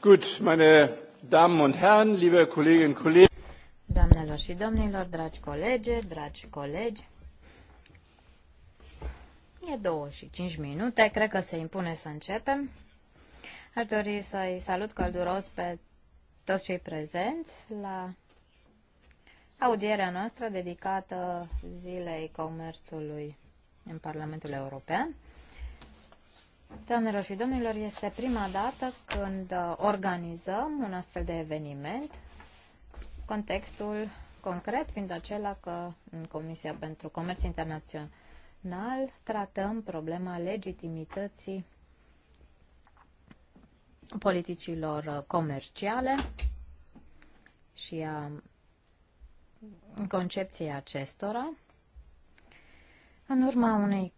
Gut, meine Damen und Herren, liebe Kolleginnen und Kollegen. Doamnelor și domnilor, dragi colege, dragi colegi, e 25 minute, cred că se impune să începem. Aș dori să-i salut călduros pe toți cei prezenți la audierea noastră dedicată Zilei Comerțului în Parlamentul European. Doamnelor și domnilor, este prima dată când uh, organizăm un astfel de eveniment, contextul concret fiind acela că în Comisia pentru Comerț Internațional tratăm problema legitimității politicilor uh, comerciale și a concepției acestora în urma unei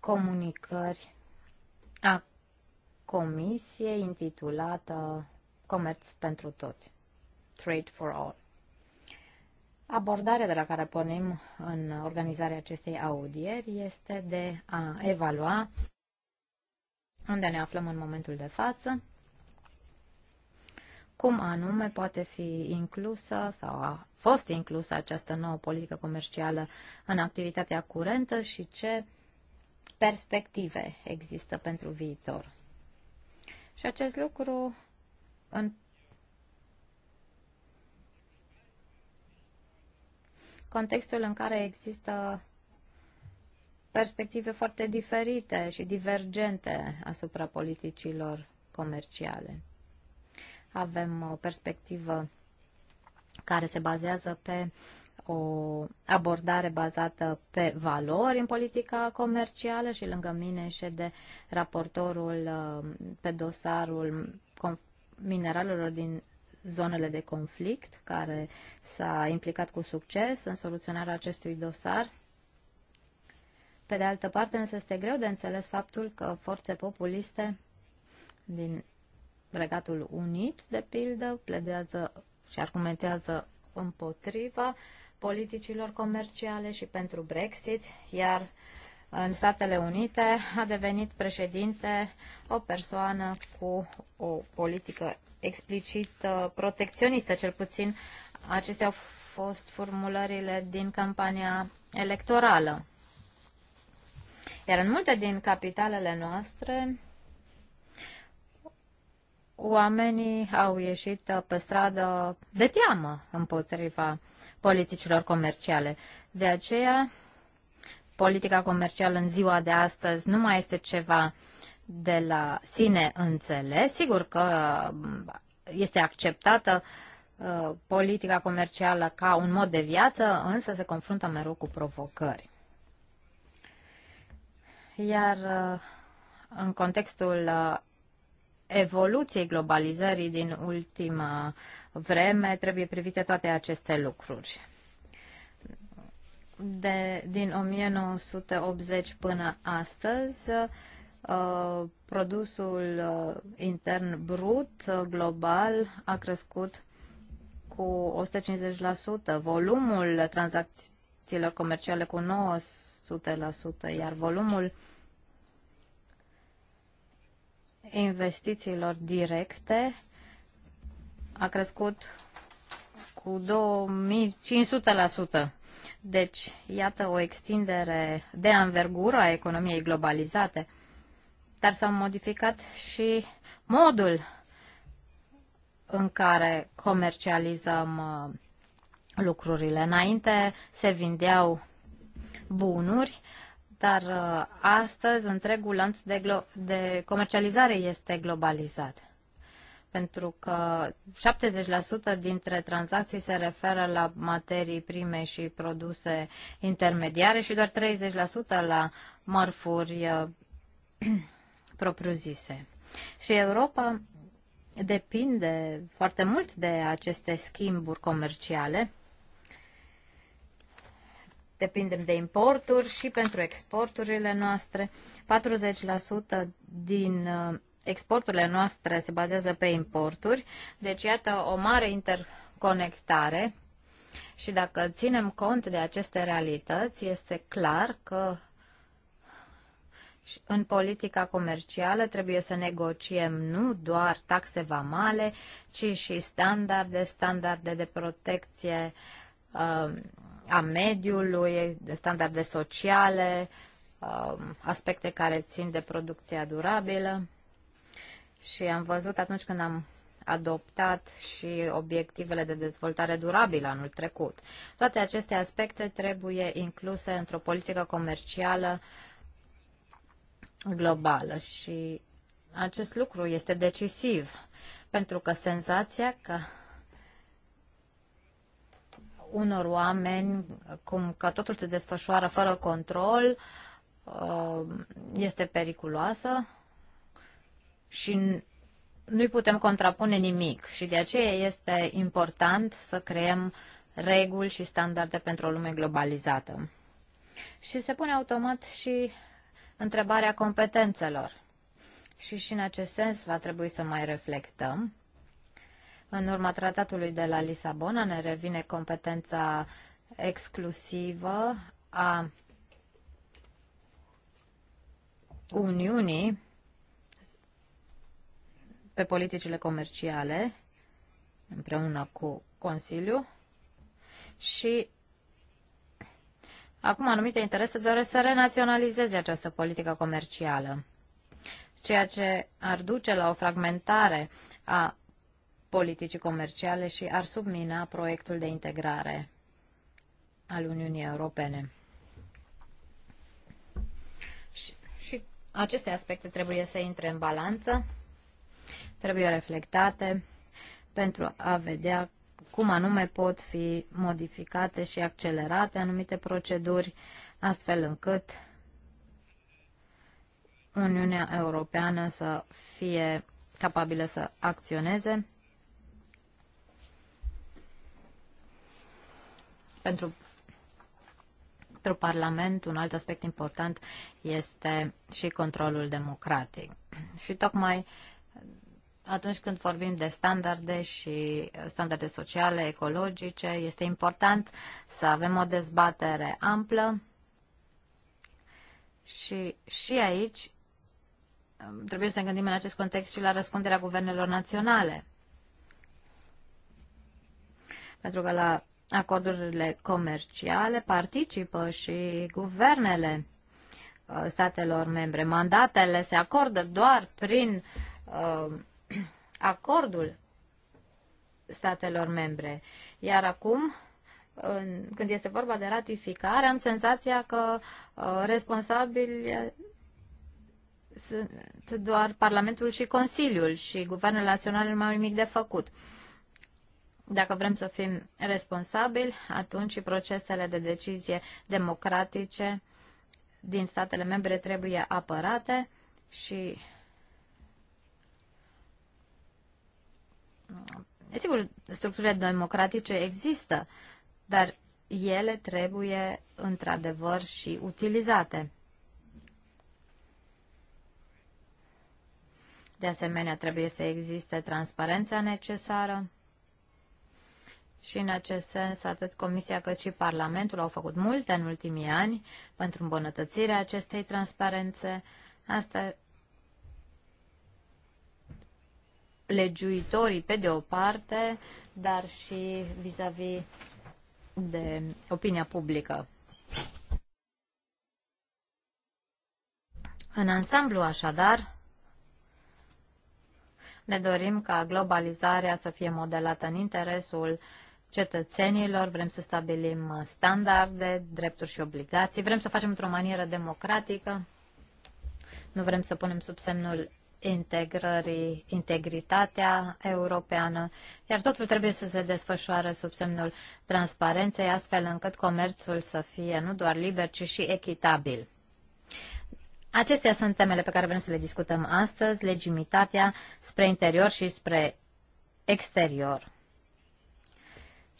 comunicări a comisiei intitulată Comerț pentru toți, Trade for All. Abordarea de la care pornim în organizarea acestei audieri este de a evalua unde ne aflăm în momentul de față, cum anume poate fi inclusă sau a fost inclusă această nouă politică comercială în activitatea curentă și ce perspective există pentru viitor. Și acest lucru în contextul în care există perspective foarte diferite și divergente asupra politicilor comerciale. Avem o perspectivă care se bazează pe o abordare bazată pe valori în politica comercială și lângă mine șede raportorul uh, pe dosarul mineralelor din zonele de conflict, care s-a implicat cu succes în soluționarea acestui dosar. Pe de altă parte, însă este greu de înțeles faptul că forțe populiste din Regatul Unit, de pildă, pledează și argumentează împotriva politicilor comerciale și pentru Brexit, iar în Statele Unite a devenit președinte o persoană cu o politică explicit uh, protecționistă, cel puțin acestea au fost formulările din campania electorală. Iar în multe din capitalele noastre, oamenii au ieșit uh, pe stradă de teamă împotriva politicilor comerciale. De aceea, politica comercială în ziua de astăzi nu mai este ceva de la sine înțeles. Sigur că uh, este acceptată uh, politica comercială ca un mod de viață, însă se confruntă mereu cu provocări. Iar în contextul evoluției globalizării din ultima vreme trebuie privite toate aceste lucruri. De, din 1980 până astăzi, uh, produsul uh, intern brut uh, global a crescut cu 150%, volumul tranzacțiilor comerciale cu 900%, iar volumul investițiilor directe a crescut cu 2500%. Deci, iată o extindere de anvergură a economiei globalizate, dar s-a modificat și modul în care comercializăm uh, lucrurile. Înainte se vindeau bunuri, dar uh, astăzi întregul lanț de, de comercializare este globalizat. Pentru că 70% dintre tranzacții se referă la materii prime și produse intermediare și doar 30% la mărfuri uh, propriu-zise. Și Europa depinde foarte mult de aceste schimburi comerciale depindem de importuri și pentru exporturile noastre. 40% din uh, exporturile noastre se bazează pe importuri, deci iată o mare interconectare și dacă ținem cont de aceste realități, este clar că în politica comercială trebuie să negociem nu doar taxe vamale, ci și standarde, standarde de protecție uh, a mediului, de standarde sociale, um, aspecte care țin de producția durabilă. Și am văzut atunci când am adoptat și obiectivele de dezvoltare durabilă anul trecut. Toate aceste aspecte trebuie incluse într-o politică comercială globală și acest lucru este decisiv pentru că senzația că unor oameni cum că totul se desfășoară fără control uh, este periculoasă și nu-i putem contrapune nimic și de aceea este important să creăm reguli și standarde pentru o lume globalizată. Și se pune automat și întrebarea competențelor. Și și în acest sens va trebui să mai reflectăm în urma tratatului de la Lisabona ne revine competența exclusivă a Uniunii pe politicile comerciale împreună cu Consiliu și acum anumite interese doresc să renaționalizeze această politică comercială, ceea ce ar duce la o fragmentare a politicii comerciale și ar submina proiectul de integrare al Uniunii Europene. Și, și aceste aspecte trebuie să intre în balanță, trebuie reflectate pentru a vedea cum anume pot fi modificate și accelerate anumite proceduri, astfel încât Uniunea Europeană să fie capabilă să acționeze pentru, pentru Parlament, un alt aspect important este și controlul democratic. Și tocmai atunci când vorbim de standarde și standarde sociale, ecologice, este important să avem o dezbatere amplă și, și aici um, trebuie să ne gândim în acest context și la răspunderea guvernelor naționale. Pentru că la acordurile comerciale participă și guvernele uh, statelor membre. Mandatele se acordă doar prin uh, acordul statelor membre. Iar acum, în, când este vorba de ratificare, am senzația că uh, responsabili uh, sunt doar Parlamentul și Consiliul și Guvernul Național nu mai au nimic de făcut. Uh, dacă vrem să fim responsabili, atunci și procesele de decizie democratice din statele membre trebuie apărate și Sigur, structurile democratice există, dar ele trebuie într-adevăr și utilizate. De asemenea, trebuie să existe transparența necesară și în acest sens, atât Comisia cât și Parlamentul au făcut multe în ultimii ani pentru îmbunătățirea acestei transparențe. Asta legiuitorii pe de o parte, dar și vis-a-vis -vis de opinia publică. În ansamblu, așadar, ne dorim ca globalizarea să fie modelată în interesul uh, cetățenilor, vrem să stabilim standarde, drepturi și obligații, vrem să facem într-o manieră democratică, nu vrem să punem sub semnul integrării, integritatea europeană, iar totul trebuie să se desfășoare sub semnul transparenței, astfel încât comerțul să fie nu doar liber, ci și echitabil. Acestea sunt temele pe care vrem să le discutăm astăzi, legimitatea spre interior și spre exterior.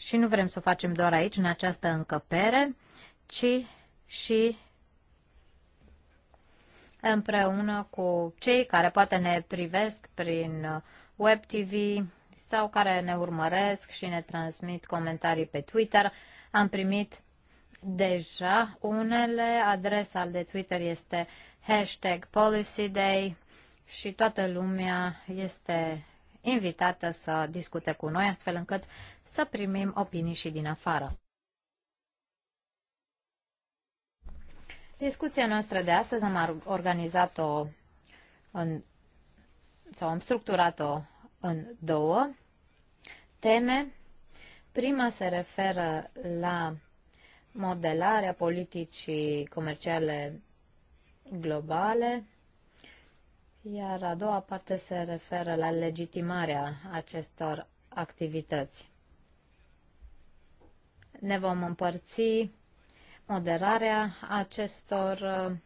Și nu vrem să o facem doar aici, în această încăpere, ci și împreună cu cei care poate ne privesc prin web TV sau care ne urmăresc și ne transmit comentarii pe Twitter. Am primit deja unele. Adresa de Twitter este hashtag policyday și toată lumea este invitată să discute cu noi, astfel încât să primim opinii și din afară. Discuția noastră de astăzi am organizat-o în, sau am structurat-o în două teme. Prima se referă la modelarea politicii comerciale globale, iar a doua parte se referă la legitimarea acestor activități ne vom împărți moderarea acestor uh,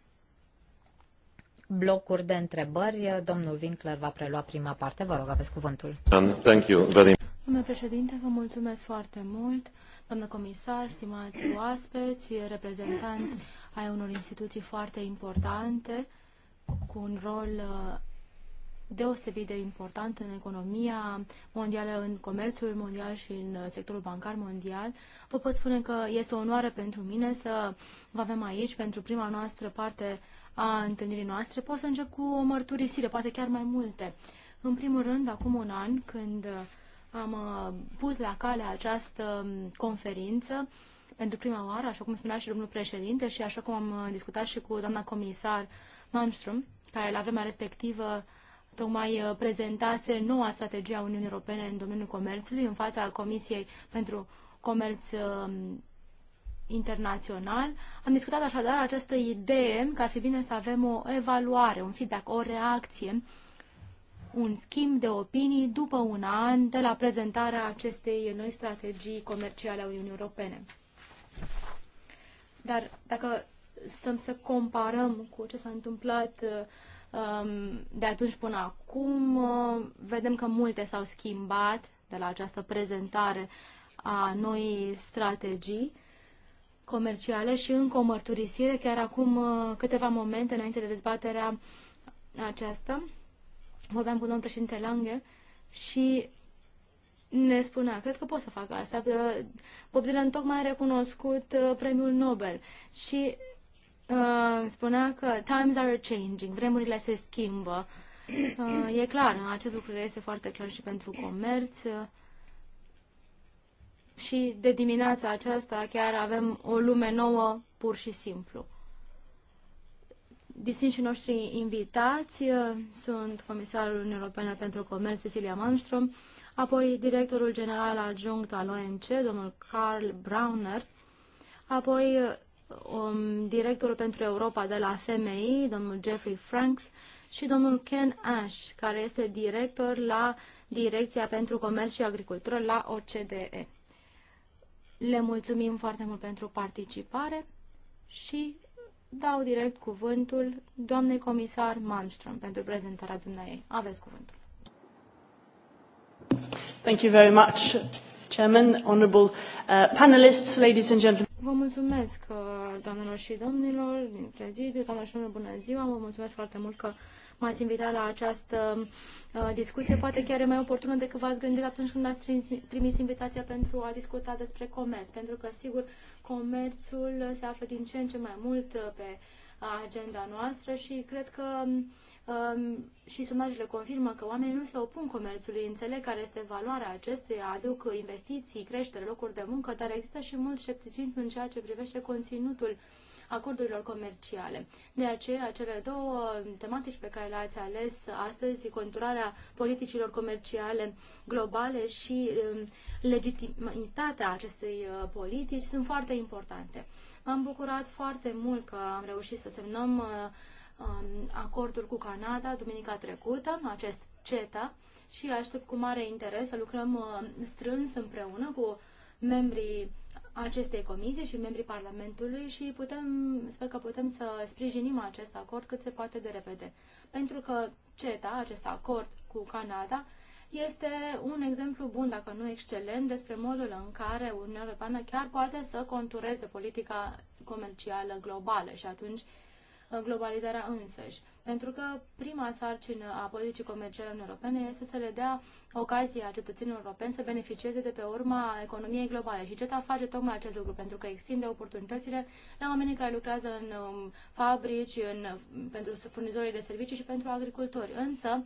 blocuri de întrebări. Domnul Winkler va prelua prima parte. Vă rog, aveți cuvântul. Um, thank you very Domnule președinte, vă mulțumesc foarte mult. Doamnă comisar, stimați oaspeți, reprezentanți ai unor instituții foarte importante, cu un rol uh, deosebit de important în economia mondială, în comerțul mondial și în uh, sectorul bancar mondial. Vă pot spune că este o onoare pentru mine să vă avem aici pentru prima noastră parte a întâlnirii noastre. Pot să încep cu o mărturisire, poate chiar mai multe. În primul rând, acum un an, când uh, am uh, pus la cale această um, conferință, pentru prima oară, așa cum spunea și domnul președinte și așa cum am discutat și cu doamna comisar Malmström, care la vremea respectivă tocmai uh, prezentase noua strategie a Uniunii Europene în domeniul comerțului în fața Comisiei pentru Comerț um, internațional. Am discutat așadar această idee că ar fi bine să avem o evaluare, un feedback, o reacție, un schimb de opinii după un an de la prezentarea acestei noi strategii comerciale a Uniunii Europene. Dar dacă stăm să comparăm cu ce s-a întâmplat uh, Um, de atunci până acum uh, vedem că multe s-au schimbat de la această prezentare a noii strategii comerciale și încă o mărturisire chiar acum uh, câteva momente înainte de dezbaterea aceasta. Vorbeam cu domnul președinte Lange și ne spunea, cred că pot să fac asta. Uh, Bob Dylan tocmai a recunoscut premiul Nobel și Uh, spunea că times are changing, vremurile se schimbă. Uh, e clar, acest lucru este foarte clar și pentru comerț. Și de dimineața aceasta chiar avem o lume nouă pur și simplu. Distinși noștri invitați uh, sunt comisarul Uniunii Europene pentru Comerț, Cecilia Malmström, apoi directorul general adjunct al OMC, domnul Carl Browner, apoi uh, um, directorul pentru Europa de la FMI, domnul Jeffrey Franks, și domnul Ken Ash, care este director la Direcția pentru Comerț și Agricultură la OCDE. Le mulțumim foarte mult pentru participare și dau direct cuvântul doamnei comisar Malmström pentru prezentarea dumneavoastră. Aveți cuvântul. Thank you very much, Chairman, honourable uh, panelists, ladies and gentlemen. Vă mulțumesc, uh, doamnelor și domnilor, din prezidiu, doamnelor și domnilor, bună ziua, vă mulțumesc foarte mult că m-ați invitat la această uh, discuție. Poate chiar e mai oportună decât v-ați gândit atunci când ați trimis invitația pentru a discuta despre comerț, pentru că, sigur, comerțul se află din ce în ce mai mult uh, pe agenda noastră și cred că um, um, și sondajele confirmă că oamenii nu se opun comerțului, înțeleg care este valoarea acestuia, aduc investiții, creștere, locuri de muncă, dar există și mult scepticism în ceea ce privește conținutul acordurilor comerciale. De aceea, cele două tematici pe care le-ați ales astăzi, conturarea politicilor comerciale globale și um, legitimitatea acestei uh, politici, sunt foarte importante. M-am bucurat foarte mult că am reușit să semnăm uh, um, acordul cu Canada duminica trecută, acest CETA, și aștept cu mare interes să lucrăm uh, strâns împreună cu membrii acestei comisii și membrii Parlamentului și putem, sper că putem să sprijinim acest acord cât se poate de repede. Pentru că CETA, acest acord cu Canada, este un exemplu bun, dacă nu excelent, despre modul în care Uniunea Europeană chiar poate să contureze politica comercială globală și atunci globalizarea însăși. Pentru că prima sarcină a politicii comerciale în europene este să le dea ocazia cetățenilor europeni să beneficieze de pe urma economiei globale. Și CETA face tocmai acest lucru, pentru că extinde oportunitățile la oamenii care lucrează în um, fabrici, în, pentru furnizorii de servicii și pentru agricultori. Însă,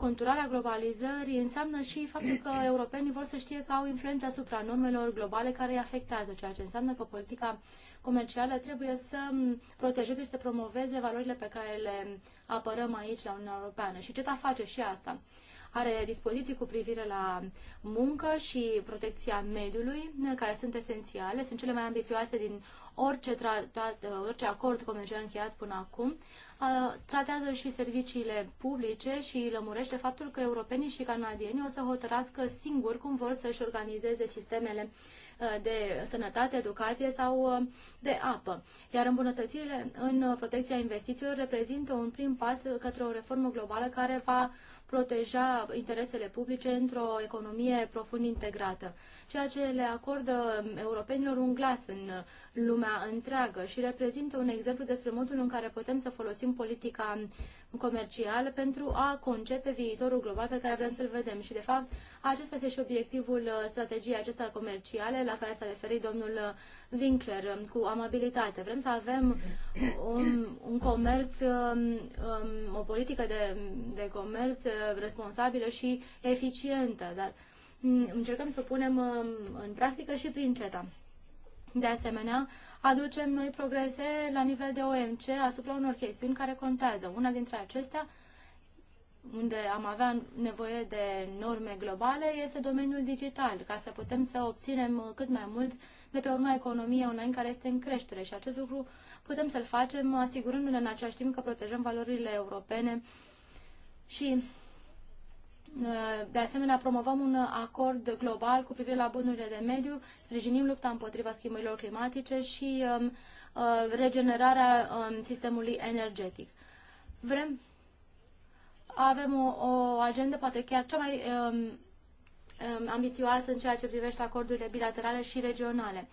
conturarea globalizării înseamnă și faptul că europenii vor să știe că au influență asupra normelor globale care îi afectează, ceea ce înseamnă că politica comercială trebuie să protejeze și să promoveze valorile pe care le apărăm aici la Uniunea Europeană. Și CETA face și asta. Are dispoziții cu privire la muncă și protecția mediului, care sunt esențiale, sunt cele mai ambițioase din orice, tratat, orice acord comercial încheiat până acum tratează și serviciile publice și lămurește faptul că europenii și canadienii o să hotărască singuri cum vor să-și organizeze sistemele de sănătate, educație sau de apă. Iar îmbunătățirile în protecția investițiilor reprezintă un prim pas către o reformă globală care va proteja interesele publice într-o economie profund integrată, ceea ce le acordă europenilor un glas în lumea întreagă și reprezintă un exemplu despre modul în care putem să folosim politica comercială pentru a concepe viitorul global pe care vrem să-l vedem. Și, de fapt, acesta este și obiectivul strategiei acestea comerciale la care s-a referit domnul Winkler cu amabilitate. Vrem să avem un, un comerț, um, um o politică de, de comerț responsabilă și eficientă, dar mm, încercăm să o punem mm, în practică și prin CETA. De asemenea, aducem noi progrese la nivel de OMC asupra unor chestiuni care contează. Una dintre acestea, unde am avea nevoie de norme globale, este domeniul digital, ca să putem să obținem uh, cât mai mult de pe urma economiei online care este în creștere. Și acest lucru putem să-l facem asigurându-ne în același timp că protejăm valorile europene și de asemenea, promovăm un acord global cu privire la bunurile de mediu, sprijinim lupta împotriva schimbărilor climatice și um, uh, regenerarea um, sistemului energetic. Vrem, avem o, o agendă poate chiar cea mai um, ambițioasă în ceea ce privește acordurile bilaterale și regionale.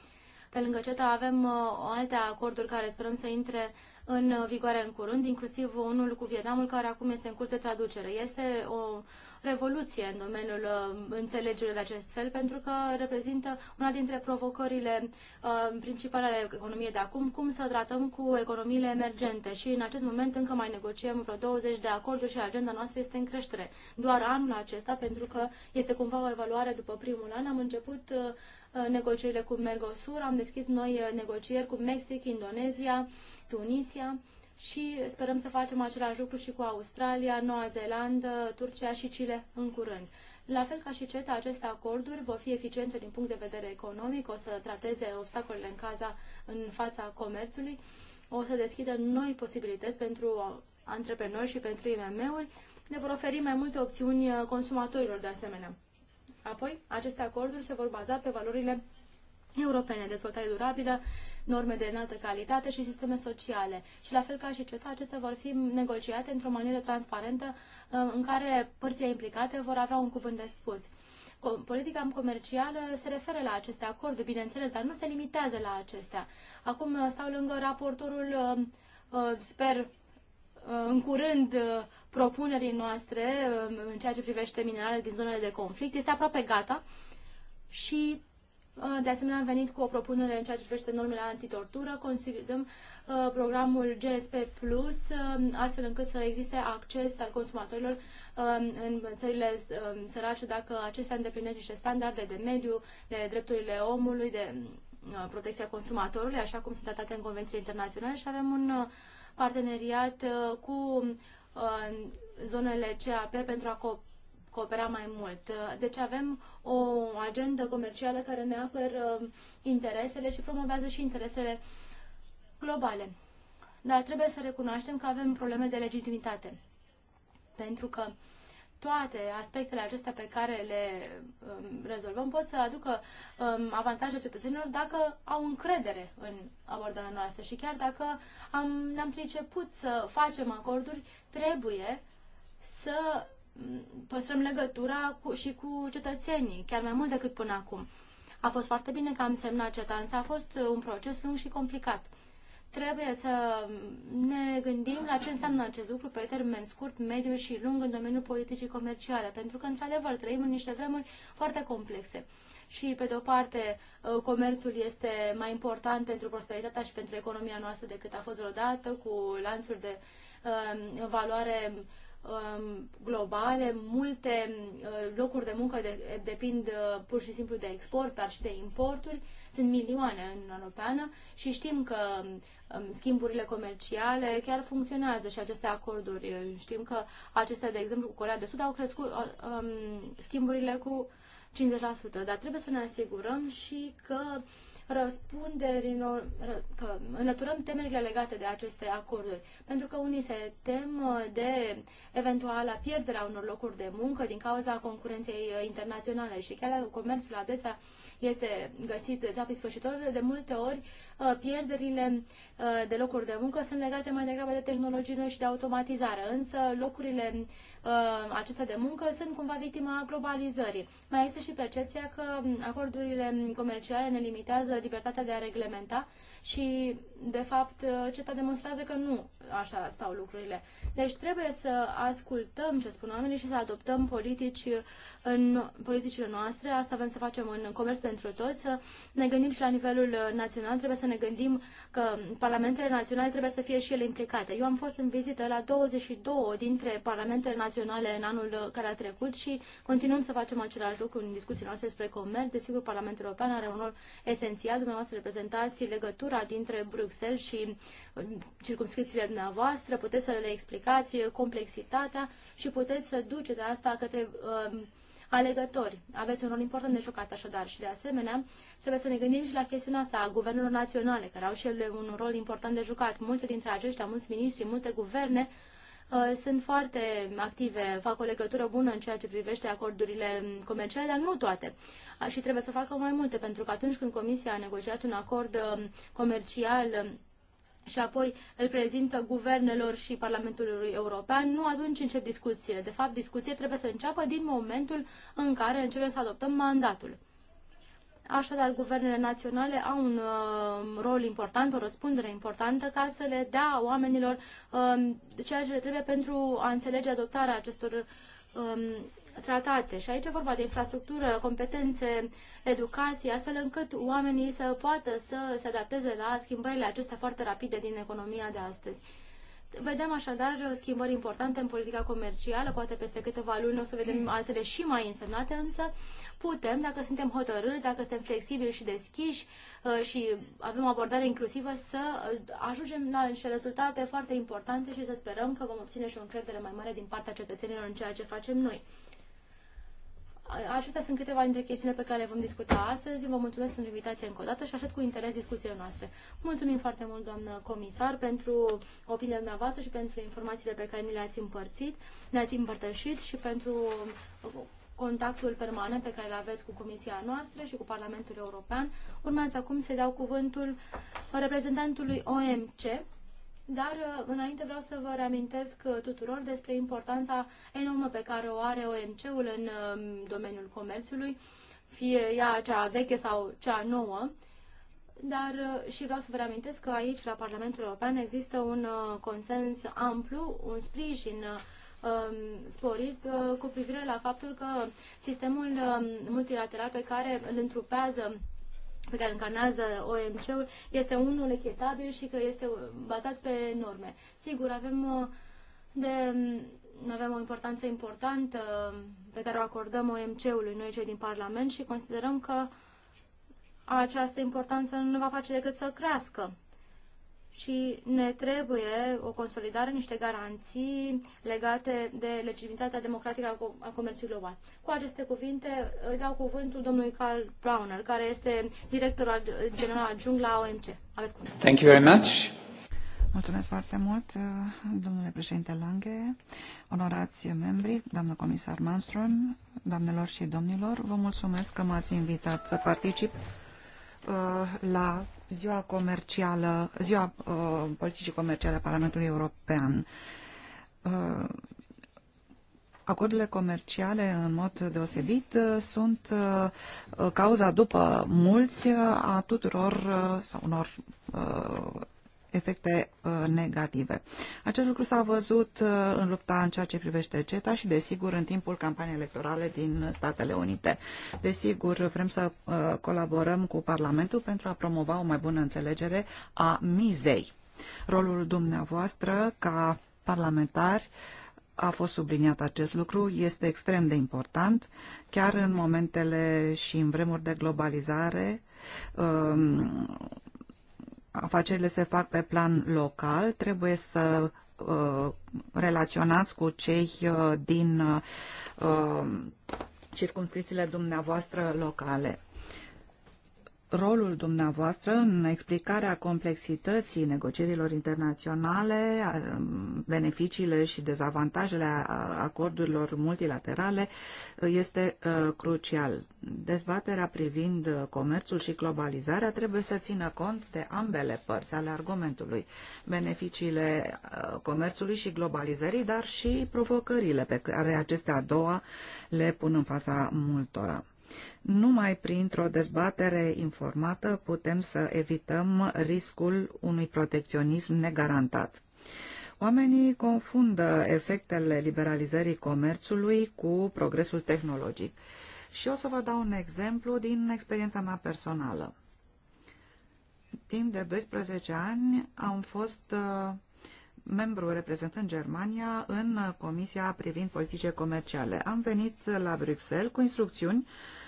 Pe lângă CETA avem uh, alte acorduri care sperăm să intre în vigoare în curând, inclusiv unul cu Vietnamul, care acum este în curs de traducere. Este o revoluție în domeniul uh, înțelegerii de acest fel, pentru că reprezintă una dintre provocările uh, principale ale economiei de acum, cum să tratăm cu economiile emergente. Și în acest moment încă mai negociem vreo 20 de acorduri și agenda noastră este în creștere. Doar anul acesta, pentru că este cumva o evaluare după primul an, am început uh, negocierile cu Mergosur. am deschis noi negocieri cu Mexic, Indonezia, Tunisia și sperăm să facem același lucru și cu Australia, Noua Zeelandă, Turcia și Chile în curând. La fel ca și CETA, aceste acorduri vor fi eficiente din punct de vedere economic, o să trateze obstacolele în, caza, în fața comerțului, o să deschidă noi posibilități pentru antreprenori și pentru IMM-uri, ne vor oferi mai multe opțiuni consumatorilor de asemenea. Apoi, aceste acorduri se vor baza pe valorile europene, dezvoltare durabilă, norme de înaltă calitate și sisteme sociale. Și la fel ca și CETA, acestea vor fi negociate într-o manieră transparentă uh, în care părțile implicate vor avea un cuvânt de spus. Politica comercială se referă la aceste acorduri, bineînțeles, dar nu se limitează la acestea. Acum uh, stau lângă raportorul, uh, sper, în curând propunerii noastre în ceea ce privește mineralele din zonele de conflict. Este aproape gata și Uh, de asemenea, am venit cu o propunere în ceea ce privește normele antitortură, consolidăm uh, programul GSP Plus, uh, astfel încât să existe acces al consumatorilor um, în țările um, sărace dacă acestea îndeplinesc niște standarde de mediu, de drepturile omului, de protecția consumatorului, așa cum sunt tratate în convențiile internaționale și avem un parteneriat cu zonele CAP pentru a coopera mai mult. Deci avem o agendă comercială care ne apără interesele și promovează și interesele globale. Dar trebuie să recunoaștem că avem probleme de legitimitate. Pentru că toate aspectele acestea pe care le um, rezolvăm pot să aducă um, avantaje cetățenilor dacă au încredere în abordarea noastră și chiar dacă am, ne-am priceput să facem acorduri, trebuie să păstrăm legătura cu, și cu cetățenii, chiar mai mult decât până acum. A fost foarte bine că am semnat CETA, însă a fost uh, un proces lung și complicat. Trebuie să ne gândim la ce înseamnă acest lucru pe termen scurt, mediu și lung în domeniul politicii comerciale, pentru că, într-adevăr, trăim în niște vremuri foarte complexe și, pe de-o parte, uh, comerțul este mai important pentru prosperitatea și pentru economia noastră decât a fost vreodată, cu lanțuri de uh, valoare Um, globale, multe uh, locuri de muncă depind uh, pur și simplu de export, dar și de importuri, sunt milioane în Uniunea Europeană și știm că um, schimburile comerciale chiar funcționează și aceste acorduri. Știm că acestea, de exemplu, cu Corea de Sud au crescut uh, um, schimburile cu 50%, dar trebuie să ne asigurăm și că uh, răspunderi, că înlăturăm temerile legate de aceste acorduri. Pentru că unii se tem uh, de eventuala pierderea unor locuri de muncă din cauza concurenței uh, internaționale și chiar dacă comerțul adesea este găsit zapisfășitor, de multe ori uh, pierderile de locuri de muncă sunt legate mai degrabă de tehnologie și de automatizare. Însă locurile Uh, acestea de muncă sunt cumva victima globalizării. Mai este și percepția că acordurile comerciale ne limitează libertatea de a reglementa și, de fapt, CETA demonstrează că nu așa stau lucrurile. Deci trebuie să ascultăm ce spun oamenii și să adoptăm politici în politicile noastre. Asta vrem să facem în comerț pentru toți, să ne gândim și la nivelul național. Trebuie să ne gândim că parlamentele naționale trebuie să fie și ele implicate. Eu am fost în vizită la 22 dintre parlamentele naționale în anul care a trecut și continuăm să facem același lucru în discuții noastre despre comerț. Desigur, Parlamentul European are un rol esențial. Dumneavoastră reprezentați legătura legătura dintre Bruxelles și uh, circunscripțiile dumneavoastră, puteți să le explicați uh, complexitatea și puteți să duceți asta către uh, alegători. Aveți un rol important de jucat așadar și de asemenea trebuie să ne gândim și la chestiunea asta a guvernelor naționale, care au și ele un rol important de jucat. Multe dintre aceștia, mulți miniștri, multe guverne Uh, sunt foarte active, fac o legătură bună în ceea ce privește acordurile comerciale, dar nu toate. Și trebuie să facă mai multe, pentru că atunci când Comisia a negociat un acord um, comercial um, și apoi îl prezintă guvernelor și Parlamentului European, nu atunci încep discuțiile. De fapt, discuție trebuie să înceapă din momentul în care începem să adoptăm mandatul. Așadar, guvernele naționale au un uh, rol important, o răspundere importantă ca să le dea oamenilor uh, ceea ce le trebuie pentru a înțelege adoptarea acestor uh, tratate. Și aici e vorba de infrastructură, competențe, educație, astfel încât oamenii să poată să se adapteze la schimbările acestea foarte rapide din economia de astăzi. Vedem așadar schimbări importante în politica comercială, poate peste câteva luni o să vedem mm. altele și mai însemnate, însă putem, dacă suntem hotărâți, dacă suntem flexibili și deschiși uh, și avem o abordare inclusivă, să uh, ajungem la niște rezultate foarte importante și să sperăm că vom obține și o încredere mai mare din partea cetățenilor în ceea ce facem noi. Acestea sunt câteva dintre chestiunile pe care le vom discuta astăzi. Vă mulțumesc pentru invitație încă o dată și aștept cu interes discuțiile noastre. Mulțumim foarte mult, doamnă comisar, pentru opinia dumneavoastră și pentru informațiile pe care ni le-ați împărțit, ne-ați împărtășit și pentru uh, contactul permanent pe care îl aveți cu Comisia noastră și cu Parlamentul European. Urmează acum să dau cuvântul reprezentantului OMC, dar uh, înainte vreau să vă reamintesc uh, tuturor despre importanța enormă pe care o are OMC-ul în um, domeniul comerțului, fie ea cea veche sau cea nouă. Dar uh, și vreau să vă reamintesc că aici, la Parlamentul European, există un consens amplu, un sprijin um, sporit cu privire la faptul că sistemul um, multilateral pe care îl întrupează pe care încarnează OMC-ul este unul echitabil și că este bazat pe norme. Sigur, avem, uh, de, mm, avem o importanță importantă uh, pe care o acordăm OMC-ului, noi cei din Parlament, și considerăm că această importanță nu va face decât să crească și ne trebuie o consolidare, niște garanții legate de legitimitatea democratică a comerțului global. Cu aceste cuvinte îi dau cuvântul domnului Carl Browner, care este directorul general adjunct la OMC. Aveți cuvântul. Thank you very much. Mulțumesc foarte mult, domnule președinte Lange, onorați membri, doamnă comisar Malmström, doamnelor și domnilor, vă mulțumesc că m-ați invitat să particip uh, la ziua comercială, ziua uh, politicii comerciale a Parlamentului European. Uh, acordurile comerciale, în mod deosebit, uh, sunt uh, cauza după mulți uh, a tuturor uh, sau unor uh, efecte uh, negative. Acest lucru s-a văzut uh, în lupta în ceea ce privește CETA și, desigur, în timpul campaniei electorale din Statele Unite. Desigur, vrem să uh, colaborăm cu Parlamentul pentru a promova o mai bună înțelegere a mizei. Rolul dumneavoastră ca parlamentari a fost subliniat acest lucru, este extrem de important, chiar în momentele și în vremuri de globalizare, um, afacerile se fac pe plan local, trebuie să uh, relaționați cu cei uh, din uh, circumscrițiile dumneavoastră locale rolul dumneavoastră în explicarea complexității negocierilor internaționale, beneficiile și dezavantajele acordurilor multilaterale este ă, crucial. Dezbaterea privind comerțul și globalizarea trebuie să țină cont de ambele părți ale argumentului, beneficiile ă, comerțului și globalizării, dar și provocările pe care acestea a doua le pun în fața multora. Numai printr-o dezbatere informată putem să evităm riscul unui protecționism negarantat. Oamenii confundă efectele liberalizării comerțului cu progresul tehnologic. Și o să vă dau un exemplu din experiența mea personală. Timp de 12 ani am fost uh, membru reprezentând Germania în Comisia privind politice comerciale. Am venit la Bruxelles cu instrucțiuni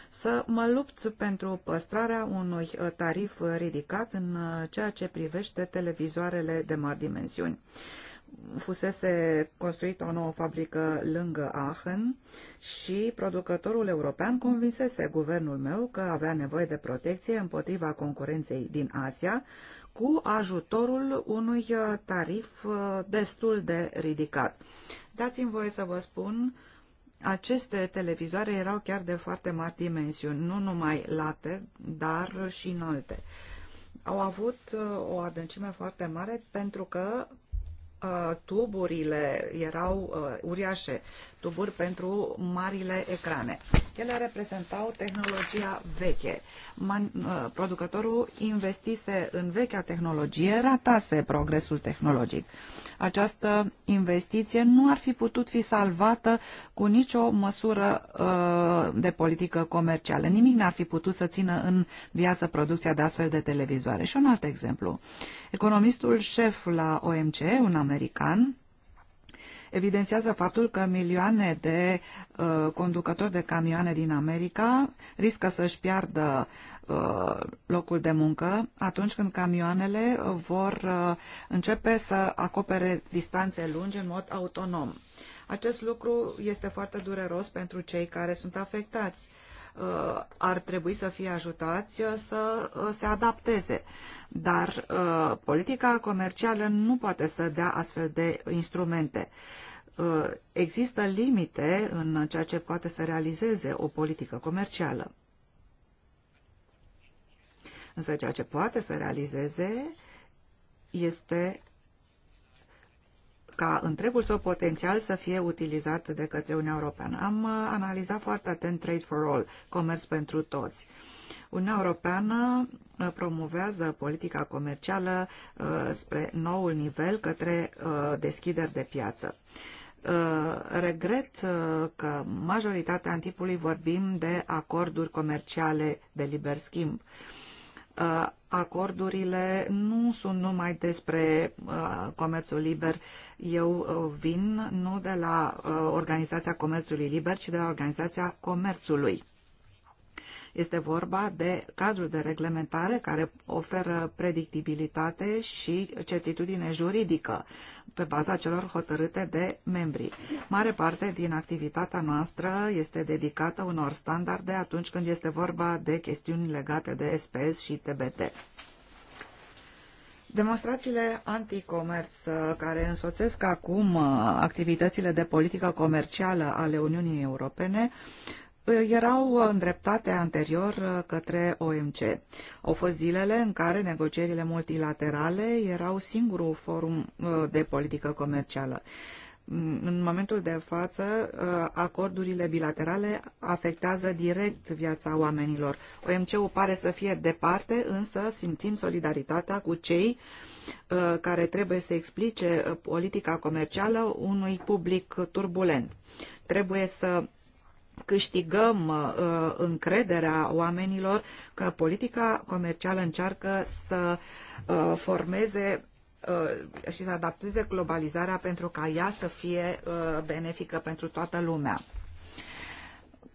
să mă lupt pentru păstrarea unui uh, tarif ridicat în uh, ceea ce privește televizoarele de mari dimensiuni. Fusese construită o nouă fabrică lângă Aachen și producătorul european convinsese guvernul meu că avea nevoie de protecție împotriva concurenței din Asia cu ajutorul unui uh, tarif destul de ridicat. Dați-mi voie să vă spun aceste televizoare erau chiar de foarte mari dimensiuni, nu numai late, dar și înalte. Au avut uh, o adâncime foarte mare pentru că uh, tuburile erau uh, uriașe tuburi pentru marile ecrane. Ele reprezentau tehnologia veche. Man, uh, producătorul investise în vechea tehnologie, ratase progresul tehnologic. Această investiție nu ar fi putut fi salvată cu nicio măsură uh, de politică comercială. Nimic n-ar fi putut să țină în viață producția de astfel de televizoare. Și un alt exemplu. Economistul șef la OMC, un american, evidențiază faptul că milioane de uh, conducători de camioane din America riscă să-și piardă uh, locul de muncă atunci când camioanele vor uh, începe să acopere distanțe lungi în mod autonom. Acest lucru este foarte dureros pentru cei care sunt afectați uh, ar trebui să fie ajutați să se adapteze dar uh, politica comercială nu poate să dea astfel de instrumente. Uh, există limite în ceea ce poate să realizeze o politică comercială. Însă ceea ce poate să realizeze este ca întregul său potențial să fie utilizat de către Uniunea Europeană. Am uh, analizat foarte atent Trade for All, comerț pentru toți. Uh, Uniunea Europeană uh, promovează politica comercială uh, spre noul nivel către uh, deschideri de piață. Regret că majoritatea în timpului vorbim de acorduri comerciale de liber schimb acordurile nu sunt numai despre comerțul liber. Eu vin nu de la Organizația Comerțului Liber, ci de la Organizația Comerțului. Este vorba de cadrul de reglementare care oferă predictibilitate și certitudine juridică pe baza celor hotărâte de membri. Mare parte din activitatea noastră este dedicată unor standarde atunci când este vorba de chestiuni legate de SPS și TBT. Demonstrațiile anticomerț uh, care însoțesc acum uh, activitățile de politică comercială ale Uniunii Europene erau îndreptate anterior uh, către OMC. Au fost zilele în care negocierile multilaterale erau singurul forum uh, de politică comercială. Mm, în momentul de față, uh, acordurile bilaterale afectează direct viața oamenilor. OMC-ul pare să fie departe, însă simțim solidaritatea cu cei care trebuie să explice politica comercială unui public turbulent. Trebuie să câștigăm uh, încrederea oamenilor că politica comercială încearcă să uh, formeze uh, și să adapteze globalizarea pentru ca ea să fie benefică pentru toată lumea.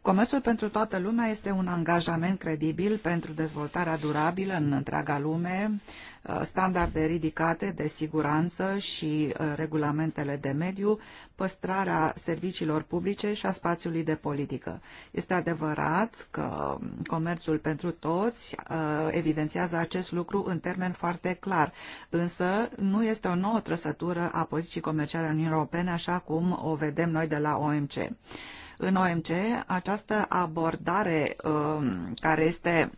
Comerțul pentru toată lumea este un angajament credibil pentru dezvoltarea durabilă în întreaga lume, uh, standarde ridicate de siguranță și uh, regulamentele de mediu, păstrarea serviciilor publice și a spațiului de politică. Este adevărat că comerțul pentru toți uh, evidențiază acest lucru în termen foarte clar, însă nu este o nouă trăsătură a politicii comerciale în Uniunea Europene, așa cum o vedem noi de la OMC. În OMC, această abordare um, care este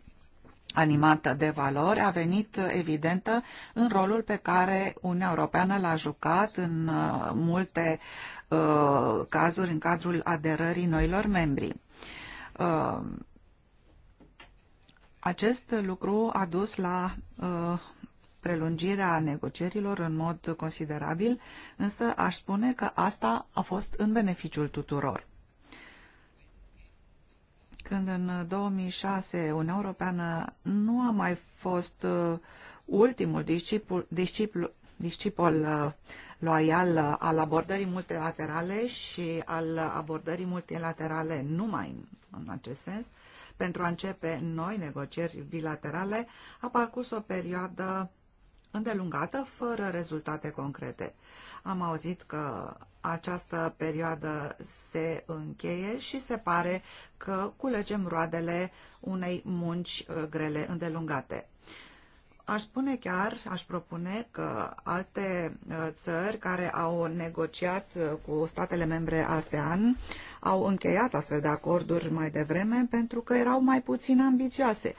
animată de valori a venit evidentă în rolul pe care Uniunea Europeană l-a jucat în uh, multe uh, cazuri în cadrul aderării noilor membri. Uh, acest lucru a dus la uh, prelungirea negocierilor în mod considerabil, însă aș spune că asta a fost în beneficiul tuturor când în 2006 Uniunea Europeană nu a mai fost uh, ultimul discipul, discipul, discipol uh, loial uh, al abordării multilaterale și al abordării multilaterale numai în acest sens, pentru a începe noi negocieri bilaterale, a parcurs o perioadă îndelungată, fără rezultate concrete. Am auzit că această perioadă se încheie și se pare că culegem roadele unei munci uh, grele îndelungate. Aș spune chiar, aș propune că alte uh, țări care au negociat uh, cu statele membre ASEAN au încheiat astfel de acorduri mai devreme pentru că erau mai puțin ambițioase.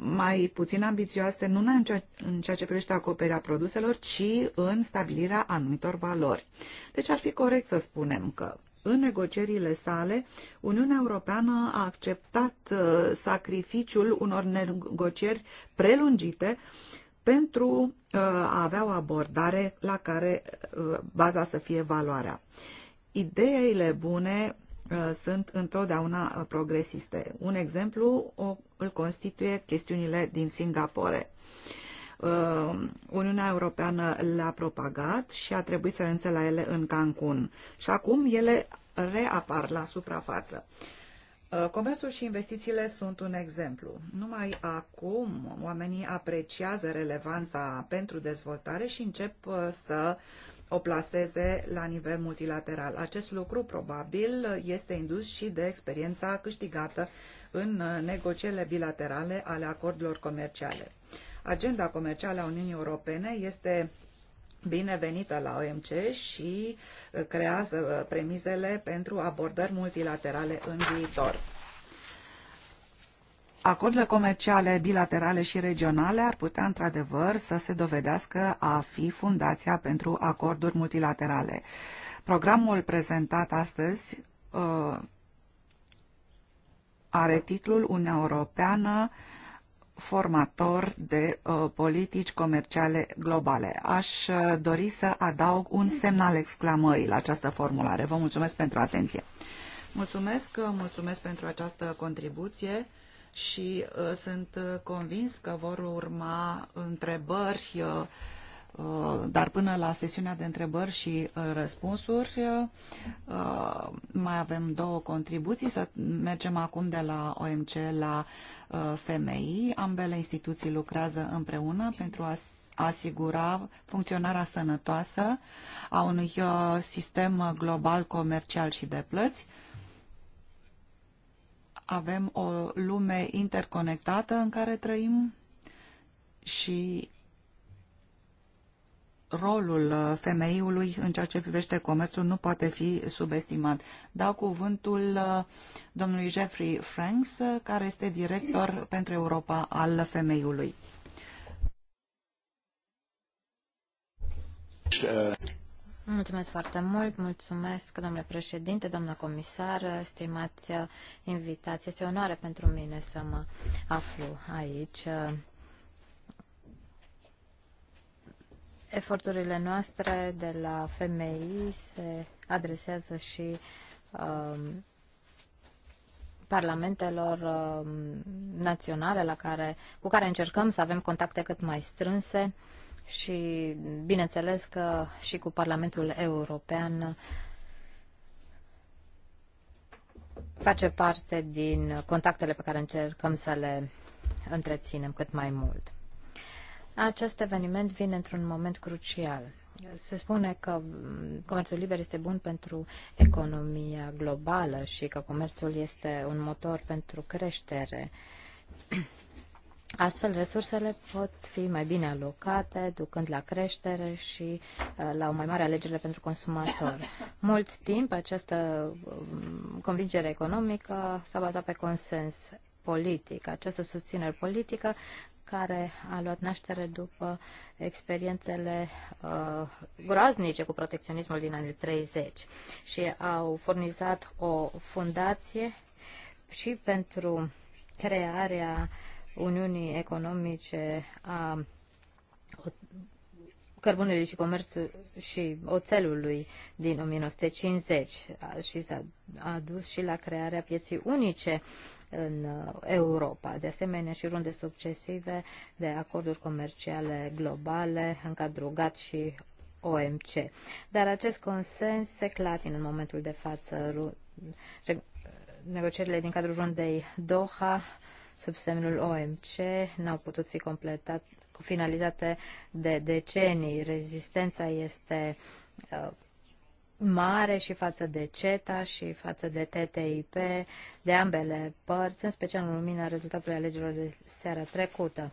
Mai puțin ambițioase nu numai în ceea ce privește acoperirea produselor, ci în stabilirea anumitor valori. Deci ar fi corect să spunem că în negocierile sale, Uniunea Europeană a acceptat uh, sacrificiul unor negocieri prelungite pentru uh, a avea o abordare la care uh, baza să fie valoarea. Ideile bune Uh, sunt întotdeauna uh, progresiste. Un exemplu o, îl constituie chestiunile din Singapore. Uh, Uniunea Europeană le-a propagat și a trebuit să renunțe la ele în Cancun. Și acum ele reapar la suprafață. Comerțul și investițiile sunt un exemplu. Numai acum oamenii apreciază relevanța pentru dezvoltare și încep să uh, o placeze la nivel multilateral. Acest lucru probabil este indus și de experiența câștigată în uh, negocierile bilaterale ale acordurilor comerciale. Agenda comercială a Uniunii Europene este binevenită la OMC și uh, creează uh, premizele pentru abordări multilaterale în viitor. Acordurile comerciale bilaterale și regionale ar putea într-adevăr să se dovedească a fi fundația pentru acorduri multilaterale. Programul prezentat astăzi uh, are titlul Uniunea Europeană formator de uh, politici comerciale globale. Aș uh, dori să adaug un semnal exclamării la această formulare. Vă mulțumesc pentru atenție. Mulțumesc, uh, mulțumesc pentru această contribuție și uh, sunt uh, convins că vor urma întrebări, uh, dar până la sesiunea de întrebări și răspunsuri mai avem două contribuții. Să mergem acum de la OMC la FMI. Ambele instituții lucrează împreună pentru a asigura funcționarea sănătoasă a unui sistem global comercial și de plăți avem o lume interconectată în care trăim și rolul uh, femeiului în ceea ce privește comerțul nu poate fi subestimat. Dau cuvântul uh, domnului Jeffrey Franks, uh, care este director pentru Europa al femeiului. Mulțumesc foarte mult, mulțumesc, domnule președinte, domnule comisar, stimați invitați. Este o onoare pentru mine să mă aflu aici. Eforturile noastre de la FMI se adresează și um, parlamentelor um, naționale la care, cu care încercăm să avem contacte cât mai strânse și bineînțeles că și cu Parlamentul European face parte din contactele pe care încercăm să le întreținem cât mai mult. Acest eveniment vine într-un moment crucial. Se spune că comerțul liber este bun pentru economia globală și că comerțul este un motor pentru creștere. Astfel, resursele pot fi mai bine alocate, ducând la creștere și uh, la o mai mare alegere pentru consumator. Mult timp, această um, convingere economică s-a bazat pe consens politic, această susținere politică care a luat naștere după experiențele uh, groaznice cu protecționismul din anii 30 și au furnizat o fundație și pentru crearea uh, Uniunii Economice a cărbunelui și comerțul și oțelului din 1950 și s-a adus și la crearea pieții unice în Europa. De asemenea și runde succesive de acorduri comerciale globale, în cadrul GATT și OMC. Dar acest consens se clatină în momentul de față negocierile din cadrul rundei Doha sub semnul OMC n-au putut fi completat, finalizate de decenii. Rezistența este uh, mare și față de CETA și față de TTIP, de ambele părți, în special în lumina rezultatului alegerilor de seara trecută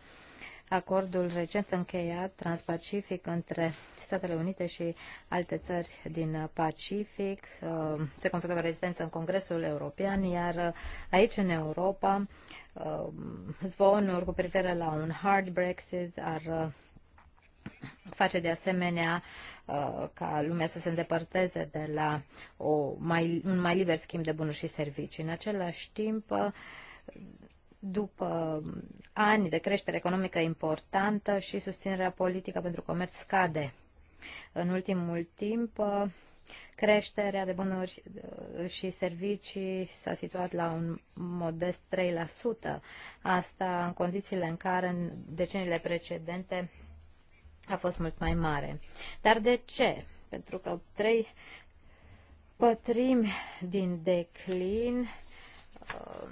acordul recent încheiat transpacific între Statele Unite și alte țări din Pacific. Uh, se confruntă cu rezistență în Congresul European, iar uh, aici, în Europa, uh, zvonuri cu privire la un hard Brexit ar face de asemenea ca lumea să se îndepărteze de la o mai, un mai liber schimb de bunuri și servicii. În același timp, după ani de creștere economică importantă și susținerea politică pentru comerț scade. În ultimul timp, creșterea de bunuri uh, și servicii s-a situat la un modest 3%, asta în condițiile în care în deceniile precedente a fost mult mai mare. Dar de ce? Pentru că trei pătrimi din declin uh,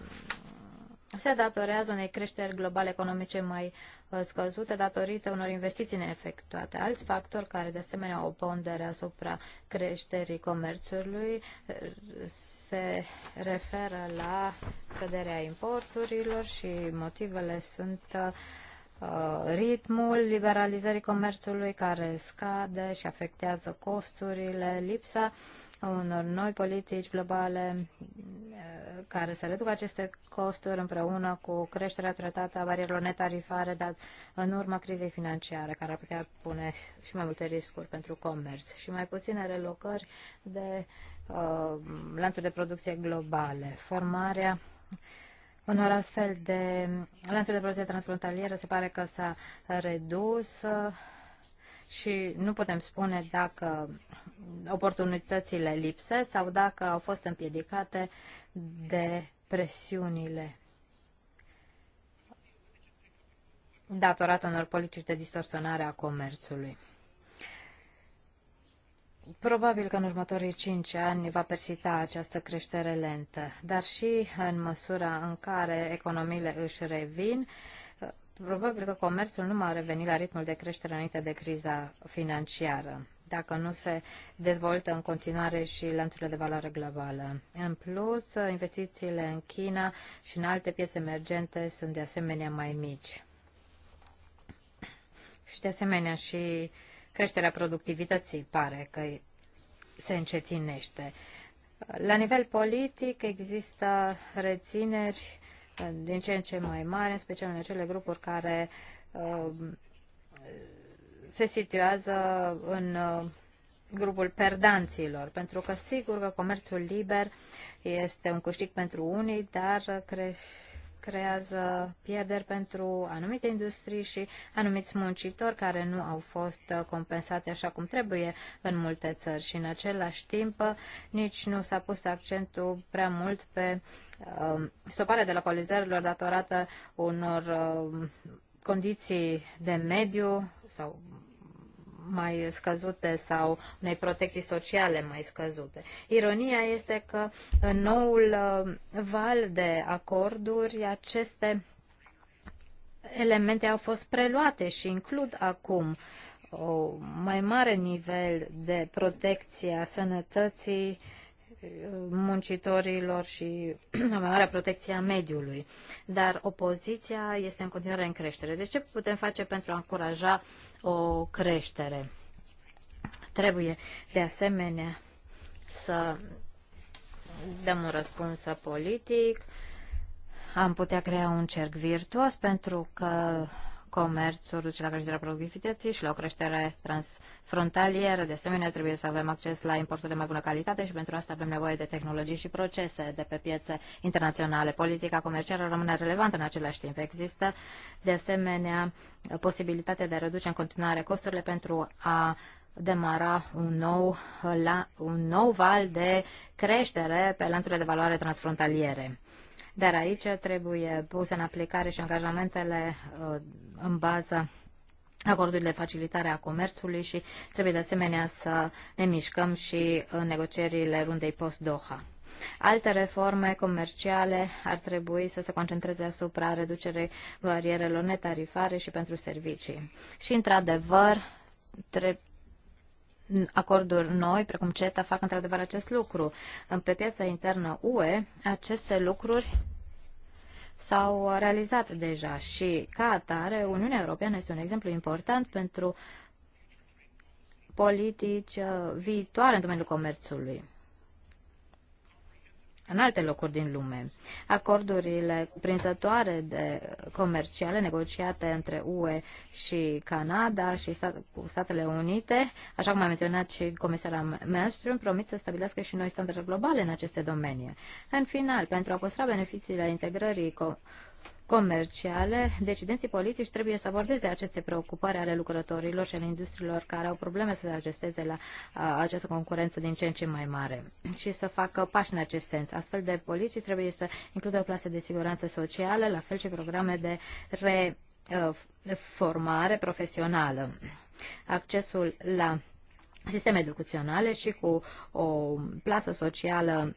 se datorează unei creșteri globale economice mai uh, scăzute datorită unor investiții neefectuate. Alți factori care de asemenea au pondere asupra creșterii comerțului uh, se referă la scăderea importurilor și motivele sunt uh, ritmul liberalizării comerțului care scade și afectează costurile, lipsa unor noi politici globale eh, care să reducă aceste costuri împreună cu creșterea tratată a barierelor netarifare, dar în urma crizei financiare, care ar putea pune și mai multe riscuri pentru comerț și mai puține relocări de uh, lanțuri de producție globale. Formarea unor astfel de lanțuri de producție transfrontalieră se pare că s-a redus. Uh, și nu putem spune dacă oportunitățile lipsesc sau dacă au fost împiedicate de presiunile datorată unor politici de distorsionare a comerțului. Probabil că în următorii cinci ani va persista această creștere lentă, dar și în măsura în care economiile își revin, uh, Probabil că comerțul nu mai a revenit la ritmul de creștere înainte de criza financiară dacă nu se dezvoltă în continuare și lanțurile de valoare globală. În plus, investițiile în China și în alte piețe emergente sunt de asemenea mai mici. Și de asemenea și creșterea productivității pare că se încetinește. La nivel politic există rețineri din ce în ce mai mare, în special în acele grupuri care uh, se situează în uh, grupul perdanților, pentru că sigur că comerțul liber este un câștig pentru unii, dar creș creează pierderi pentru anumite industrii și anumiți muncitori care nu au fost uh, compensate așa cum trebuie în multe țări și în același timp uh, nici nu s-a pus accentul prea mult pe uh, stoparea localizărilor datorată unor uh, condiții de mediu sau mai scăzute sau unei protecții sociale mai scăzute. Ironia este că în noul uh, val de acorduri aceste elemente au fost preluate și includ acum o mai mare nivel de protecție a sănătății uh, muncitorilor și o mai mare protecție a mediului. Dar opoziția este în continuare în creștere. Deci ce putem face pentru a încuraja o creștere? Trebuie de asemenea să dăm un răspuns politic, am putea crea un cerc virtuos pentru că comerțul duce la creșterea productivității și la o creștere transfrontalieră. De asemenea, trebuie să avem acces la importuri de mai bună calitate și pentru asta avem nevoie de tehnologii și procese de pe piețe internaționale. Politica comercială rămâne relevantă în același timp. Există, de asemenea, posibilitatea de a reduce în continuare costurile pentru a demara un nou, la, un nou val de creștere pe lanțurile de valoare transfrontaliere. Dar aici trebuie puse în aplicare și angajamentele uh, în bază acordurile de facilitare a comerțului și trebuie de asemenea să ne mișcăm și în negocierile rundei post-Doha. Alte reforme comerciale ar trebui să se concentreze asupra reducerei barierelor netarifare și pentru servicii. Și, într-adevăr, trebuie acorduri noi, precum CETA, fac într-adevăr acest lucru. Pe piața internă UE, aceste lucruri s-au realizat deja și, ca atare, Uniunea Europeană este un exemplu important pentru politici uh, viitoare în domeniul comerțului în alte locuri din lume. Acordurile prinzătoare de comerciale negociate între UE și Canada și stat, cu Statele Unite, așa cum a menționat și comisara Malmström, promit să stabilească și noi standarde globale în aceste domenii. În final, pentru a păstra beneficiile integrării co- comerciale, decidenții politici trebuie să abordeze aceste preocupări ale lucrătorilor și ale industriilor care au probleme să se ajusteze la această concurență din ce în ce mai mare și să facă pași în acest sens. Astfel de politici trebuie să includă plase de siguranță socială, la fel și programe de reformare profesională. Accesul la sisteme educaționale și cu o plasă socială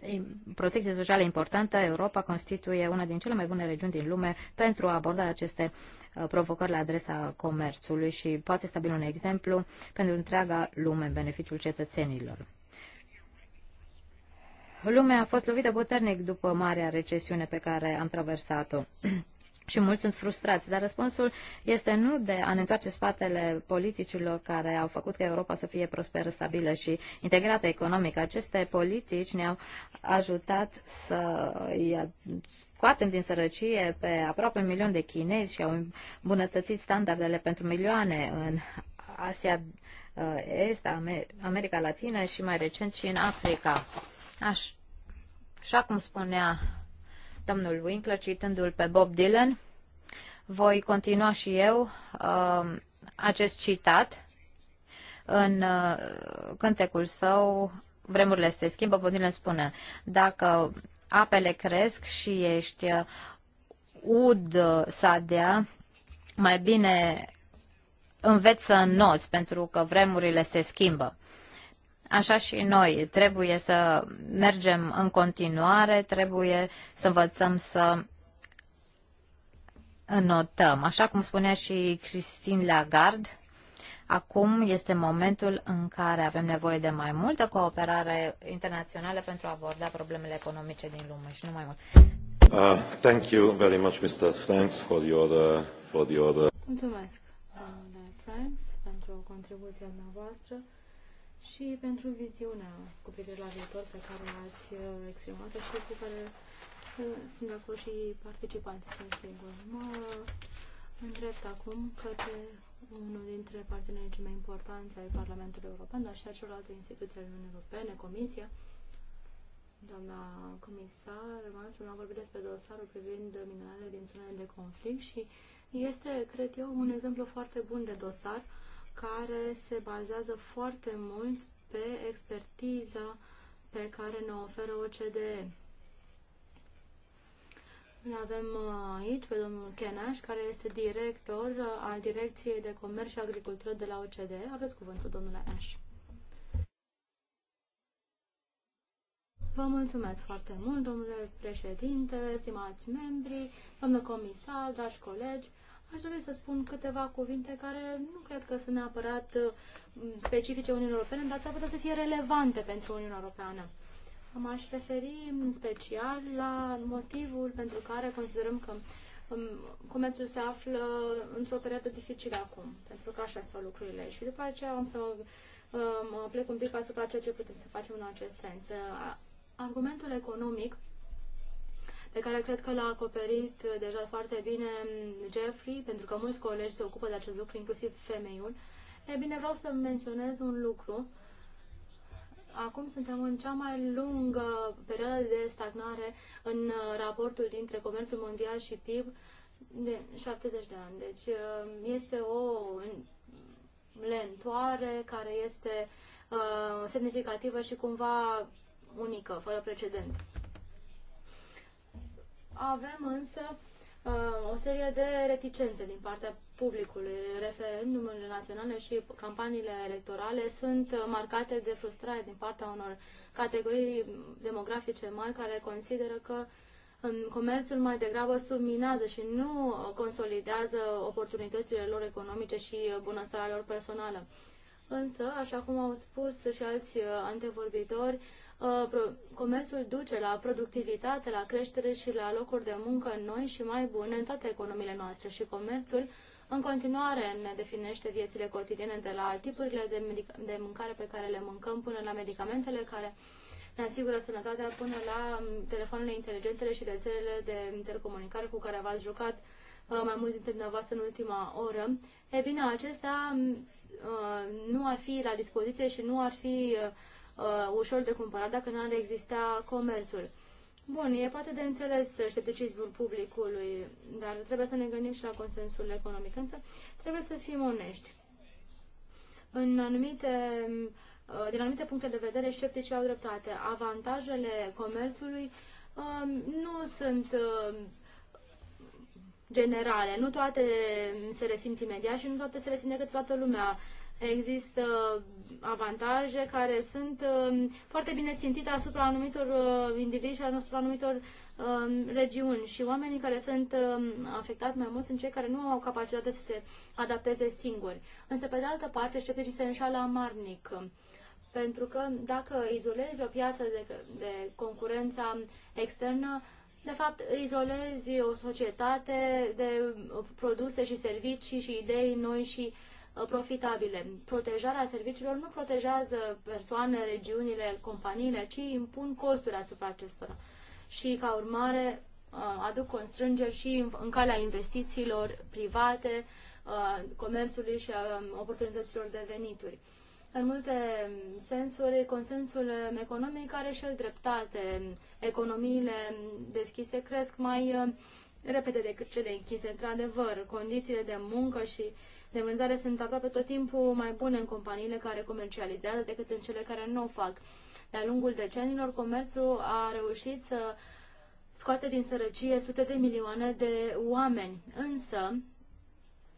Ehm, protecție socială importantă, Europa constituie una din cele mai bune regiuni din lume pentru a aborda aceste uh, provocări la adresa comerțului și poate stabili un exemplu pentru întreaga lume în beneficiul cetățenilor. Lumea a fost lovită puternic după marea recesiune pe care am traversat-o. și mulți sunt frustrați, dar răspunsul este nu de a ne întoarce spatele politicilor care au făcut ca Europa să fie prosperă, stabilă și integrată economic. Aceste politici ne-au ajutat să îi scoatem din sărăcie pe aproape un milion de chinezi și au îmbunătățit standardele pentru milioane în Asia uh, Est, America Latină și mai recent și în Africa. Aș, așa cum spunea domnul Winkler citându-l pe Bob Dylan. Voi continua și eu uh, acest citat în uh, cântecul său Vremurile se schimbă, Bob Dylan spune Dacă apele cresc și ești uh, ud uh, sadea, mai bine înveți să înnoți, pentru că vremurile se schimbă. Așa și noi trebuie să mergem în continuare, trebuie să învățăm să notăm. Așa cum spunea și Christine Lagarde, acum este momentul în care avem nevoie de mai multă cooperare internațională pentru a aborda problemele economice din lume și nu mai mult. Uh, thank you very much, Mr. Franks, for your... Uh, for your uh... Mulțumesc, domnule Franks, pentru contribuția noastră și pentru viziunea cu privire la viitor pe care ați uh, exprimat-o și cu care uh, sunt de acord și participanții, sunt sigur. Mă îndrept acum către unul dintre partenerii cei mai importanți ai Parlamentului European, dar și a celorlalte instituții ale Uniunii Europene, Comisia, doamna comisar Manson am vorbit despre dosarul privind minerale din zonele de conflict și este, cred eu, un exemplu foarte bun de dosar uh, care se bazează foarte mult pe expertiza pe care ne oferă OCDE. Îl avem uh, aici pe domnul Kenaș, care este director uh, al Direcției de Comerț și Agricultură de la OCDE. Aveți cuvântul, domnule Ash. Vă mulțumesc foarte mult, domnule președinte, stimați membri, domnule comisar, dragi colegi. Aș dori să spun câteva cuvinte care nu cred că sunt neapărat uh, specifice Uniunii Europene, dar s-ar putea să fie relevante pentru Uniunea Europeană. M-aș referi în special la motivul pentru care considerăm că um, comerțul se află într-o perioadă dificilă acum, pentru că așa stau lucrurile. Și după aceea am să uh, mă plec un pic asupra ceea ce putem să facem în acest sens. Uh, argumentul economic pe care cred că l-a acoperit uh, deja foarte bine mm, Jeffrey, pentru că mulți colegi se ocupă de acest lucru, inclusiv femeiul. E bine, vreau să menționez un lucru. Acum suntem în cea mai lungă perioadă de stagnare în uh, raportul dintre comerțul mondial și PIB de 70 de ani. Deci uh, este o lentoare care este uh, semnificativă și cumva unică, fără precedent. Avem însă uh, o serie de reticențe din partea publicului. Referendumurile naționale și campaniile electorale sunt uh, marcate de frustrare din partea unor categorii demografice mari care consideră că um, comerțul mai degrabă subminează și nu consolidează oportunitățile lor economice și uh, bunăstarea lor personală. Însă, așa cum au spus și alți antevorbitori, Uh, comerțul duce la productivitate, la creștere și la locuri de muncă noi și mai bune în toate economiile noastre și comerțul în continuare ne definește viețile cotidiene de la tipurile de, de mâncare pe care le mâncăm până la medicamentele care ne asigură sănătatea până la um, telefoanele inteligentele și rețelele de intercomunicare cu care v-ați jucat uh, mai mulți dintre dumneavoastră în ultima oră, e bine, acestea um, uh, nu ar fi la dispoziție și nu ar fi uh, ușor de cumpărat dacă n-ar exista comerțul. Bun, e poate de înțeles scepticismul publicului, dar trebuie să ne gândim și la consensul economic. Însă trebuie să fim onești. În anumite, uh, din anumite puncte de vedere, sceptici au dreptate. Avantajele comerțului uh, nu sunt uh, generale. Nu toate se resimt imediat și nu toate se resimt decât toată lumea. Există uh, avantaje care sunt uh, foarte bine țintite asupra anumitor uh, indivizi și asupra anumitor um, regiuni și oamenii care sunt um, afectați mai mult sunt cei care nu au capacitatea să se adapteze singuri. Însă, pe de altă parte, scepticii se înșală amarnic pentru că dacă izolezi o piață de, de concurența externă, de fapt izolezi o societate de produse și servicii și idei noi și uh, Uh, profitabile. Protejarea serviciilor nu protejează persoane, regiunile, companiile, ci impun costuri asupra acestora. Și ca urmare uh, aduc constrângeri și în calea investițiilor private, uh, comerțului și a oportunităților de venituri. În multe sensuri, consensul economic are și el dreptate. Economiile deschise cresc mai repede decât cele închise. Într-adevăr, condițiile de muncă și uh, de vânzare sunt aproape tot timpul mai bune în companiile care comercializează decât în cele care nu o fac. De-a lungul decenilor, comerțul a reușit să scoate din sărăcie sute de milioane de oameni. Însă,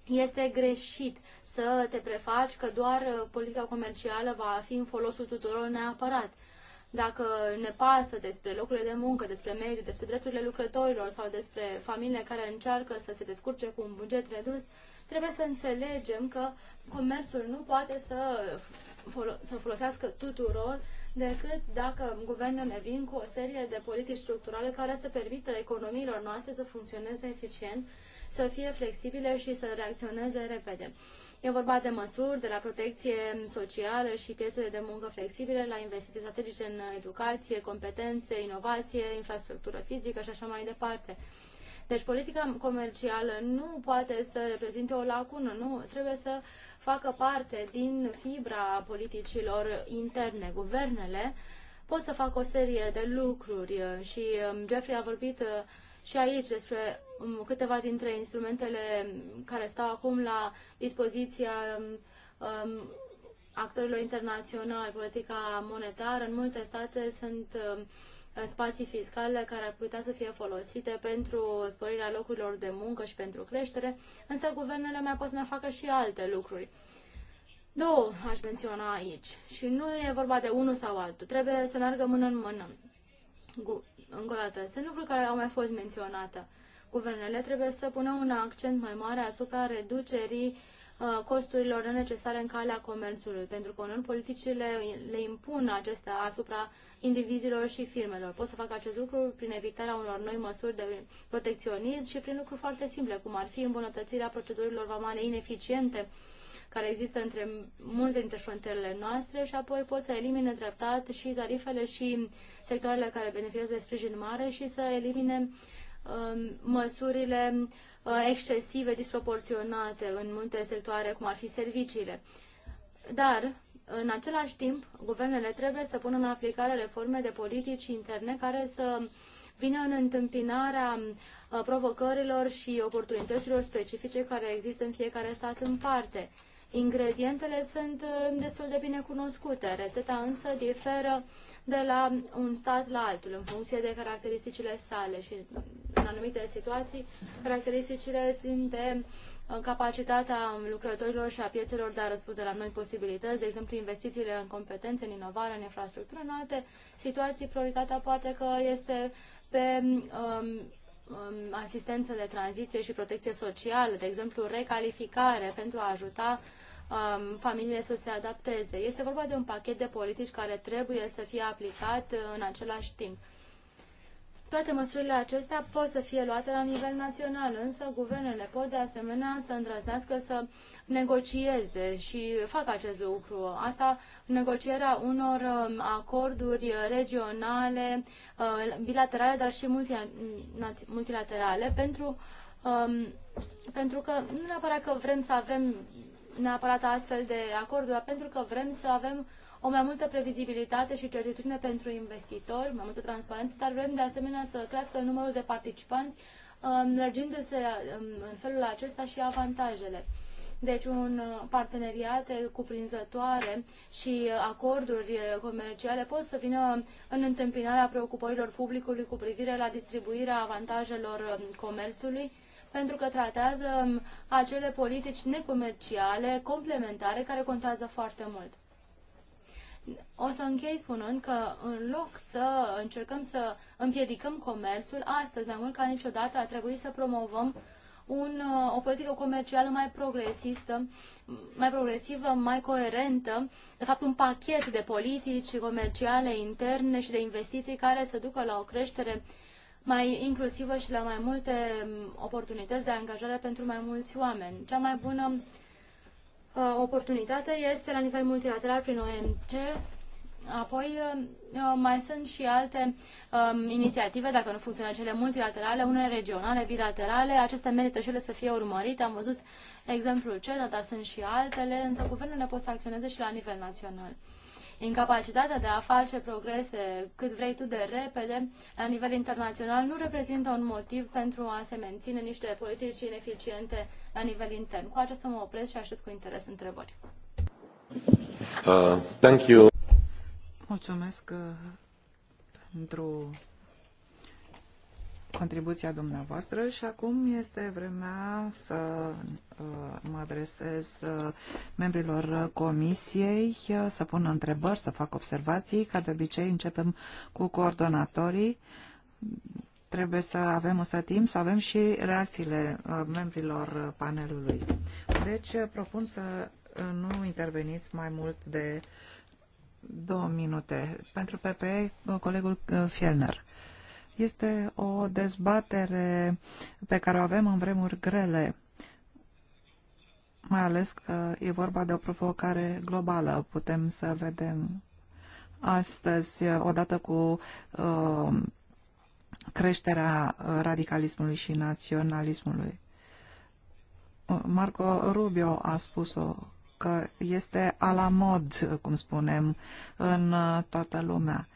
este greșit să te prefaci că doar uh, politica comercială va fi în folosul tuturor neapărat. Dacă ne pasă despre locurile de muncă, despre mediu, despre drepturile lucrătorilor sau despre familiile care încearcă să se descurce cu un buget redus, trebuie să înțelegem că comerțul nu poate să, folo- să folosească tuturor decât dacă guvernele vin cu o serie de politici structurale care să permită economiilor noastre să funcționeze eficient, să fie flexibile și să reacționeze repede. E vorba de măsuri, de la protecție socială și piețe de muncă flexibile, la investiții strategice în educație, competențe, inovație, infrastructură fizică și așa mai departe. Deci politica comercială nu poate să reprezinte o lacună, nu, trebuie să facă parte din fibra politicilor interne. Guvernele pot să facă o serie de lucruri uh, și um, Jeffrey a vorbit uh, și aici despre um, câteva dintre instrumentele care stau acum la dispoziția um, actorilor internaționali, politica monetară, în multe state sunt uh, Uh, spații fiscale care ar putea să fie folosite pentru sporirea locurilor de muncă și pentru creștere, însă guvernele mai pot să mai facă și alte lucruri. Două aș menționa aici și nu e vorba de unul sau altul, trebuie să meargă mână în mână. Gu încă o dată, sunt lucruri care au mai fost menționate. Guvernele trebuie să pună un accent mai mare asupra reducerii uh, Uh, costurilor necesare în calea comerțului, pentru că uneori politicile le impun acestea asupra indivizilor și firmelor. Pot să fac acest lucru prin evitarea unor noi măsuri de protecționism și prin lucruri foarte simple, cum ar fi îmbunătățirea procedurilor vamale ineficiente care există între multe dintre frontierele noastre și apoi pot să elimine treptat și tarifele și sectoarele care beneficiază de sprijin mare și să elimine um, măsurile uh, Uh, excesive, disproporționate în multe sectoare, cum ar fi serviciile. Dar, în același timp, guvernele trebuie să pună în aplicare reforme de politici interne care să vină în întâmpinarea uh, provocărilor și oportunităților specifice care există în fiecare stat în parte. Ingredientele sunt uh, destul de bine cunoscute, rețeta însă diferă de la un stat la altul, în funcție de caracteristicile sale și în anumite situații, caracteristicile țin de uh, capacitatea lucrătorilor și a piețelor de a răspunde la noi posibilități, de exemplu investițiile în competențe, în inovare, în infrastructură, în alte situații prioritatea poate că este pe um, um asistență de tranziție și protecție socială, de exemplu recalificare pentru a ajuta uh, um, familiile să se adapteze. Este vorba de un pachet de politici care trebuie să fie aplicat în același timp. Toate măsurile acestea pot să fie luate la nivel național, însă guvernele pot de asemenea să îndrăznească să negocieze și fac acest lucru. Asta negocierea unor um, acorduri regionale, uh, bilaterale, dar și multilaterale pentru, um, pentru că nu neapărat că vrem să avem neapărat astfel de acorduri, dar pentru că vrem să avem o mai multă previzibilitate și certitudine pentru investitori, mai multă transparență, dar vrem de asemenea să crească numărul de participanți, um, lărgindu-se um, în felul acesta și avantajele. Deci un uh, parteneriat cuprinzătoare și uh, acorduri uh, comerciale pot să vină în întâmpinarea preocupărilor publicului cu privire la distribuirea avantajelor um, comerțului, pentru că tratează um, acele politici necomerciale, complementare, care contează foarte mult. O să închei spunând că în loc să încercăm să împiedicăm comerțul, astăzi mai mult ca niciodată a trebuit să promovăm un, uh, o politică comercială mai progresistă, mai progresivă, mai coerentă, de fapt un pachet de politici comerciale interne și de investiții care să ducă la o creștere uh, mai inclusivă și la mai multe mm, oportunități de angajare pentru mai mulți oameni. Cea mai bună uh, oportunitate este la nivel multilateral prin OMC, Apoi uh, uh, mai sunt și alte um, inițiative, dacă nu funcționează cele multilaterale, unele regionale, bilaterale, acestea merită și ele să fie urmărite. Am văzut exemplul CEDA, dar sunt și altele, însă ne pot să acționeze și la nivel național. Incapacitatea de a face progrese cât vrei tu de repede la nivel internațional nu reprezintă un motiv pentru a se menține niște politici ineficiente la nivel intern. Cu aceasta mă opresc și aștept cu interes întrebări. Uh, thank you. Mulțumesc uh, pentru contribuția dumneavoastră și acum este vremea să uh, mă adresez uh, membrilor comisiei, uh, să pun întrebări, să fac observații. Ca de obicei începem cu coordonatorii. Trebuie să avem însă timp să avem și reacțiile membrilor panelului. Deci propun să nu interveniți mai mult de două minute. Pentru PP, colegul Fielner. Este o dezbatere pe care o avem în vremuri grele, mai ales că e vorba de o provocare globală. Putem să vedem astăzi, odată cu uh, creșterea radicalismului și naționalismului. Marco Rubio a spus-o că este a la mod, cum spunem, în uh, toată lumea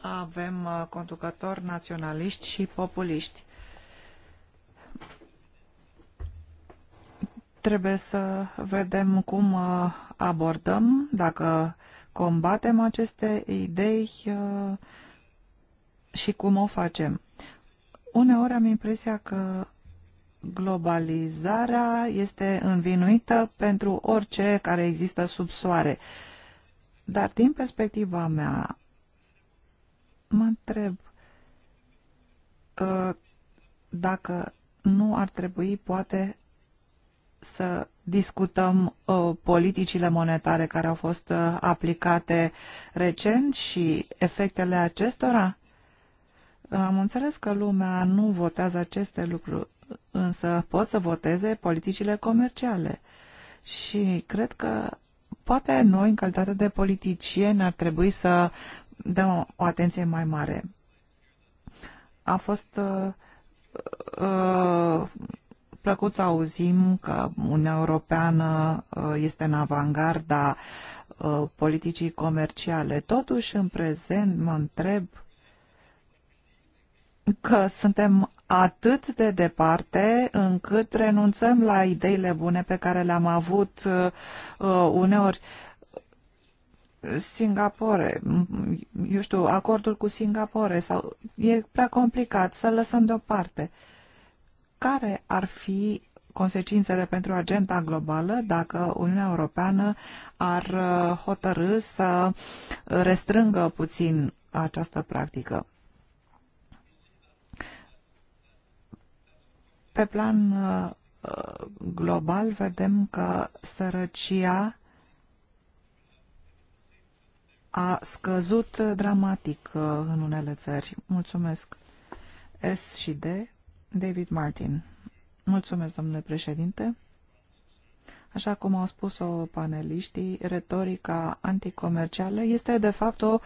avem uh, conducători naționaliști și populiști. Trebuie să vedem cum uh, abordăm, dacă combatem aceste idei uh, și cum o facem. Uneori am impresia că globalizarea este învinuită pentru orice care există sub soare. Dar din perspectiva mea, mă întreb ă, dacă nu ar trebui poate să discutăm uh, politicile monetare care au fost uh, aplicate recent și efectele acestora? Am înțeles că lumea nu votează aceste lucruri, însă pot să voteze politicile comerciale. Și cred că poate noi, în calitate de politicieni, ar trebui să dăm o atenție mai mare. A fost uh, uh plăcut să auzim că Uniunea Europeană uh, este în avangarda uh, politicii comerciale. Totuși, în prezent, mă întreb că suntem atât de departe încât renunțăm la ideile bune pe care le-am avut uneori. Uh, Singapore, eu știu, acordul cu Singapore sau e prea complicat să lăsăm deoparte. Care ar fi consecințele pentru agenda globală dacă Uniunea Europeană ar uh, hotărâ să uh, restrângă puțin această practică? Pe plan uh, global vedem că sărăcia a scăzut dramatic uh, în unele țări. Mulțumesc. S și D, David Martin. Mulțumesc, domnule președinte. Așa cum au spus-o paneliștii, retorica anticomercială este de fapt o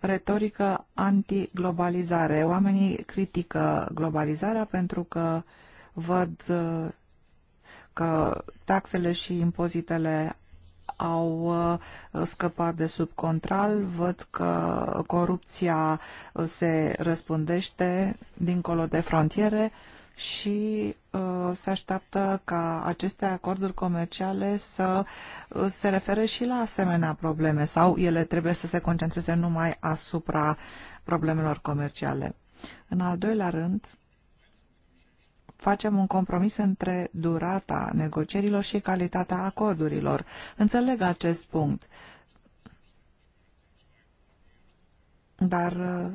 retorică antiglobalizare. Oamenii critică globalizarea pentru că văd uh, că taxele și impozitele au uh, scăpat de sub control, văd că corupția uh, se răspândește dincolo de frontiere și uh, se așteaptă ca aceste acorduri comerciale să uh, se refere și la asemenea probleme sau ele trebuie să se concentreze numai asupra problemelor comerciale. În al doilea rând, facem un compromis între durata negocierilor și calitatea acordurilor. Înțeleg acest punct. Dar uh,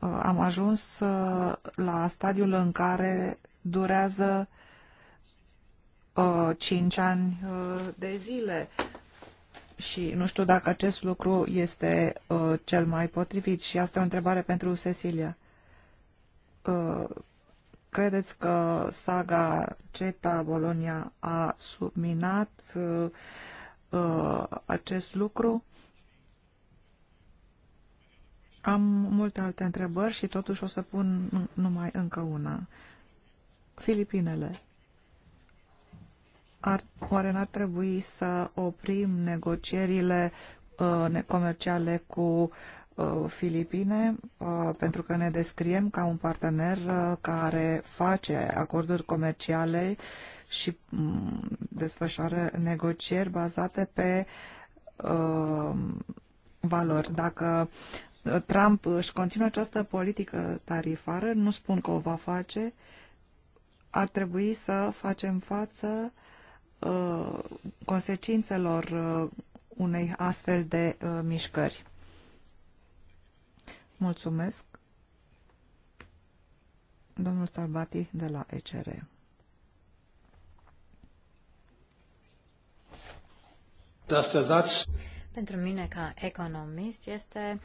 am ajuns uh, la stadiul în care durează uh, 5 ani uh, de zile și nu știu dacă acest lucru este uh, cel mai potrivit și asta e o întrebare pentru Cecilia. Uh, credeți că saga CETA Bologna a subminat uh, acest lucru? Am multe alte întrebări și totuși o să pun numai încă una. Filipinele. Ar, oare n-ar trebui să oprim negocierile uh, comerciale cu Uh, Filipine, uh, pentru că ne descriem ca un partener uh, care face acorduri comerciale și mm, desfășoară negocieri bazate pe valori. Dacă Trump își continuă această politică tarifară, nu spun că o va face, ar trebui să facem față consecințelor unei astfel de mișcări. Mulțumesc, domnul Salvati de la ECR. Pentru mine, ca economist, este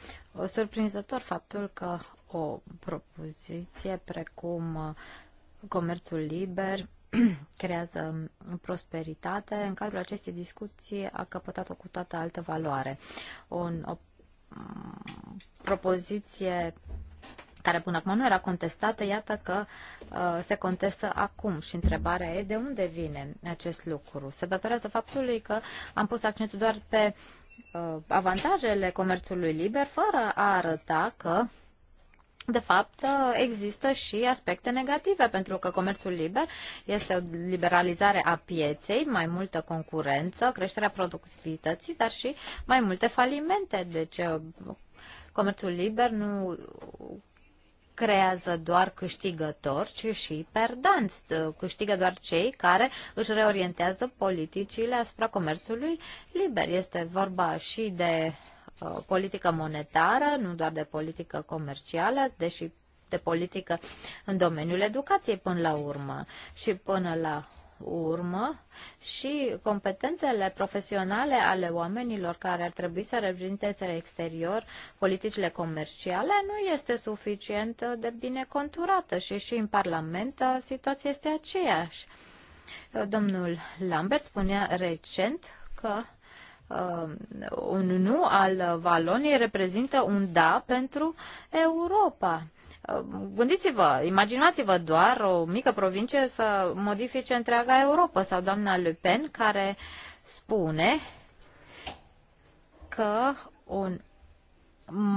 surprinzător faptul că o propoziție precum comerțul liber creează prosperitate, în cadrul acestei discuții a căpătat-o cu toată altă valoare. Un, o Uh, propoziție care până acum nu era contestată, iată că uh, se contestă acum și întrebarea e de unde vine acest lucru. Se datorează faptului că am pus accentul doar pe uh, avantajele comerțului liber fără a arăta că uh, de fapt, există și aspecte negative, pentru că comerțul liber este o liberalizare a pieței, mai multă concurență, creșterea productivității, dar și mai multe falimente. Deci, uh, comerțul liber nu creează doar câștigători, ci și perdanți. Uh, câștigă doar cei care își reorientează politicile asupra comerțului liber. Este vorba și de Uh, politică monetară, nu doar de politică comercială, deși de politică în domeniul educației până la urmă. Și până la urmă și competențele profesionale ale oamenilor care ar trebui să reprezinte exterior politicile comerciale nu este suficient de bine conturată și și în Parlament situația este aceeași. Domnul Lambert spunea recent că Um, un nu al Valoniei reprezintă un da pentru Europa. Um, gândiți-vă, imaginați-vă doar o mică provincie să modifice întreaga Europa sau doamna Le Pen care spune că un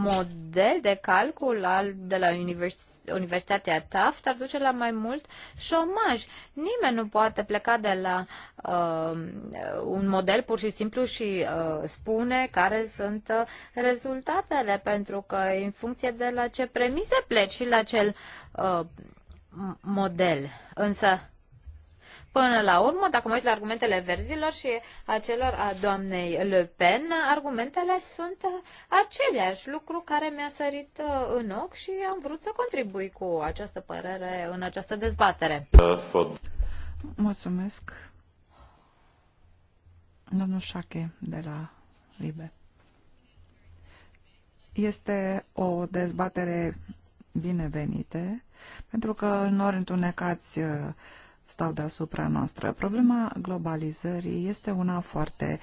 model de calcul al, de la Universitatea Universitatea Taft ar duce la mai mult șomaj. Nimeni nu poate pleca de la uh, un model pur și simplu și uh, spune care sunt uh, rezultatele, pentru că în funcție de la ce premise pleci și la cel uh, model. Însă, Până la urmă, dacă mă uit la argumentele verzilor și a celor a doamnei Le Pen, argumentele sunt aceleași, lucru care mi-a sărit uh, în ochi și am vrut să contribui cu această părere în această dezbatere. Mulțumesc. Domnul Șache de la Libe. Este o dezbatere binevenită, pentru că nori întunecați uh, stau deasupra noastră. Problema globalizării este una foarte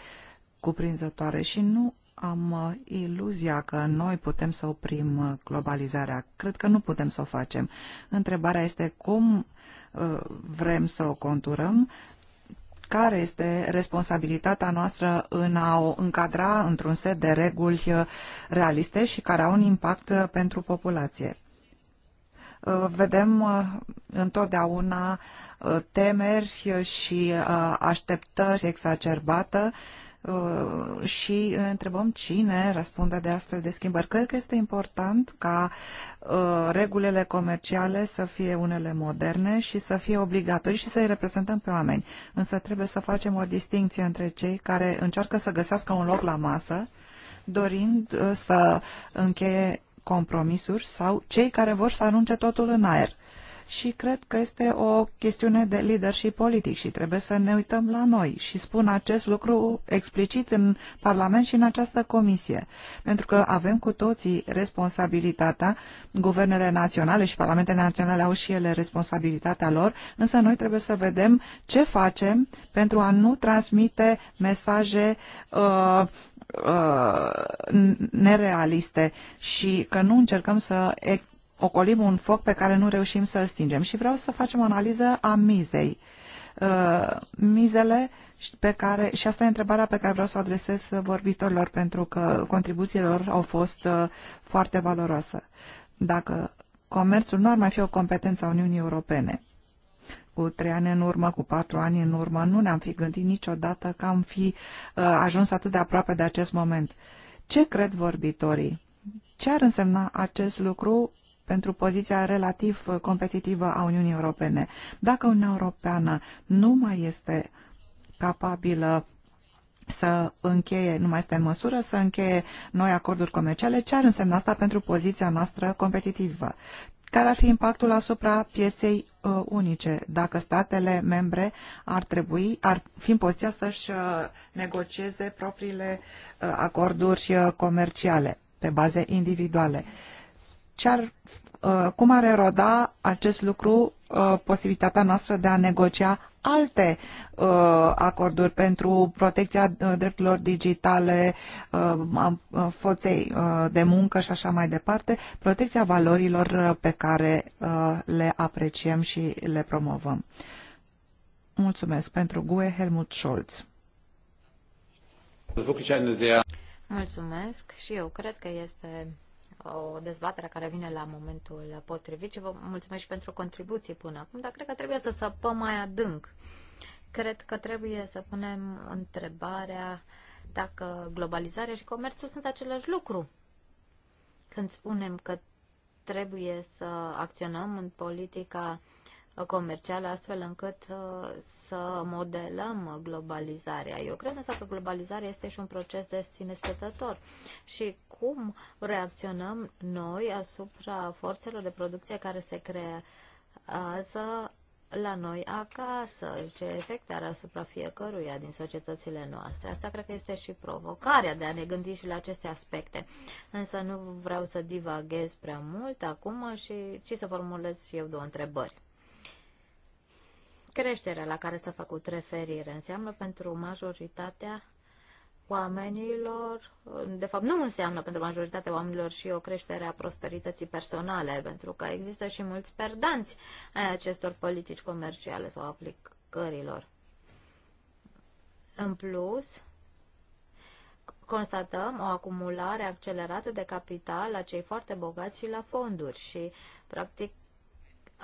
cuprinzătoare și nu am uh, iluzia că noi putem să oprim uh, globalizarea. Cred că nu putem să o facem. Întrebarea este cum uh, vrem să o conturăm, care este responsabilitatea noastră în a o încadra într-un set de reguli realiste și care au un impact pentru populație. Vedem întotdeauna uh, temeri și uh, așteptări exacerbată uh, și întrebăm cine răspunde de astfel de schimbări. Cred că este important ca regulile comerciale să fie unele moderne și să fie obligatorii și să-i reprezentăm pe oameni. Însă trebuie să facem o distinție între cei care încearcă să găsească un loc la masă, dorind să încheie compromisuri sau cei care vor să arunce totul în aer și cred că este o chestiune de leadership politic și trebuie să ne uităm la noi și spun acest lucru explicit în Parlament și în această comisie, pentru că avem cu toții responsabilitatea, guvernele naționale și parlamentele naționale au și ele responsabilitatea lor, însă noi trebuie să vedem ce facem pentru a nu transmite mesaje uh, uh nerealiste și că nu încercăm să ocolim un foc pe care nu reușim să-l stingem. Și vreau să facem o analiză a mizei. Uh, mizele pe care, și asta e întrebarea pe care vreau să o adresez vorbitorilor, pentru că contribuțiile lor au fost uh, foarte valoroase. Dacă comerțul nu ar mai fi o competență a Uniunii Europene, cu trei ani în urmă, cu patru ani în urmă, nu ne-am fi gândit niciodată că am fi uh, ajuns atât de aproape de acest moment. Ce cred vorbitorii? Ce ar însemna acest lucru pentru poziția relativ uh, competitivă a Uniunii Europene. Dacă Uniunea Europeană nu mai este capabilă să încheie, nu mai este în măsură să încheie noi acorduri comerciale, ce ar însemna asta pentru poziția noastră competitivă? Care ar fi impactul asupra pieței uh, unice dacă statele membre ar trebui, ar fi în poziția să-și uh, negocieze propriile uh, acorduri uh, comerciale pe baze individuale? Ce ar Uh, cum ar eroda acest lucru uh, posibilitatea noastră de a negocia alte uh, acorduri pentru protecția drepturilor digitale, a forței de muncă și așa mai departe, protecția valorilor pe care le apreciem și le promovăm. Mulțumesc pentru GUE, Helmut Scholz. Mulțumesc și eu cred că este o dezbatere care vine la momentul potrivit și vă mulțumesc și pentru contribuții până acum, dar cred că trebuie să săpăm mai adânc. Cred că trebuie să punem întrebarea dacă globalizarea și comerțul sunt același lucru. Când spunem că trebuie să acționăm în politica uh, comercială, astfel încât uh, să modelăm globalizarea. Eu cred însă că globalizarea este și un proces de sine stătător. Și cum reacționăm noi asupra forțelor de producție care se creează la noi acasă, ce efect are asupra fiecăruia din societățile noastre. Asta cred că este și provocarea de a ne gândi și la aceste aspecte. Însă nu vreau să divaghez prea mult acum, și, ci să formulez și eu două întrebări creșterea la care s-a făcut referire. Înseamnă pentru majoritatea oamenilor, de fapt nu înseamnă pentru majoritatea oamenilor și o creștere a prosperității personale, pentru că există și mulți perdanți ai acestor politici comerciale sau aplicărilor. În plus, constatăm o acumulare accelerată de capital la cei foarte bogați și la fonduri și, practic,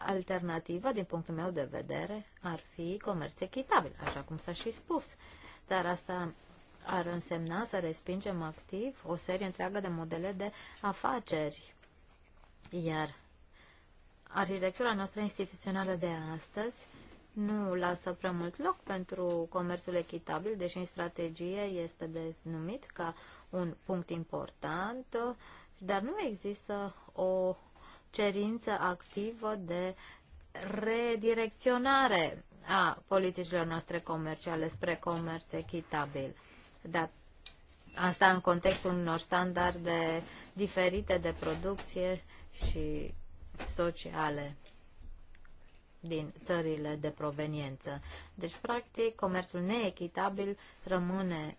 Alternativa, din punctul meu de vedere, ar fi comerț echitabil, așa cum s-a și spus. Dar asta ar însemna să respingem activ o serie întreagă de modele de afaceri. Iar arhitectura noastră instituțională de astăzi nu lasă prea mult loc pentru comerțul echitabil, deși în strategie este denumit ca un punct important, dar nu există o cerință activă de redirecționare a politicilor noastre comerciale spre comerț echitabil. Dar asta în contextul unor standarde diferite de producție și sociale din țările de proveniență. Deci, practic, comerțul neechitabil rămâne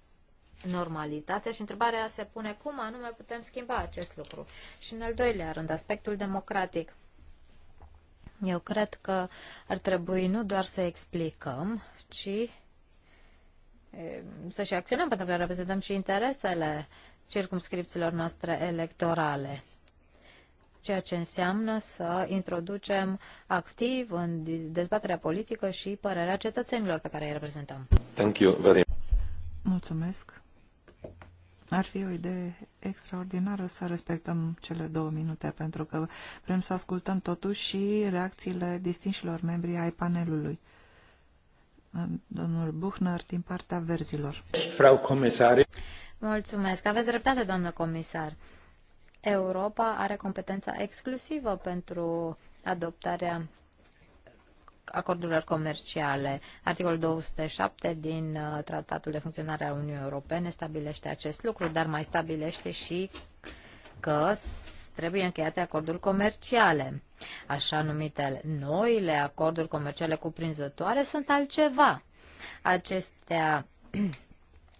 normalitatea și întrebarea se pune cum anume putem schimba acest lucru. Și în al doilea rând, aspectul democratic. Eu cred că ar trebui nu doar să explicăm, ci să și acționăm, pentru că reprezentăm și interesele circumscripțiilor noastre electorale. Ceea ce înseamnă să introducem activ în dezbaterea politică și părerea cetățenilor pe care îi reprezentăm. Thank you very much. Mulțumesc. Ar fi o idee extraordinară să respectăm cele două minute, pentru că vrem să ascultăm totuși și reacțiile distinșilor membri ai panelului. Domnul Buchner, din partea verzilor. Frau comisar. Mulțumesc. Aveți dreptate, doamnă comisar. Europa are competența exclusivă pentru adoptarea acordurilor comerciale. Articolul 207 din uh, Tratatul de Funcționare a Uniunii Europene stabilește acest lucru, dar mai stabilește și că trebuie încheiate acorduri comerciale. Așa numitele noile acorduri comerciale cuprinzătoare sunt altceva. Acestea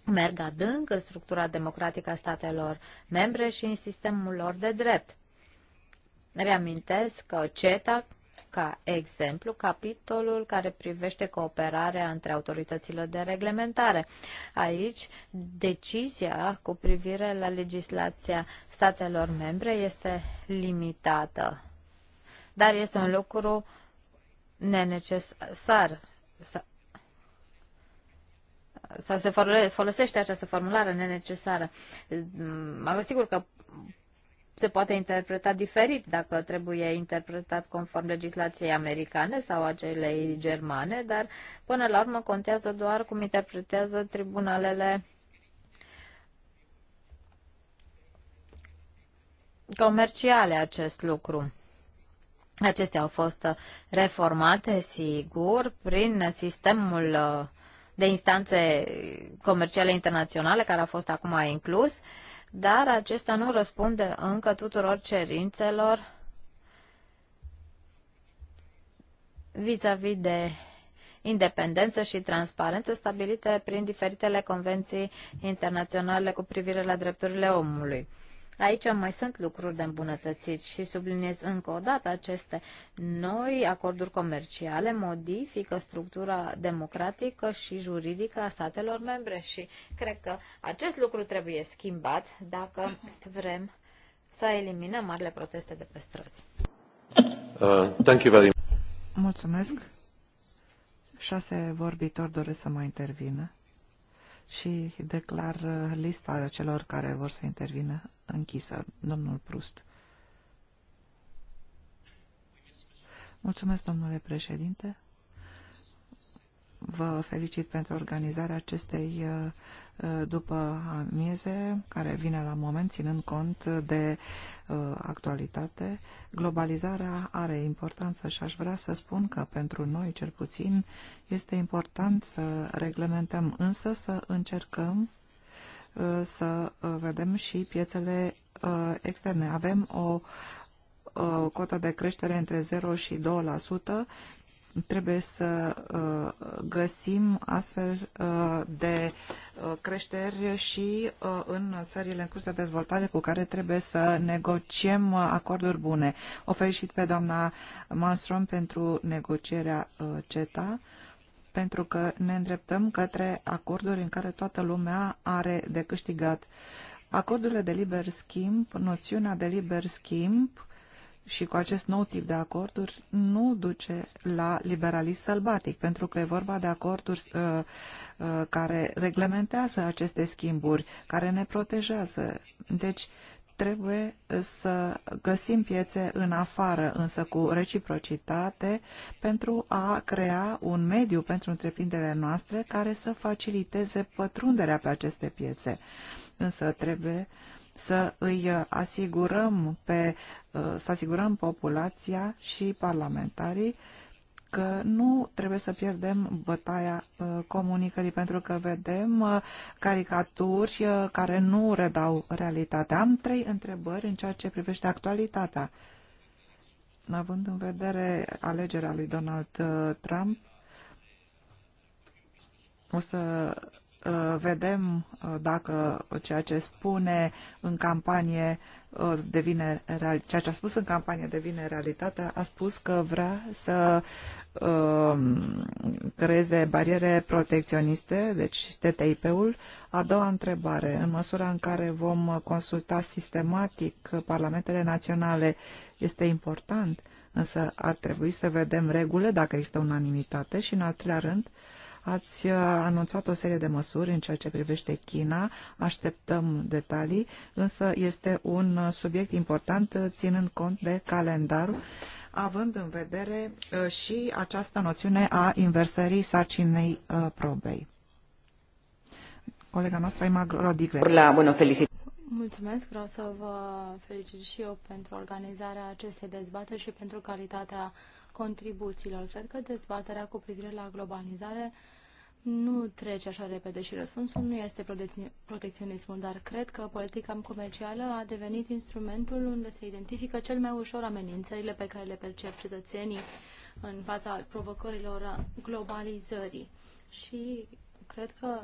merg adânc în structura democratică a statelor membre și în sistemul lor de drept. Reamintesc că CETA, ca exemplu, capitolul care privește cooperarea între autoritățile de reglementare. Aici, decizia cu privire la legislația statelor membre este limitată, dar este un lucru nenecesar sau se folosește această formulare nenecesară. Mă sigur că se poate interpreta diferit dacă trebuie interpretat conform legislației americane sau acelei germane, dar până la urmă contează doar cum interpretează tribunalele comerciale acest lucru. Acestea au fost reformate, sigur, prin sistemul uh, de instanțe comerciale internaționale, care a fost acum inclus, uh, dar acesta nu răspunde încă tuturor cerințelor vis-a-vis -vis de independență și transparență stabilite prin diferitele convenții internaționale cu privire la drepturile omului. Aici mai sunt lucruri de îmbunătățit și subliniez încă o dată aceste noi acorduri comerciale modifică structura democratică și juridică a statelor membre și cred că acest lucru trebuie schimbat dacă vrem să eliminăm marile proteste de pe străzi. Uh, thank you very much. Mulțumesc. Șase vorbitori doresc să mai intervină și declar uh, lista celor care vor să intervină închisă. Domnul Prust. Mulțumesc, domnule președinte vă felicit pentru organizarea acestei uh, uh, după amieze, care vine la moment, ținând cont de uh, actualitate. Globalizarea are importanță și aș vrea să spun că pentru noi, cel puțin, este important să reglementăm, însă să încercăm să vedem și piețele externe. Avem o cotă de creștere între 0 și 2%, Trebuie să uh, găsim astfel uh, de uh, creșteri și în țările în curs de dezvoltare cu care trebuie să negociem acorduri bune. O felicit pe doamna Manstrom pentru negocierea CETA pentru că ne îndreptăm către acorduri în care toată lumea are de câștigat. Acordurile de liber schimb, noțiunea de liber schimb, și cu acest nou tip de acorduri nu duce la liberalism sălbatic, pentru că e vorba de acorduri uh, uh, care reglementează aceste schimburi, care ne protejează. Deci trebuie să găsim piețe în afară, însă cu reciprocitate, pentru a crea un mediu pentru întreprinderile noastre care să faciliteze pătrunderea pe aceste piețe. Însă trebuie uh, să îi asigurăm pe, uh, să asigurăm populația și parlamentarii că nu trebuie să pierdem bătaia uh, comunicării, pentru că vedem uh, caricaturi care nu redau realitatea. Am trei întrebări în ceea ce privește actualitatea. Având în vedere alegerea lui Donald Trump, o să Uh, vedem uh, dacă ceea ce spune în campanie uh, devine real, ceea ce a spus în campanie devine realitate, a spus că vrea să um, creeze bariere protecționiste, deci TTIP-ul. A doua întrebare, în măsura în care vom consulta sistematic parlamentele naționale, este important, însă ar trebui să vedem regulile dacă există unanimitate și, în al treilea rând, uh, Ați uh, anunțat o serie de măsuri în ceea ce privește China, așteptăm detalii, însă este un uh, subiect important uh, ținând cont de calendar, având în vedere și această noțiune a inversării sarcinei probei. Colega noastră, Ima Rodigre. La, bună, felicit. Mulțumesc, vreau să vă felicit și eu pentru organizarea acestei dezbateri și pentru calitatea uh, contribuțiilor. Cred că dezbaterea cu privire la globalizare nu trece așa repede și răspunsul nu este protecționismul, dar cred că politica comercială a devenit instrumentul unde se identifică cel mai ușor amenințările pe care le percep cetățenii în fața provocărilor globalizării. Și cred că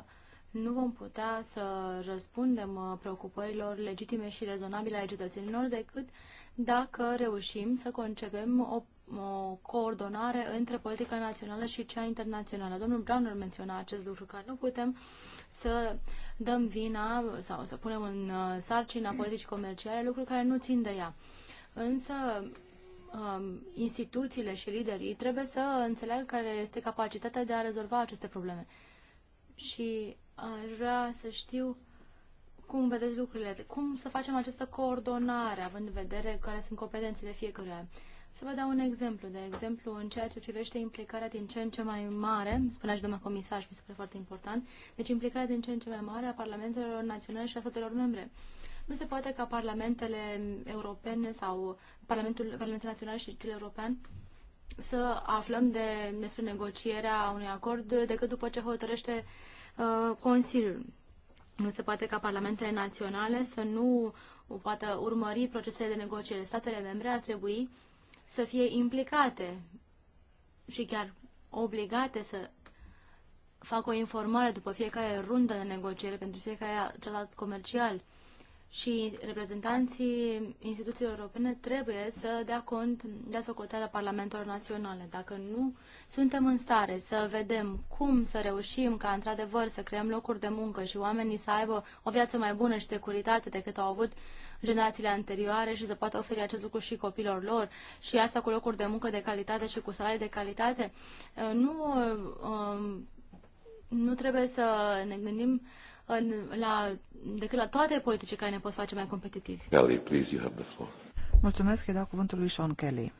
nu vom putea să răspundem uh, preocupărilor legitime și rezonabile ale cetățenilor decât dacă reușim să concepem o o coordonare între politica națională și cea internațională. Domnul Browner menționa acest lucru, că nu putem să dăm vina sau să punem în uh, sarcina politici comerciale lucruri care nu țin de ea. Însă um, instituțiile și liderii trebuie să înțeleagă care este capacitatea de a rezolva aceste probleme. Și aș vrea să știu cum vedeți lucrurile, cum să facem această coordonare, având în vedere care sunt competențele fiecăruia. Să vă dau un exemplu. De exemplu, în ceea ce privește implicarea din ce în ce mai mare, spunea și domnul comisar, și mi se pare foarte important, deci implicarea din ce în ce mai mare a parlamentelor naționale și a statelor membre. Nu se poate ca parlamentele europene sau Parlamentul, Parlamentul Național și cel european să aflăm de, despre negocierea unui acord decât după ce hotărăște uh, Consiliul. Nu se poate ca parlamentele naționale să nu poată urmări procesele de negociere. Statele membre ar trebui uh, să fie implicate și chiar obligate să facă o informare după fiecare rundă de negociere pentru fiecare tratat comercial și reprezentanții instituțiilor europene trebuie să dea cont de socoteala parlamentelor naționale. Dacă nu suntem în stare să vedem cum să reușim ca într-adevăr să creăm locuri de muncă și oamenii să aibă o viață mai bună și securitate decât au avut generațiile anterioare și să poată oferi acest lucru și copilor lor și asta cu locuri de muncă de calitate și cu salarii de calitate. Uh, nu, um, nu trebuie să ne gândim uh, la, decât la toate politicile care ne pot face mai competitivi. Kelly, please, you have the floor. Mulțumesc, îi dau cuvântul lui Sean Kelly.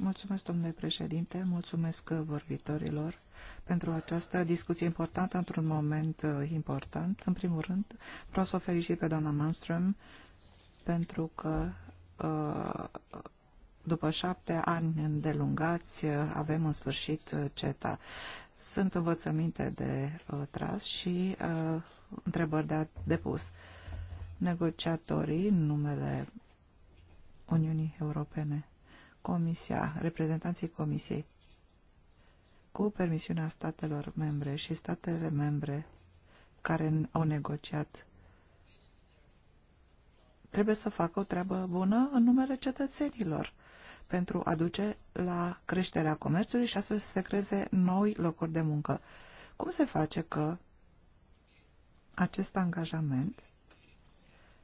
Mulțumesc, domnule președinte, mulțumesc vorbitorilor pentru această discuție importantă într-un moment uh, important. În primul rând, vreau să o felicit pe doamna Malmström pentru că uh, după șapte ani îndelungați uh, avem în sfârșit CETA. Sunt învățăminte de tras și întrebări de depus. Negociatorii, numele Uniunii Europene Comisia, reprezentanții Comisiei, cu permisiunea statelor membre și statele membre care au negociat, trebuie să facă o treabă bună în numele cetățenilor pentru a duce la creșterea comerțului și astfel să se creeze noi locuri de muncă. Cum se face că acest angajament,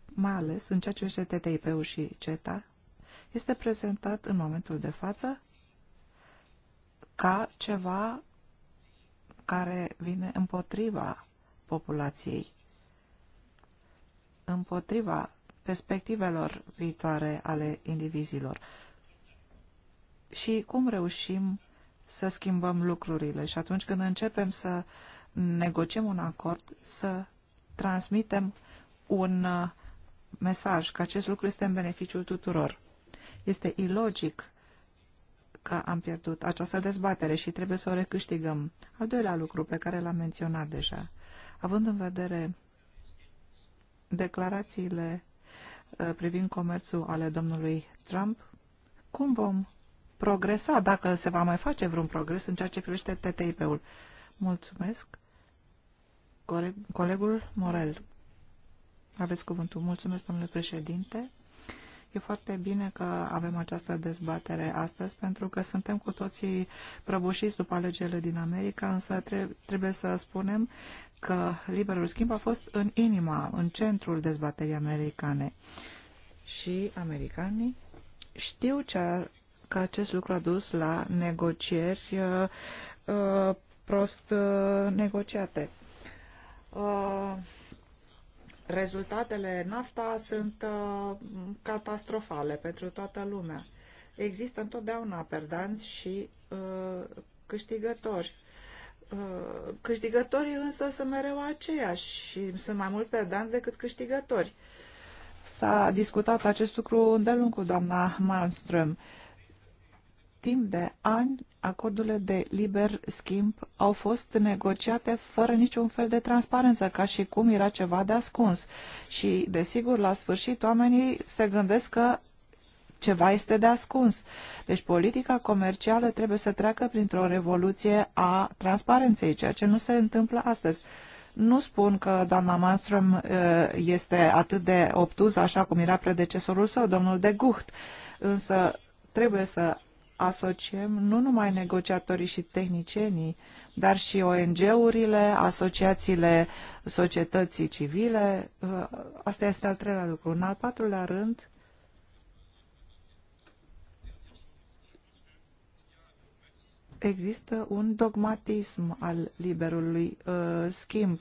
mai ales în ceea ce este TTIP-ul și CETA, este prezentat în momentul de față ca ceva care vine împotriva populației, împotriva perspectivelor viitoare ale indivizilor. Și cum reușim să schimbăm lucrurile și atunci când începem să negociem un acord, să transmitem un uh, mesaj că acest lucru este în beneficiul tuturor. Este ilogic că am pierdut această dezbatere și trebuie să o recâștigăm. Al doilea lucru pe care l-am menționat deja, având în vedere declarațiile uh, privind comerțul ale domnului Trump, cum vom progresa, dacă se va mai face vreun progres în ceea ce privește TTIP-ul? Mulțumesc. Coleg colegul Morel. Aveți cuvântul. Mulțumesc, domnule președinte. E foarte bine că avem această dezbatere astăzi, pentru că suntem cu toții prăbușiți după alegerile din America, însă trebuie să spunem că liberul schimb a fost în inima, în centrul dezbaterii americane. Și americanii știu ce că acest lucru a dus la negocieri uh, uh prost uh, negociate. Uh, Rezultatele NAFTA sunt uh, catastrofale pentru toată lumea. Există întotdeauna perdanți și uh, câștigători. Uh, câștigătorii însă sunt mereu aceiași și sunt mai mult perdanți decât câștigători. S-a discutat acest lucru îndelung cu doamna Malmström. Uh, timp de ani, acordurile de liber schimb au fost negociate fără niciun fel de transparență, ca și cum era ceva de ascuns. Și, desigur, la sfârșit, oamenii se gândesc că ceva este de ascuns. Deci politica comercială trebuie să treacă printr-o revoluție a transparenței, ceea ce nu se întâmplă astăzi. Nu spun că doamna Manström uh, este atât de obtuză așa cum era predecesorul său, domnul de Gucht, însă trebuie să asociem nu numai negociatorii și tehnicienii, dar și ONG-urile, asociațiile societății civile. Uh, asta este al treilea lucru. În al patrulea rând, există un dogmatism al liberului uh, schimb.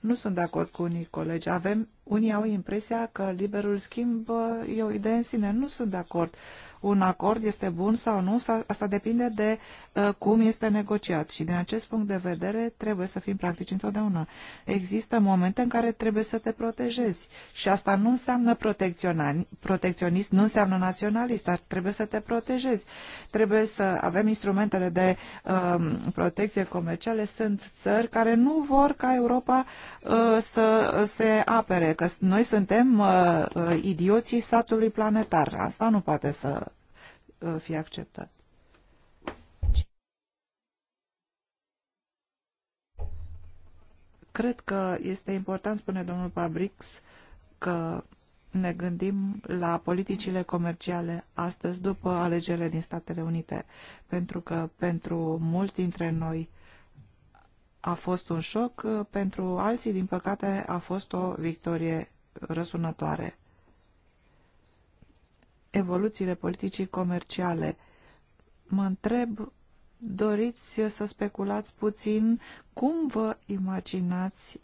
Nu sunt de acord cu unii colegi. Avem, unii au impresia că liberul schimb uh, e o idee în sine. Nu sunt de acord. Uh, un acord este bun sau nu, asta depinde de uh, cum este negociat și din acest punct de vedere trebuie să fim practici întotdeauna. Există momente în care trebuie să te protejezi și asta nu înseamnă protecționist, nu înseamnă naționalist, dar trebuie să te protejezi. Trebuie să avem instrumentele de um, protecție comerciale. Sunt țări care nu vor ca Europa uh, să se apere, că noi suntem uh, uh idioții satului planetar. Asta nu poate să Uh, fi acceptat. Cred că este important, spune domnul Pabrix, că ne gândim la politicile comerciale astăzi după alegerile din Statele Unite, pentru că pentru mulți dintre noi a fost un șoc, pentru alții, din păcate, a fost o victorie răsunătoare evoluțiile politicii comerciale. Mă întreb, doriți să speculați puțin cum vă imaginați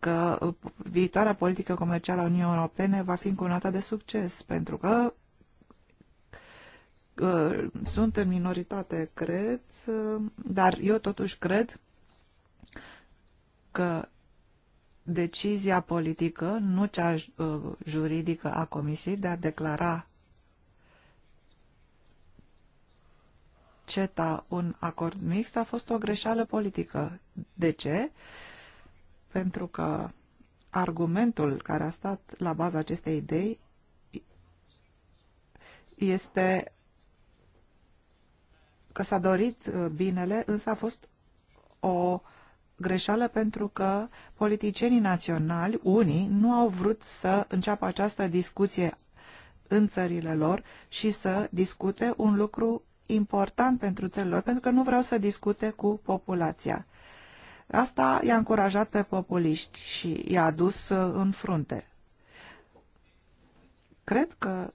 că viitoarea politică comercială a Uniunii Europene va fi încunată de succes, pentru că sunt în minoritate, cred, dar eu totuși cred că decizia politică, nu cea uh, juridică a Comisiei, de a declara CETA un acord mixt a fost o greșeală politică. De ce? Pentru că argumentul care a stat la baza acestei idei este că s-a dorit uh, binele, însă a fost o greșeală pentru că politicienii naționali, unii, nu au vrut să înceapă această discuție în țările lor și să discute un lucru important pentru țările lor, pentru că nu vreau să discute cu populația. Asta i-a încurajat pe populiști și i-a adus uh, în frunte. Cred că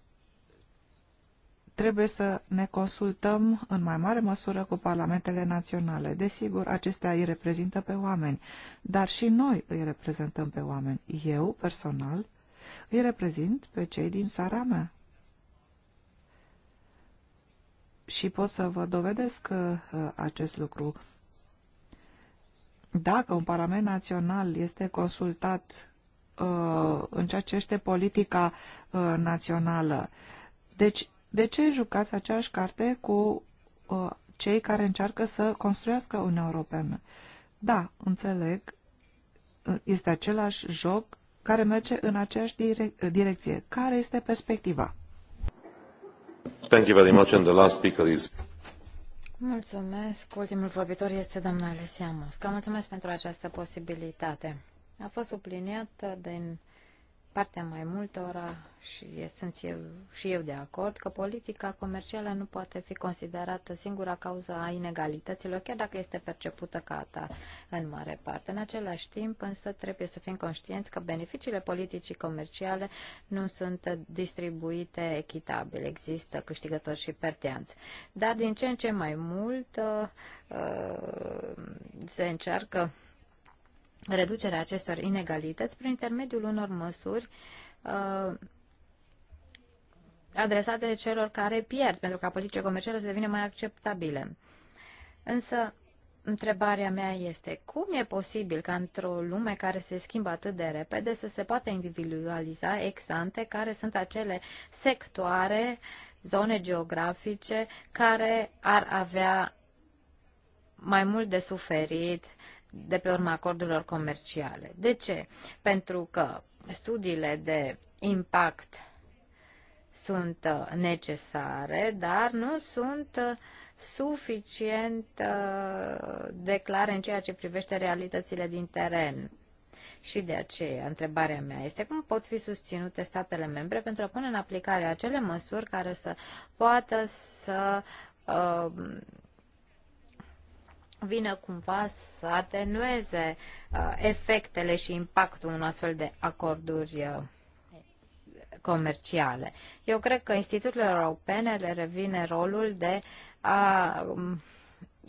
Trebuie să ne consultăm în mai mare măsură cu parlamentele naționale. Desigur, acestea îi reprezintă pe oameni, dar și noi îi reprezentăm pe oameni. Eu, personal, îi reprezint pe cei din țara mea. Și pot să vă dovedesc uh, acest lucru. Dacă un parlament național este consultat uh, în ceea ce este politica uh, națională. Deci de ce jucați aceeași carte cu uh, cei care încearcă să construiască Uniunea Europeană? Da, înțeleg, uh, este același joc care merge în aceeași direc uh, direcție. Care este perspectiva? Thank you very much and the last speaker is... Mulțumesc. Ultimul vorbitor este domnul Alessia Mosca. Mulțumesc pentru această posibilitate. A fost subliniat din partea mai multora, și sunt eu, și eu de acord, că politica comercială nu poate fi considerată singura cauză a inegalităților, chiar dacă este percepută ca atare în mare parte. În același timp, însă, trebuie să fim conștienți că beneficiile politicii comerciale nu sunt distribuite echitabil. Există câștigători și perdeanți. Dar din ce în ce mai mult uh, uh, se încearcă reducerea acestor inegalități prin intermediul unor măsuri uh, adresate celor care pierd, pentru ca politicile comerciale să devină mai acceptabile. Însă, întrebarea mea este, cum e posibil ca într-o lume care se schimbă atât de repede să se poată individualiza ex-ante care sunt acele sectoare, zone geografice care ar avea mai mult de suferit de pe urma acordurilor comerciale. De ce? Pentru că studiile de impact sunt uh, necesare, dar nu sunt uh, suficient uh, de clare în ceea ce privește realitățile din teren. Și de aceea, întrebarea mea este cum pot fi susținute statele membre pentru a pune în aplicare acele măsuri care să poată să uh, vină cumva să atenueze uh, efectele și impactul unor astfel de acorduri uh, comerciale. Eu cred că instituțiile europene le revine rolul de a um,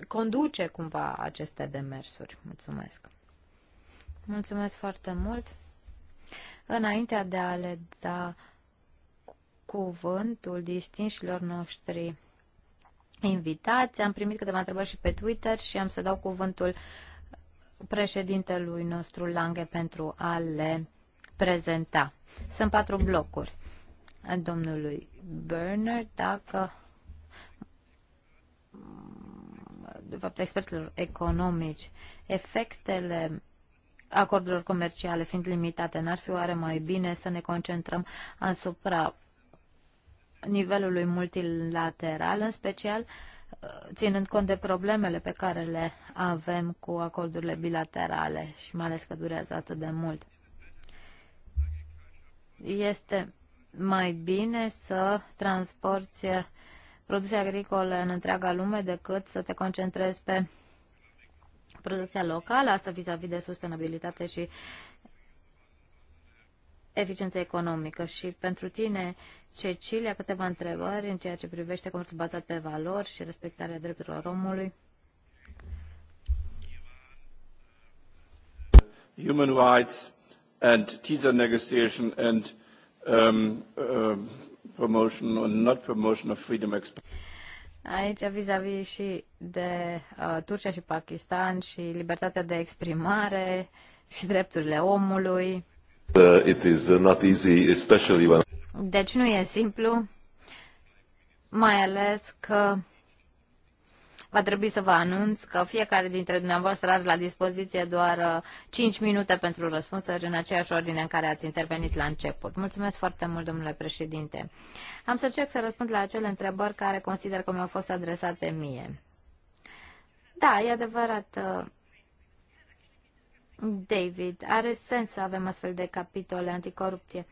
conduce cumva aceste demersuri. Mulțumesc! Mulțumesc foarte mult! Înainte de a le da cuvântul distinșilor noștri invitați. Am primit câteva întrebări și pe Twitter și am să dau cuvântul președintelui nostru Lange pentru a le prezenta. Sunt patru blocuri. Domnului Berner, dacă de fapt experților economici, efectele acordurilor comerciale fiind limitate, n-ar fi oare mai bine să ne concentrăm asupra nivelului multilateral, în special ținând cont de problemele pe care le avem cu acordurile bilaterale și mai ales că durează atât de mult. Este mai bine să transporti produse agricole în întreaga lume decât să te concentrezi pe producția locală, asta vis-a-vis -vis de sustenabilitate și eficiență economică. Și pentru tine, Cecilia, câteva întrebări în ceea ce privește comerțul bazat pe valori și respectarea drepturilor omului. human rights and teaser negotiation and um, uh, promotion or not promotion of freedom Aici, vis-a-vis -vis și de uh, Turcia și Pakistan și libertatea de exprimare și drepturile omului Uh, uh, deci nu e simplu, mai ales că va trebui să vă anunț că fiecare dintre dumneavoastră are la dispoziție doar 5 uh, minute pentru răspunsuri în aceeași ordine în care ați intervenit la început. Mulțumesc foarte mult, domnule președinte. Am să încerc să răspund la acele întrebări care consider că mi-au fost adresate mie. Da, e adevărat. David. Are sens să avem astfel de capitole anticorupție.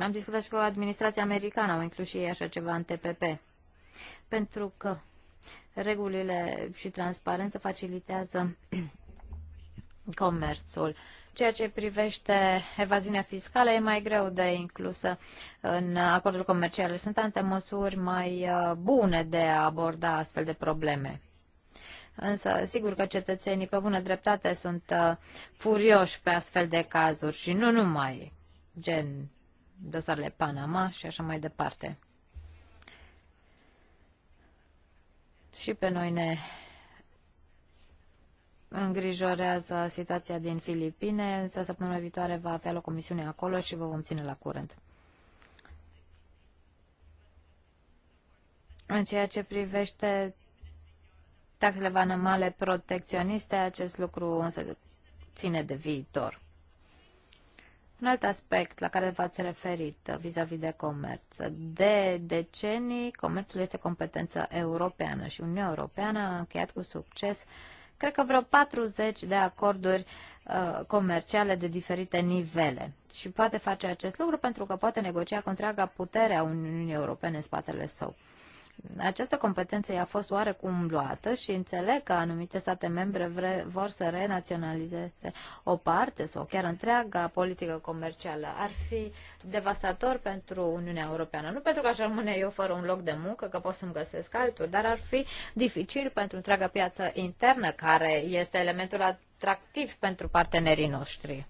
Am discutat și cu administrația americană, au inclus și ei așa ceva în TPP. Pentru că regulile și transparență facilitează comerțul. Ceea ce privește evaziunea fiscală e mai greu de inclusă în acordul comercial. Sunt alte măsuri mai uh, bune de a aborda astfel de probleme. Însă, sigur că cetățenii pe bună dreptate sunt uh, furioși pe astfel de cazuri și nu numai gen dosarele Panama și așa mai departe. Și pe noi ne îngrijorează situația din Filipine, însă săptămâna viitoare va avea loc o misiune acolo și vă vom ține la curent. În ceea ce privește taxele vanamale protecționiste, acest lucru însă ține de viitor. Un alt aspect la care v-ați referit vis-a-vis -vis de comerț. De decenii, comerțul este competență europeană și Uniunea Europeană a încheiat cu succes uh, cred că vreo 40 de acorduri uh, comerciale de diferite nivele. Și poate face acest lucru pentru că poate negocia cu întreaga putere a Uniunii Europene în spatele său. Această competență i-a fost oarecum luată și înțeleg că anumite state membre vre, vor să renaționalizeze o parte sau chiar întreaga politică comercială. Ar fi devastator pentru Uniunea Europeană. Nu pentru că aș rămâne eu fără un loc de muncă, că pot să-mi găsesc altul, dar ar fi dificil pentru întreaga piață internă, care este elementul atractiv pentru partenerii noștri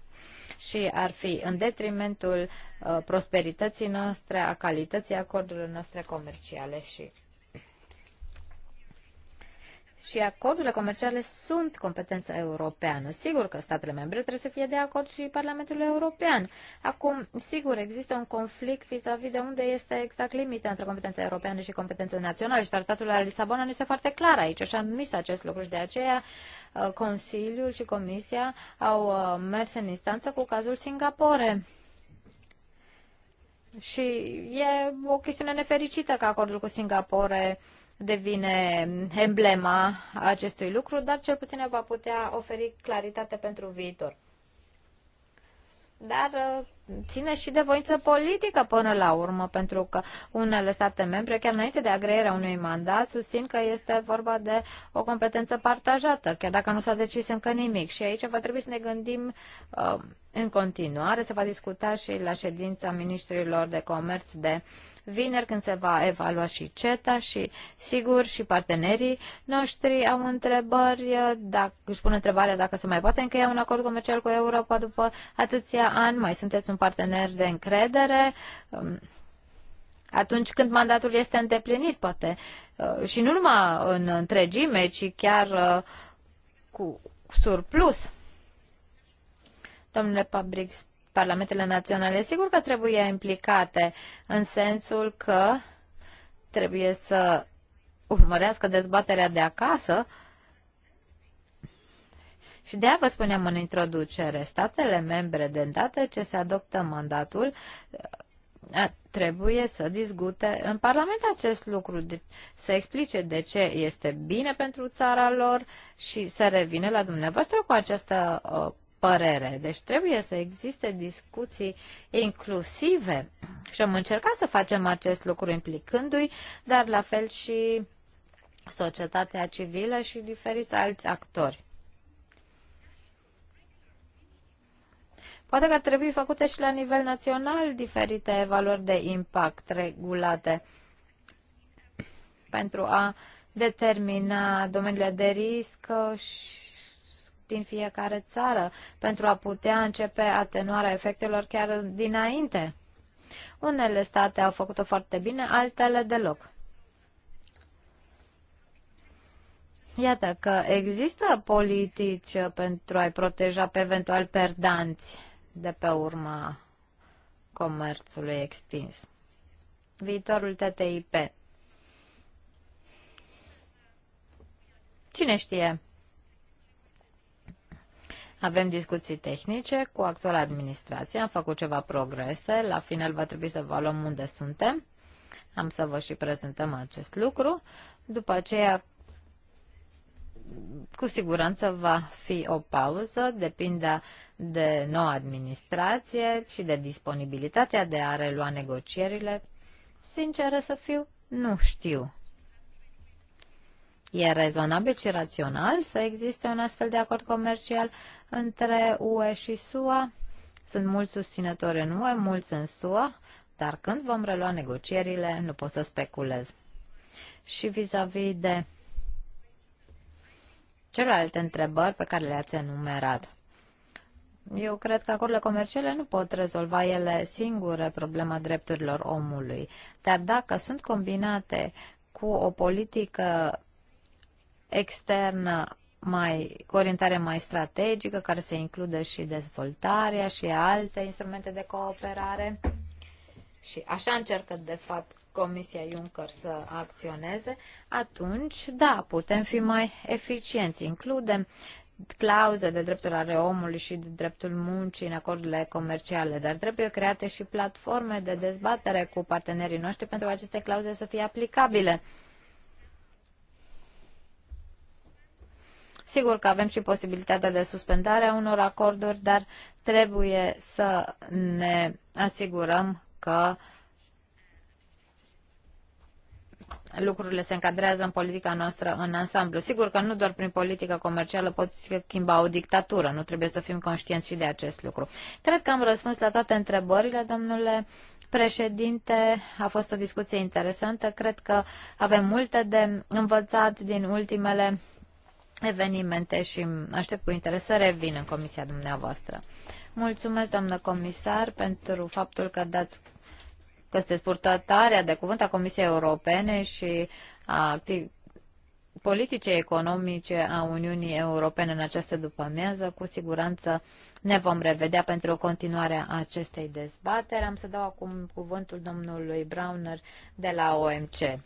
și ar fi în detrimentul uh, prosperității noastre, a calității acordurilor noastre comerciale și și acordurile comerciale sunt competența europeană. Sigur că statele membre trebuie să fie de acord și Parlamentul European. Acum, sigur, există un conflict vis-a-vis -vis de unde este exact limita între competența europeană și competența națională și tratatul la Lisabona nu este foarte clar aici, așa numis acest lucru și de aceea Uh, Consiliul și Comisia au uh, mers în instanță cu cazul Singapore. Și e o chestiune nefericită că acordul cu Singapore devine emblema acestui lucru, dar cel puțin va putea oferi claritate pentru viitor. Dar uh, ține și de voință politică până la urmă, pentru că unele state membre, chiar înainte de agreierea unui mandat, susțin că este vorba de o competență partajată, chiar dacă nu s-a decis încă nimic. Și aici va trebui să ne gândim uh, în continuare. Se va discuta și la ședința ministrilor de comerț de vineri, când se va evalua și CETA și, sigur, și partenerii noștri au întrebări, dacă, își pun întrebarea dacă se mai poate încheia un acord comercial cu Europa după atâția ani, mai sunteți un sunt parteneri de încredere, um, atunci când mandatul este îndeplinit, poate. Uh, și nu numai în întregime, ci chiar uh, cu surplus. Domnule Pabrix, parlamentele naționale, sigur că trebuie implicate în sensul că trebuie să urmărească dezbaterea de acasă, uh, și de aia vă spuneam în introducere, statele membre, de îndată ce se adoptă mandatul, trebuie să discute în Parlament acest lucru, să explice de ce este bine pentru țara lor și să revină la dumneavoastră cu această părere. Deci trebuie să existe discuții inclusive și am încercat să facem acest lucru implicându-i, dar la fel și societatea civilă și diferiți alți actori. Poate că ar trebui făcute și la nivel național diferite evaluări de impact regulate pentru a determina domeniile de risc și din fiecare țară pentru a putea începe atenuarea efectelor chiar dinainte. Unele state au făcut-o foarte bine, altele deloc. Iată că există politici pentru a-i proteja pe eventual perdanți de pe urma comerțului extins. Viitorul TTIP. Cine știe? Avem discuții tehnice cu actuala administrație, am făcut ceva progrese, la final va trebui să luăm unde suntem. Am să vă și prezentăm acest lucru. După aceea, cu siguranță va fi o pauză, depinde de noua administrație și de disponibilitatea de a relua negocierile. Sinceră să fiu, nu știu. E rezonabil și rațional să existe un astfel de acord comercial între UE și SUA? Sunt mulți susținători în UE, mulți în SUA, dar când vom relua negocierile, nu pot să speculez. Și vis-a-vis -vis de celelalte întrebări pe care le-ați enumerat. Eu cred că acordurile comerciale nu pot rezolva ele singure problema drepturilor omului, dar dacă sunt combinate cu o politică externă mai, cu orientare mai strategică, care să includă și dezvoltarea și alte instrumente de cooperare. Și așa încercă, de fapt, Comisia Juncker să acționeze, atunci, da, putem fi mai eficienți. Includem clauze de dreptul ale omului și de dreptul muncii în acordurile comerciale, dar trebuie create și platforme de dezbatere cu partenerii noștri pentru aceste clauze să fie aplicabile. Sigur că avem și posibilitatea de suspendare a unor acorduri, dar trebuie să ne asigurăm că uh, lucrurile se încadrează în politica noastră în ansamblu. Sigur că nu doar prin politică comercială poți schimba o dictatură, nu trebuie să fim conștienți și de acest lucru. Cred că am răspuns la toate întrebările, domnule președinte. A fost o discuție interesantă. Cred că avem multe de învățat din ultimele evenimente și aștept cu interes să revin în comisia dumneavoastră. Mulțumesc, doamnă comisar, pentru faptul că dați că sunteți purtătarea de cuvânt a Comisiei Europene și a activ- politicii economice a Uniunii Europene în această după-amiază. Cu siguranță ne vom revedea pentru o continuare a acestei dezbateri. Am să dau acum cuvântul domnului Browner de la OMC.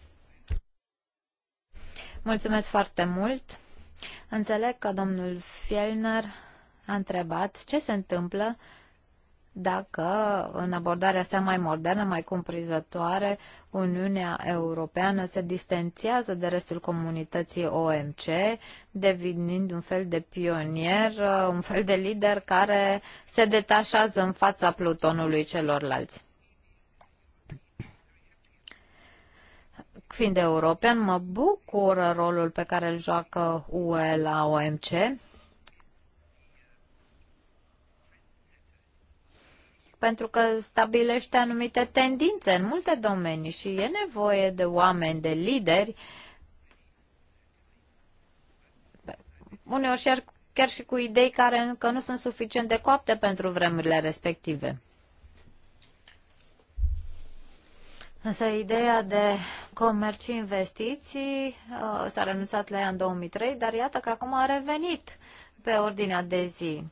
Mulțumesc foarte mult. Înțeleg că domnul Fielner a întrebat ce se întâmplă dacă în abordarea sa mai modernă, mai cumprizătoare, Uniunea Europeană se distanțează de restul comunității OMC, devenind un fel de pionier, uh, un fel de lider care se detașează în fața plutonului celorlalți. Fiind european, mă bucură rolul pe care îl joacă UE la OMC, pentru că stabilește anumite tendințe în multe domenii și e nevoie de oameni, de lideri, uneori chiar, și cu idei care încă nu sunt suficient de coapte pentru vremurile respective. Însă ideea de comerț și investiții uh, s-a renunțat la ea în 2003, dar iată că acum a revenit pe ordinea de zi.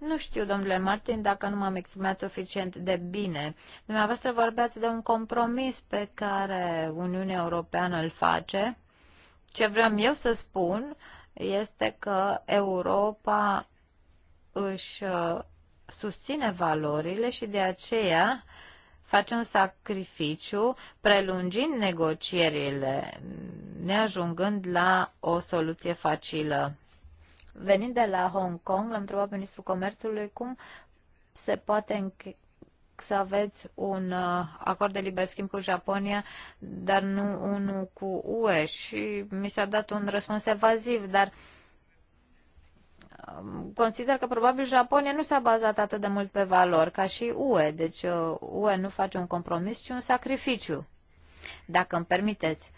Nu știu, domnule Martin, dacă nu m-am exprimat suficient de bine. Dumneavoastră vorbeați de un compromis pe care Uniunea Europeană îl face. Ce vreau eu să spun este că Europa își uh, susține valorile și de aceea face un sacrificiu prelungind negocierile, neajungând la o soluție facilă Venind de la Hong Kong, l-am întrebat pe ministrul comerțului cum se poate să aveți un uh, acord de liber schimb cu Japonia, dar nu unul cu UE. Și mi s-a dat un răspuns evaziv, dar um, consider că probabil Japonia nu s-a bazat atât de mult pe valori ca și UE. Deci UE uh, nu face un compromis, ci un sacrificiu. Dacă îmi permiteți.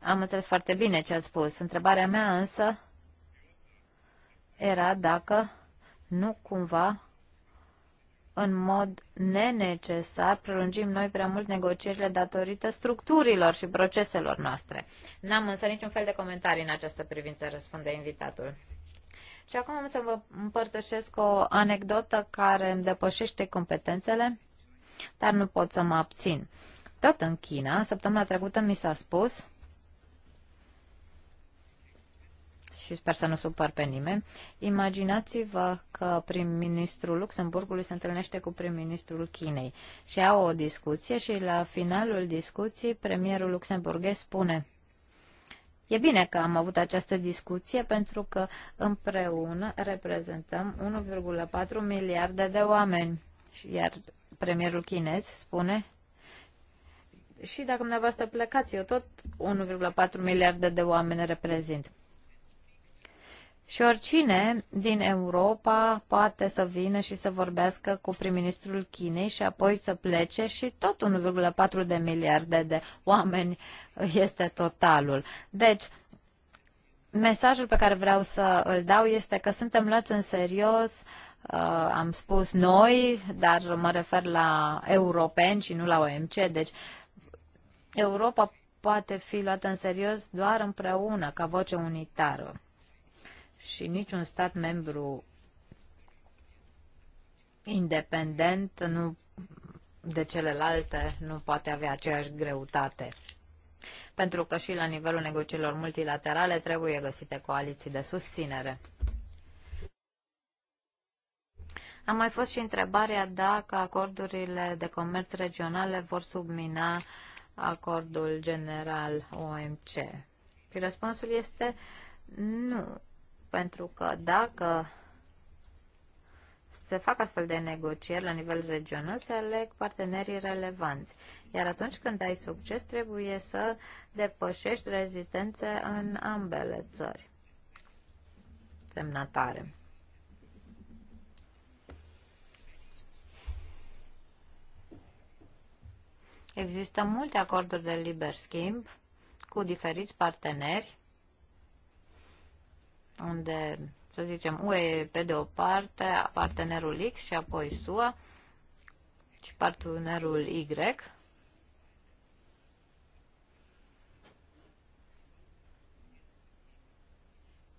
Am înțeles foarte bine ce ați spus. Întrebarea mea însă era dacă nu cumva în mod nenecesar prelungim noi prea mult negocierile datorită structurilor și proceselor noastre. N-am însă niciun fel de comentarii în această privință, răspunde invitatul. Și acum am să vă împărtășesc o anecdotă care îmi depășește competențele, dar nu pot să mă abțin. Tot în China, săptămâna trecută mi s-a spus și sper să nu supăr pe nimeni, imaginați-vă că prim-ministrul Luxemburgului se întâlnește cu prim-ministrul Chinei și au o discuție și la finalul discuției premierul luxemburghez spune E bine că am avut această discuție pentru că împreună reprezentăm 1,4 miliarde de oameni. Iar premierul chinez spune și dacă dumneavoastră plecați, eu tot 1,4 miliarde de oameni reprezint. Și oricine din Europa poate să vină și să vorbească cu prim-ministrul Chinei și apoi să plece și tot 1,4 de miliarde de oameni este totalul. Deci, mesajul pe care vreau să îl dau este că suntem luați în serios, uh, am spus noi, dar mă refer la europeni și nu la OMC, deci Europa poate fi luată în serios doar împreună, ca voce unitară și niciun stat membru independent nu, de celelalte nu poate avea aceeași greutate. Pentru că și la nivelul negocierilor multilaterale trebuie găsite coaliții de susținere. A mai fost și întrebarea dacă acordurile de comerț regionale vor submina acordul general OMC. Și răspunsul este nu pentru că dacă se fac astfel de negocieri la nivel regional, se aleg partenerii relevanți. Iar atunci când ai succes, trebuie să depășești rezistențe în ambele țări semnatare. Există multe acorduri de liber schimb cu diferiți parteneri unde, să zicem, UE pe de o parte, partenerul X și apoi SUA și partenerul Y.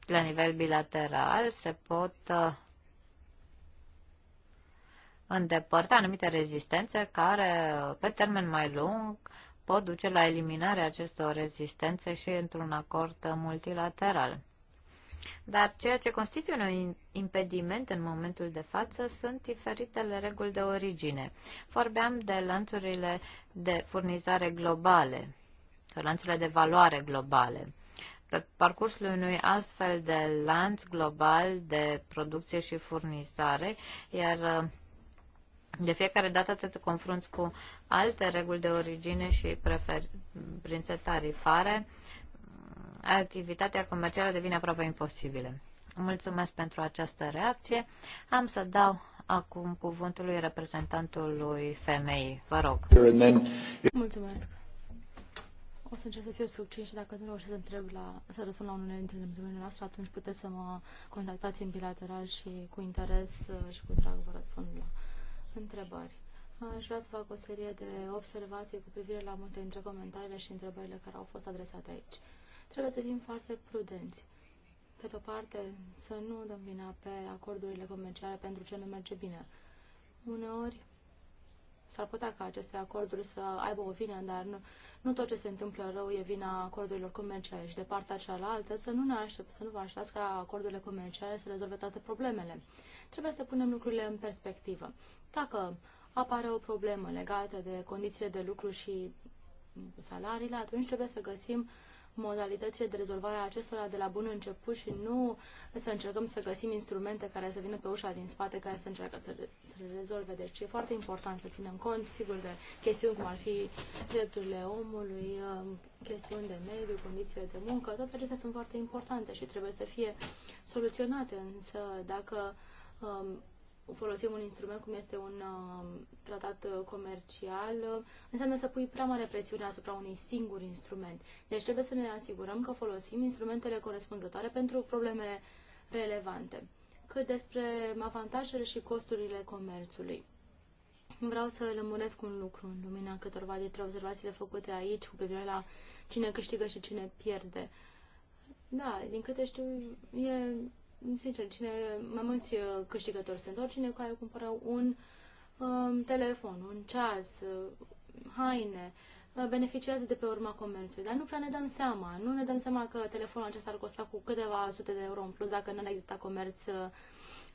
La nivel bilateral se pot uh, îndepărta anumite rezistențe care, pe termen mai lung, pot duce la eliminarea acestor rezistențe și într-un acord multilateral. Dar ceea ce constituie un impediment în momentul de față sunt diferitele reguli de origine. Vorbeam de lanțurile de furnizare globale, lanțurile de valoare globale. Pe parcursul unui astfel de lanț global de producție și furnizare, iar uh, de fiecare dată te confrunți cu alte reguli de origine și preferințe tarifare, uh, activitatea comercială devine aproape imposibilă. Mulțumesc pentru această reacție. Am să dau acum cuvântul lui reprezentantului femei. Vă rog. Mulțumesc. O să încerc să fiu succint și dacă nu reușesc să întreb la, să răspund la unele dintre întrebările noastre, atunci puteți să mă contactați în bilateral și cu interes uh, și cu drag vă răspund la întrebări. Aș vrea să fac o serie de observații cu privire la multe dintre comentariile și întrebările care au fost adresate aici trebuie să fim foarte prudenți. Pe de-o parte, să nu dăm vina pe acordurile comerciale pentru ce nu merge bine. Uneori, s-ar putea ca aceste acorduri să aibă o vină, dar nu, nu tot ce se întâmplă rău e vina acordurilor comerciale și de partea cealaltă să nu ne aștept, să nu vă așteptați ca acordurile comerciale să rezolve toate problemele. Trebuie să punem lucrurile în perspectivă. Dacă apare o problemă legată de condițiile de lucru și salariile, atunci trebuie să găsim uh, modalitățile de rezolvare a acestora de la bun început și nu să încercăm să găsim instrumente care să vină pe ușa din spate, care să încearcă să, să le rezolve. Deci e foarte important să ținem cont, sigur, de chestiuni cum ar fi drepturile omului, um, chestiuni de mediu, condițiile de muncă, toate acestea sunt foarte importante și trebuie să fie soluționate. Însă dacă um, folosim un instrument cum este un um, tratat uh, comercial, uh, înseamnă să pui prea mare presiune asupra unui singur instrument. Deci trebuie să ne asigurăm că folosim instrumentele corespunzătoare pentru problemele relevante. Cât despre avantajele și costurile comerțului. Vreau să lămuresc un lucru în lumina câtorva dintre observațiile făcute aici cu privire la cine câștigă și cine pierde. Da, din câte știu, e sincer, cine, mai mulți uh, câștigători sunt oricine care cumpără un um, telefon, un ceas, uh, haine, uh, beneficiază de pe urma comerțului, dar nu prea ne dăm seama. Nu ne dăm seama că telefonul acesta ar costa cu câteva sute de euro în plus dacă nu ar exista comerț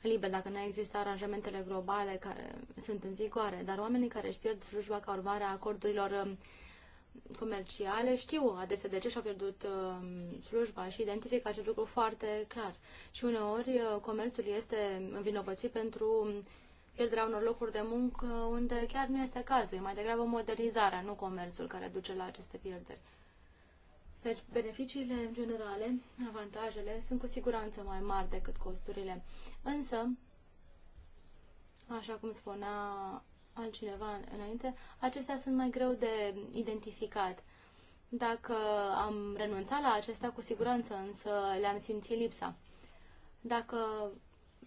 liber, dacă nu există aranjamentele globale care sunt în vigoare, dar oamenii care își pierd slujba ca urmare a acordurilor um, comerciale știu adesea de ce și-au pierdut uh, slujba și identifică acest lucru foarte clar. Și uneori uh, comerțul este învinovățit pentru pierderea unor locuri de muncă unde chiar nu este cazul, e mai degrabă modernizarea, nu comerțul care duce la aceste pierderi. Deci beneficiile generale, avantajele, sunt cu siguranță mai mari decât costurile. Însă, așa cum spunea altcineva înainte, acestea sunt mai greu de identificat. Dacă am renunțat la acestea, cu siguranță, însă le-am simțit lipsa. Dacă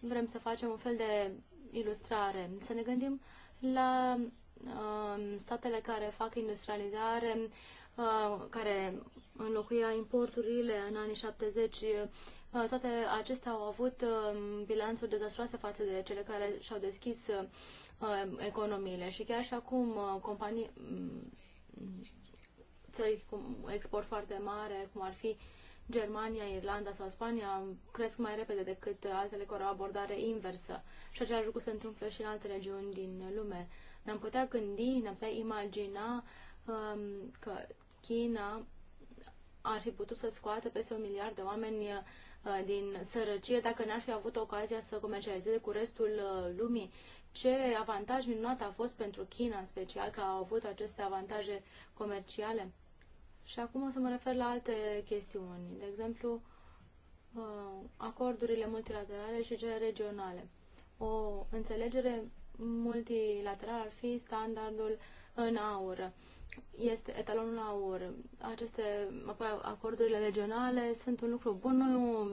vrem să facem un fel de ilustrare, să ne gândim la uh, statele care fac industrializare, uh, care înlocuia importurile în anii 70 uh, toate acestea au avut um, bilanțuri dezastroase față de cele care și-au deschis uh, Um, economiile și chiar și acum uh, companii mm, țări cu export foarte mare, cum ar fi Germania, Irlanda sau Spania, cresc mai repede decât altele care au abordare inversă. Și același lucru se întâmplă și în alte regiuni din lume. Ne-am putea gândi, ne-am putea imagina um, că China ar fi putut să scoată peste un miliard de oameni uh, din sărăcie dacă n-ar fi avut ocazia să comercializeze cu restul uh, lumii ce avantaj minunat a fost pentru China, în special, că au avut aceste avantaje comerciale. Și acum o să mă refer la alte chestiuni, de exemplu, uh, acordurile multilaterale și cele regionale. O înțelegere multilaterală ar fi standardul în aur. Este etalonul aur. Aceste apoi, acordurile regionale sunt un lucru bun. Nu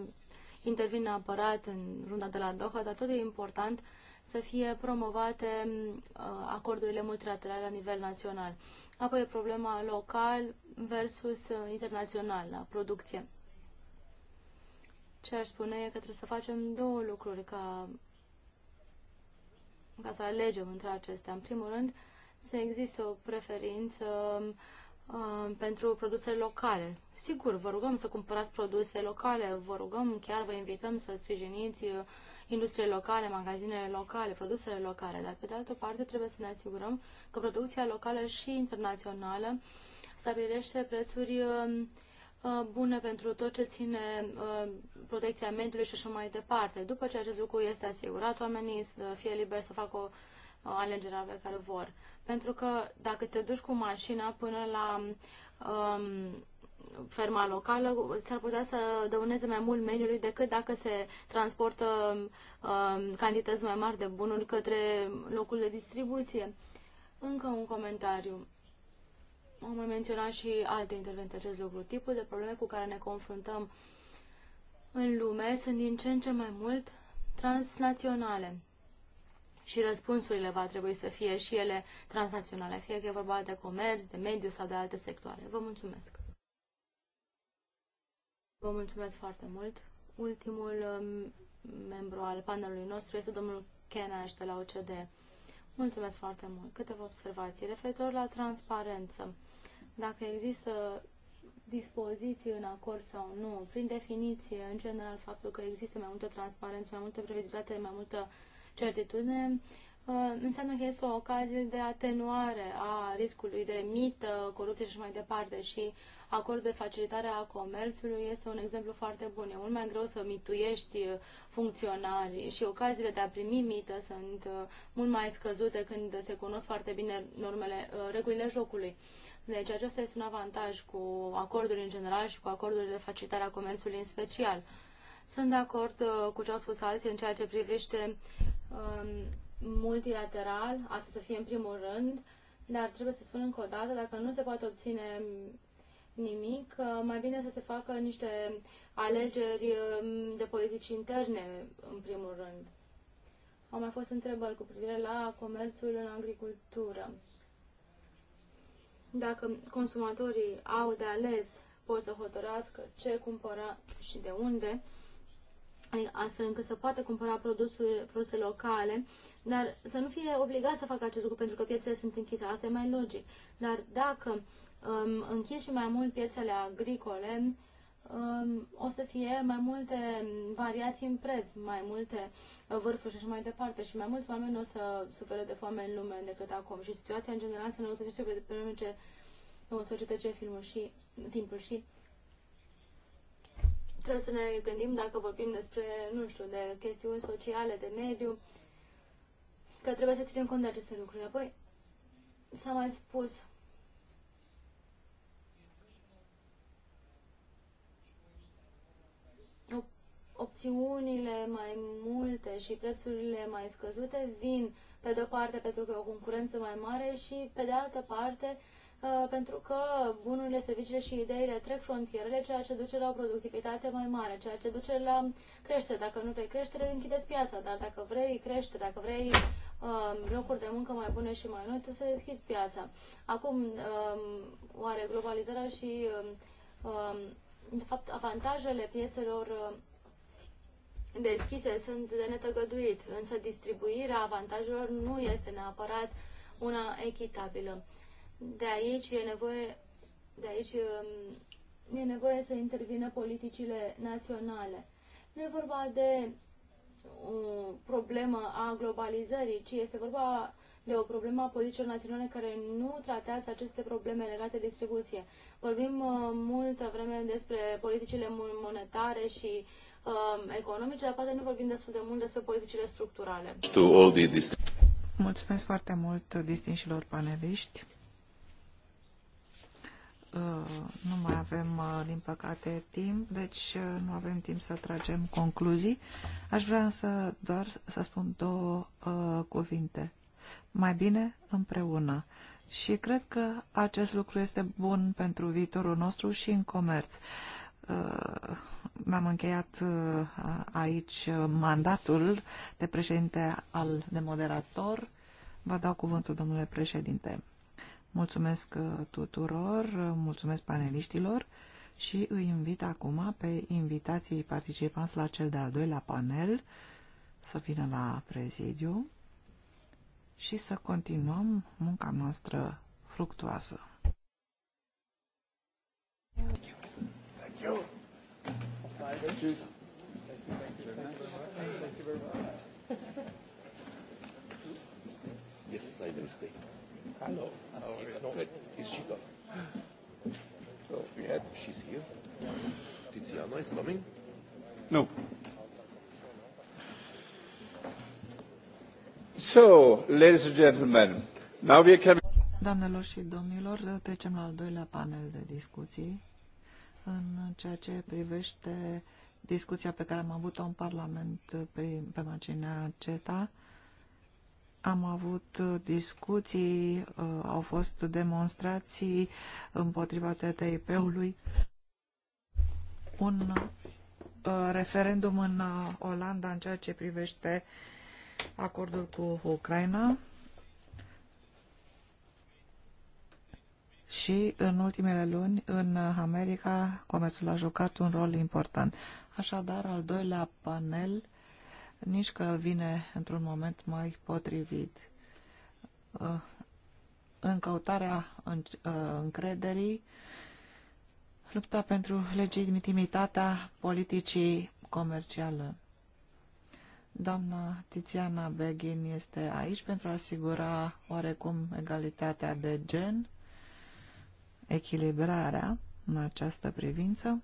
intervin neapărat în runda de la Doha, dar tot e important uh, să fie promovate uh, acordurile multilaterale la nivel național. Apoi problema local versus uh, internațional la producție. Ce aș spune e că trebuie să facem două lucruri ca, ca să alegem între acestea. În primul rând, să există o preferință uh, pentru produse locale. Sigur, vă rugăm să cumpărați produse locale, vă rugăm, chiar vă invităm să sprijiniți industriile locale, magazinele locale, produsele locale, dar pe de altă parte trebuie să ne asigurăm că producția locală și internațională stabilește prețuri um, uh, bune pentru tot ce ține uh, protecția mediului și așa mai departe. După ce acest lucru este asigurat, oamenii să fie liberi să facă o uh, alegere pe care vor. Pentru că dacă te duci cu mașina până la um, ferma locală s-ar putea să dăuneze mai mult mediului decât dacă se transportă uh, cantități mai mari de bunuri către locul de distribuție. Încă un comentariu. Am mai menționat și alte intervenții acest lucru. Tipul de probleme cu care ne confruntăm în lume sunt din ce în ce mai mult transnaționale. Și răspunsurile va trebui să fie și ele transnaționale, fie că e vorba de comerț, de mediu sau de alte sectoare. Vă mulțumesc! Vă mulțumesc foarte mult. Ultimul um, membru al panelului nostru este domnul Kenaș de la OCD. Mulțumesc foarte mult. Câteva observații referitor la transparență. Dacă există dispoziții în acord sau nu, prin definiție, în general, faptul că există mai multă transparență, mai multă previzibilitate, mai multă certitudine, Uh, înseamnă că este o ocazie de atenuare a riscului de mită, corupție și mai departe și acordul de facilitare a comerțului este un exemplu foarte bun. E mult mai greu să mituiești funcționarii și ocaziile de a primi mită sunt uh, mult mai scăzute când se cunosc foarte bine normele, uh, regulile jocului. Deci acesta este un avantaj cu acordul în general și cu acordurile de facilitare a comerțului în special. Sunt de acord cu ce au spus alții în ceea ce privește um, multilateral, asta să fie în primul rând, dar trebuie să spun încă o dată, dacă nu se poate obține nimic, mai bine să se facă niște alegeri um, de politici interne, în primul rând. Au mai fost întrebări cu privire la comerțul în agricultură. Dacă consumatorii au de ales, pot să hotărească ce cumpăra și de unde, astfel încât să poată cumpăra produsuri, produse locale, dar să nu fie obligat să facă acest lucru pentru că piețele sunt închise. Asta e mai logic. Dar dacă um, închizi și mai mult piețele agricole, um, o să fie mai multe variații în preț, mai multe uh, vârfuri și așa mai departe și mai mulți oameni o să supere de foame în lume decât acum. Și situația în general se înrăutățește pe vreme ce uh, societății filmul și timpul și Trebuie să ne gândim dacă vorbim despre, nu știu, de chestiuni sociale, de mediu, că trebuie să ținem cont de aceste lucruri. Apoi, s-a mai spus opțiunile mai multe și prețurile mai scăzute vin pe de o parte pentru că e o concurență mai mare și pe de altă parte Uh, pentru că bunurile, serviciile și ideile trec frontierele, ceea ce duce la o productivitate mai mare, ceea ce duce la creștere. Dacă nu vrei creștere, închideți piața, dar dacă vrei crește, dacă vrei um, locuri de muncă mai bune și mai noi, trebuie să deschizi piața. Acum, um, oare globalizarea și, um, de fapt, avantajele piețelor deschise sunt de netăgăduit, însă distribuirea avantajelor nu este neapărat una echitabilă. De aici e nevoie, de aici um, e nevoie să intervină politicile naționale. Nu e vorba de o problemă a globalizării, ci este vorba de o problemă a politicilor naționale care nu tratează aceste probleme legate de distribuție. Vorbim uh, multă vreme despre politicile monetare și uh, economice, dar poate nu vorbim destul de mult despre politicile structurale. Mulțumesc foarte mult distinșilor paneliști. Uh, nu mai avem, uh, din păcate, timp, deci uh, nu avem timp să tragem concluzii. Aș vrea să doar să spun două uh, cuvinte. Mai bine împreună. Și cred că acest lucru este bun pentru viitorul nostru și în comerț. Mi-am încheiat aici mandatul de președinte al de moderator. Vă dau cuvântul, domnule președinte. Mulțumesc uh, tuturor, uh, mulțumesc paneliștilor și îi invit acum pe invitații participanți la cel de-al doilea panel să vină la prezidiu și să continuăm munca noastră fructuoasă. Thank you. Thank you. Thank you. Thank you very much. Yes, I will stay. Hello. Hello. No. Is she gone? So we had, she's here. Tiziana is coming? No. So, ladies and gentlemen, now we can... Doamnelor și domnilor, trecem la al doilea panel de discuții în ceea ce privește discuția pe care am avut-o în Parlament pe, pe macinea CETA am avut uh, discuții, uh, au fost demonstrații împotriva TTIP-ului. Un uh, referendum în Olanda în ceea ce privește acordul cu Ucraina și în ultimele luni în America comerțul a jucat un rol important. Așadar, al doilea panel nici că vine într-un moment mai potrivit. Uh, în căutarea uh, încrederii, lupta pentru legitimitatea politicii comerciale. Doamna Tiziana Beghin este aici pentru a asigura oarecum egalitatea de gen, echilibrarea în această privință.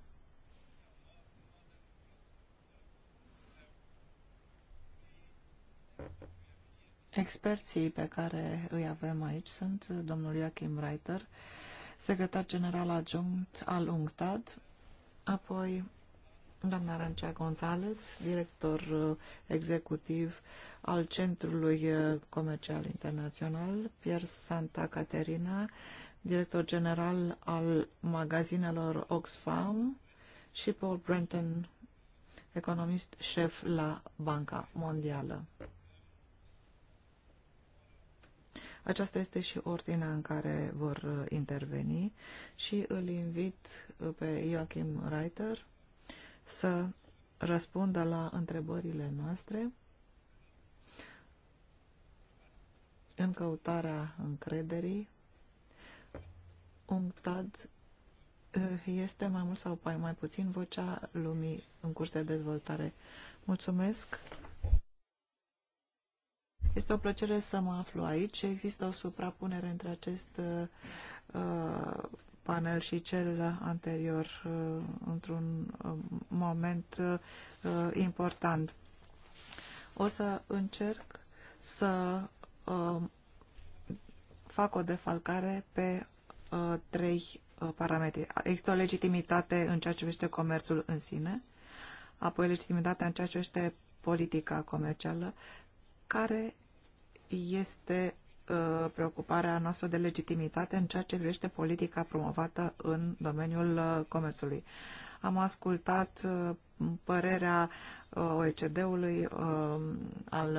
Experții pe care îi avem aici sunt domnul Joachim Reiter, secretar general adjunct al UNCTAD, apoi doamna Rancea González, director uh, executiv al Centrului uh, Comercial Internațional, Pier Santa Caterina, director general al magazinelor Oxfam și Paul Brenton, economist șef la Banca Mondială. Aceasta este și ordinea în care vor uh, interveni și îl invit uh, pe Joachim Reiter să răspundă la întrebările noastre în căutarea încrederii. tad uh, este mai mult sau mai puțin vocea lumii în curs de dezvoltare. Mulțumesc! Este o plăcere să mă aflu aici. Există o suprapunere între acest uh, panel și cel anterior uh, într-un uh, moment uh, important. O să încerc să uh, fac o defalcare pe uh, trei parametri. Există o legitimitate în ceea ce privește comerțul în sine, apoi legitimitatea în ceea ce privește politica comercială, care este uh, preocuparea noastră de legitimitate în ceea ce privește politica promovată în domeniul uh, comerțului. Am ascultat uh, părerea OECD-ului um, al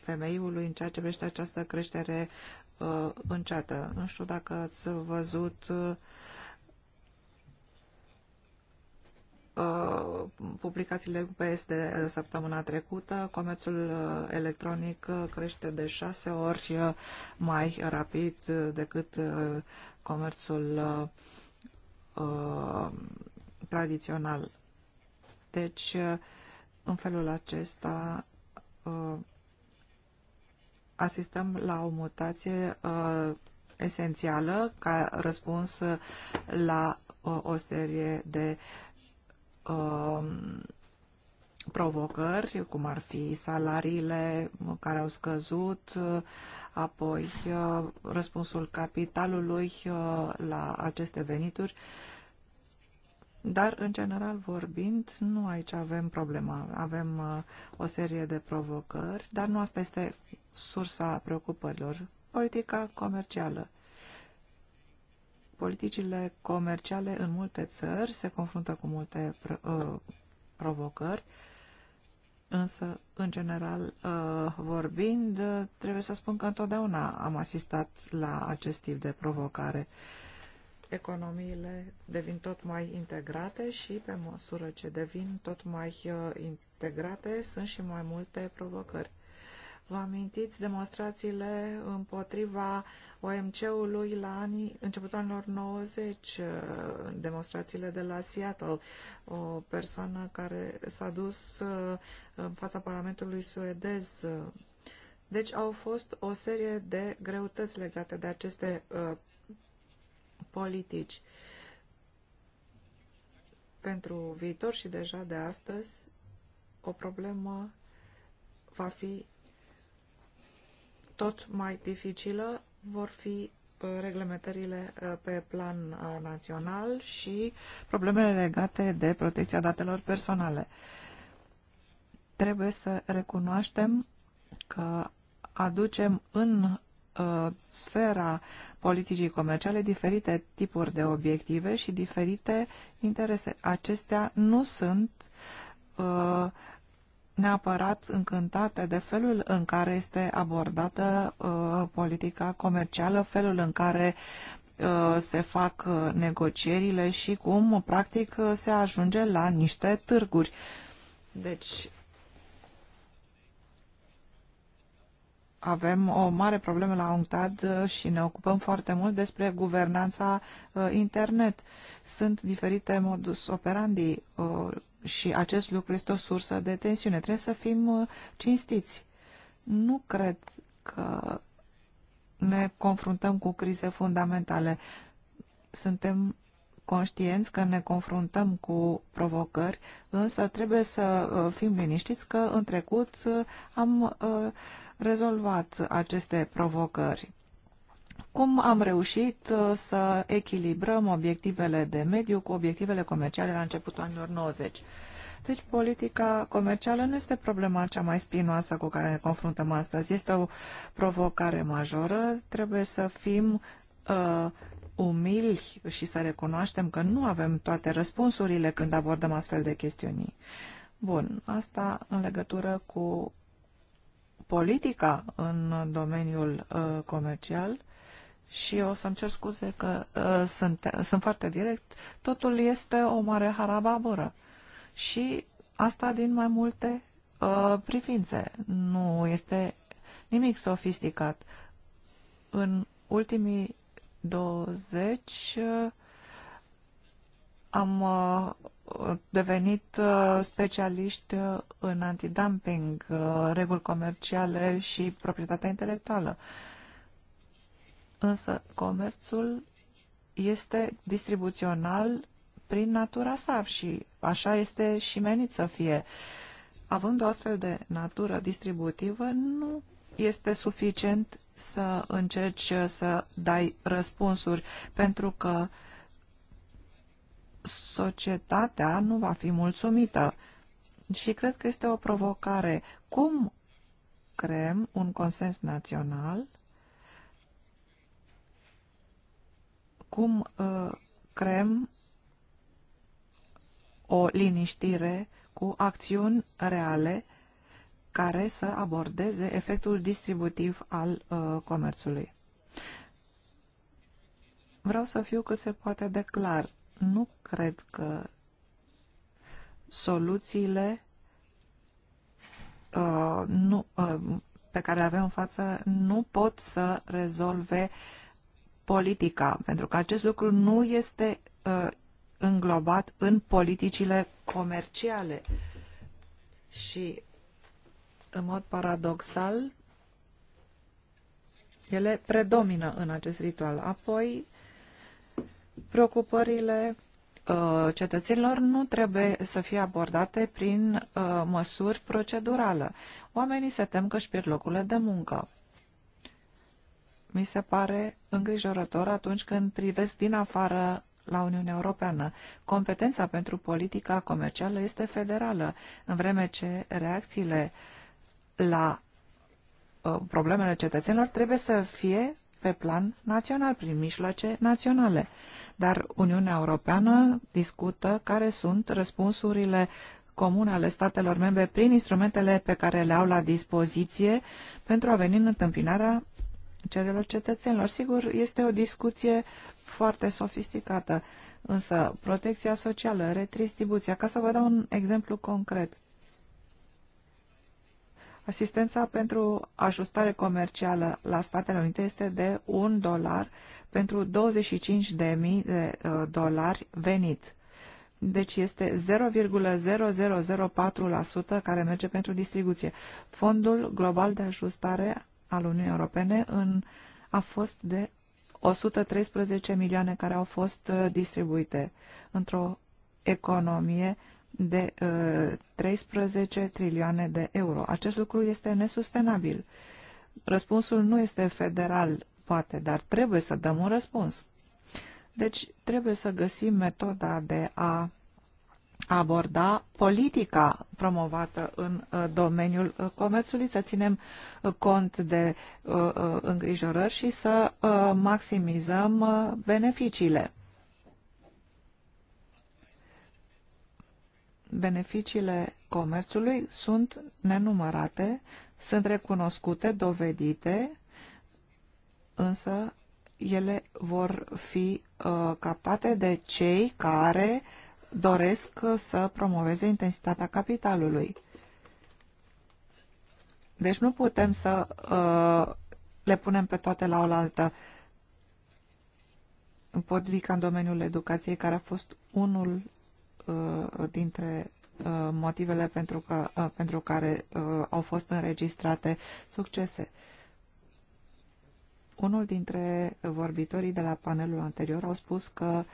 femeiului în ceea ce privește această creștere înceată. Nu știu dacă ați văzut Uh, publicațiile UPS de săptămâna trecută, comerțul uh, electronic uh, crește de șase ori mai rapid decât comerțul tradițional. Deci, în felul acesta, asistăm la o mutație esențială ca răspuns la o serie de uh, Um, provocări, cum ar fi salariile care au scăzut, apoi uh, răspunsul capitalului uh, la aceste venituri. Dar, în general vorbind, nu aici avem problema. Avem uh, o serie de provocări, dar nu asta este sursa preocupărilor. Politica comercială politicile comerciale în multe țări se confruntă cu multe uh, provocări, însă, în general, uh, vorbind, trebuie să spun că întotdeauna am asistat la acest tip de provocare. Economiile devin tot mai integrate și, pe măsură ce devin tot mai uh, integrate, sunt și mai multe provocări. Vă amintiți demonstrațiile împotriva OMC-ului la anii, începutul anilor 90, uh, demonstrațiile de la Seattle, o persoană care s-a dus uh, în fața Parlamentului suedez. Deci au fost o serie de greutăți legate de aceste uh, politici. Pentru viitor și deja de astăzi, o problemă va fi tot mai dificilă vor fi uh, reglementările uh, pe plan uh, național și problemele legate de protecția datelor personale. Trebuie să recunoaștem că aducem în sfera politicii comerciale diferite tipuri de obiective și diferite interese. Acestea nu sunt uh, neapărat încântate de felul în care este abordată uh, politica comercială, felul în care uh, se fac uh, negocierile și cum, practic, uh, se ajunge la niște târguri. Deci, avem o mare problemă la UNCTAD uh, și ne ocupăm foarte mult despre guvernanța uh, internet. Sunt diferite modus operandi uh, și acest lucru este o sursă de tensiune. Trebuie să fim cinstiți. Nu cred că ne confruntăm cu crize fundamentale. Suntem conștienți că ne confruntăm cu provocări, însă trebuie să fim liniștiți că în trecut am uh, rezolvat aceste provocări? Cum am reușit uh, să echilibrăm obiectivele de mediu cu obiectivele comerciale la începutul anilor 90? Deci politica comercială nu este problema cea mai spinoasă cu care ne confruntăm astăzi. Este o provocare majoră. Trebuie să fim uh, umili și să recunoaștem că nu avem toate răspunsurile când abordăm astfel de chestiuni. Bun, asta în legătură cu politica în domeniul uh, comercial și o să-mi cer scuze că uh, sunt, sunt foarte direct, totul este o mare harababură. Și asta din mai multe uh, privințe. Nu este nimic sofisticat. În ultimii 20 am devenit uh, specialiști uh, în antidumping, uh, reguli comerciale și proprietatea intelectuală. Însă comerțul este distribuțional prin natura sa și așa este și menit să fie. Având o astfel de natură distributivă, nu este suficient să încerci să dai răspunsuri, pentru că uh, societatea nu va fi mulțumită. Și cred că este o provocare. Cum creăm un consens național? Cum uh, creăm o liniștire cu acțiuni reale care să abordeze efectul distributiv al uh, comerțului? Vreau să fiu cât se poate de clar nu cred că soluțiile uh, nu, uh, pe care le avem în față nu pot să rezolve politica, pentru că acest lucru nu este uh, înglobat în politicile comerciale. Și, în mod paradoxal, ele predomină în acest ritual. Apoi, preocupările uh, cetățenilor nu trebuie să fie abordate prin uh, măsuri procedurale. Oamenii se tem că își pierd locurile de muncă. Mi se pare îngrijorător atunci când privesc din afară la Uniunea Europeană. Competența pentru politica comercială este federală, în vreme ce reacțiile la uh, problemele cetățenilor trebuie să fie pe plan național, prin mijloace naționale. Dar Uniunea Europeană discută care sunt răspunsurile comune ale statelor membre prin instrumentele pe care le au la dispoziție pentru a veni în întâmpinarea cererilor cetățenilor. Sigur, este o discuție foarte sofisticată, însă protecția socială, redistribuția, ca să vă dau un exemplu concret – Asistența pentru ajustare comercială la Statele Unite este de 1 dolar pentru 25.000 de uh, dolari venit. Deci este 0,0004% care merge pentru distribuție. Fondul global de ajustare al Uniunii Europene în, a fost de 113 milioane care au fost uh, distribuite într-o economie de uh, 13 trilioane de euro. Acest lucru este nesustenabil. Răspunsul nu este federal, poate, dar trebuie să dăm un răspuns. Deci trebuie să găsim metoda de a aborda politica promovată în uh, domeniul uh, comerțului, să ținem uh, cont de îngrijorări și să maximizăm beneficiile. beneficiile comerțului sunt nenumărate, sunt recunoscute, dovedite, însă ele vor fi uh, captate de cei care doresc să promoveze intensitatea capitalului. Deci nu putem să uh, le punem pe toate la oaltă. Potriva în domeniul educației, care a fost unul Uh, dintre uh, motivele pentru, că, uh, pentru care au fost înregistrate succese. Unul dintre vorbitorii de la panelul anterior au spus că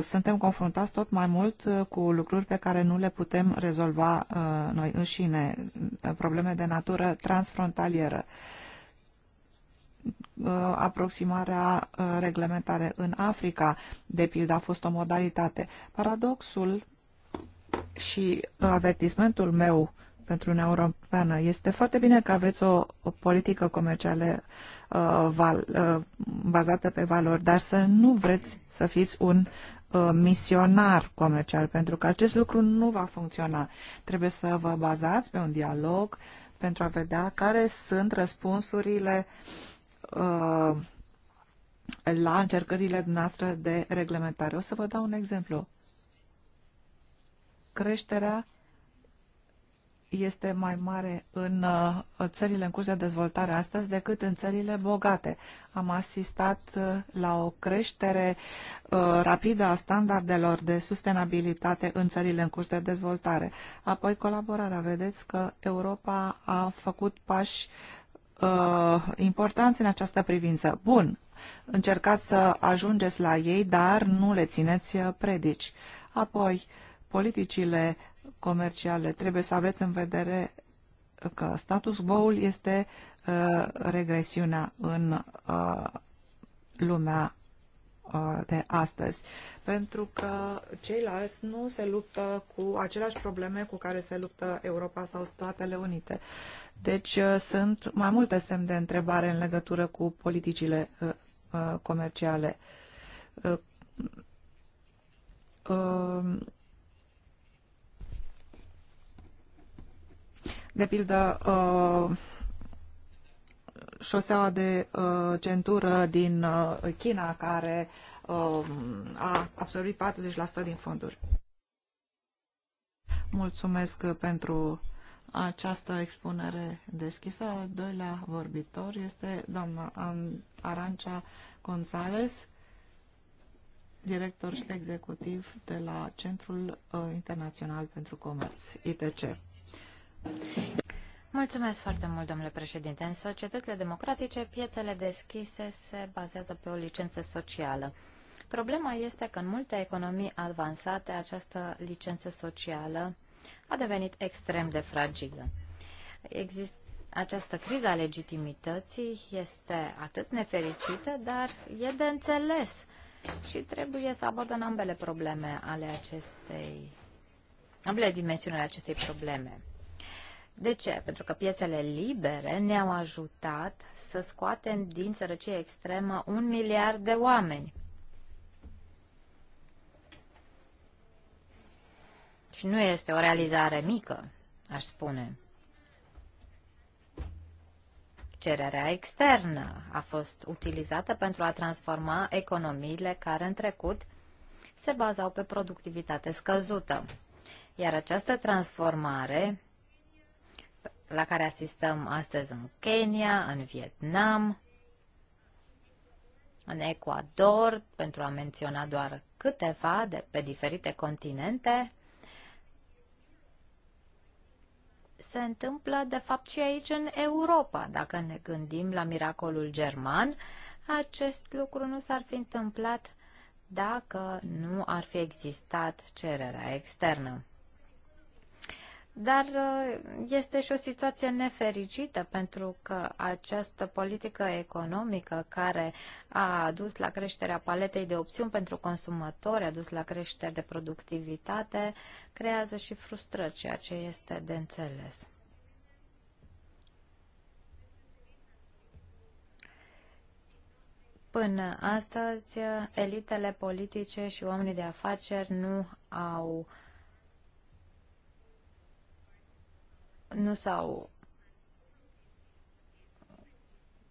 suntem confruntați tot mai mult cu lucruri pe care nu le putem rezolva noi înșine, probleme de natură transfrontalieră. Uh, aproximarea uh, reglementare în Africa, de pildă, a fost o modalitate. Paradoxul și avertismentul meu pentru Uniunea Europeană. Este foarte bine că aveți o, o politică comercială uh, val, uh, bazată pe valori, dar să nu vreți să fiți un uh, misionar comercial, pentru că acest lucru nu va funcționa. Trebuie să vă bazați pe un dialog pentru a vedea care sunt răspunsurile uh, Uh, la încercările noastre de reglementare. O să vă dau un exemplu. Creșterea este mai mare în uh, țările în curs de dezvoltare astăzi decât în țările bogate. Am asistat uh, la o creștere rapidă a standardelor de sustenabilitate în țările în curs de dezvoltare. Apoi colaborarea. Vedeți că Europa a făcut pași uh, uh, importanți în această privință. Bun, încercați să ajungeți la ei, dar nu le țineți uh, predici. Apoi, politicile comerciale trebuie să aveți în vedere că status quo-ul este uh, regresiunea în uh, lumea de astăzi, pentru că ceilalți nu se luptă cu aceleași probleme cu care se luptă Europa sau Statele Unite. Deci sunt mai multe semne de întrebare în legătură cu politicile comerciale. De pildă, șoseaua de uh, centură din uh, China care uh, a absorbit 40% din fonduri. Mulțumesc pentru această expunere deschisă. Al doilea vorbitor este doamna Arancia González, director executiv de la Centrul uh, Internațional pentru Comerț, ITC. Mulțumesc foarte mult, domnule președinte. În societățile democratice, piețele deschise se bazează pe o licență socială. Problema este că în multe economii avansate această licență socială a devenit extrem de fragilă. Exist- această criză a legitimității este atât nefericită, dar e de înțeles și trebuie să abordăm ambele probleme ale acestei, ambele dimensiuni ale acestei probleme. De ce? Pentru că piețele libere ne-au ajutat să scoatem din sărăcie extremă un miliard de oameni. Și nu este o realizare mică, aș spune. Cererea externă a fost utilizată pentru a transforma economiile care în trecut se bazau pe productivitate scăzută. Iar această transformare la care asistăm astăzi în Kenya, în Vietnam, în Ecuador, pentru a menționa doar câteva de pe diferite continente, se întâmplă de fapt și aici în Europa. Dacă ne gândim la miracolul german, acest lucru nu s-ar fi întâmplat dacă nu ar fi existat cererea externă. Dar uh, este și o situație nefericită pentru că această politică economică care a dus la creșterea paletei de opțiuni pentru consumatori, a dus la creșterea de productivitate, creează și frustrări, ceea ce este de înțeles. Până astăzi, elitele politice și oamenii de afaceri nu au uh, nu s-au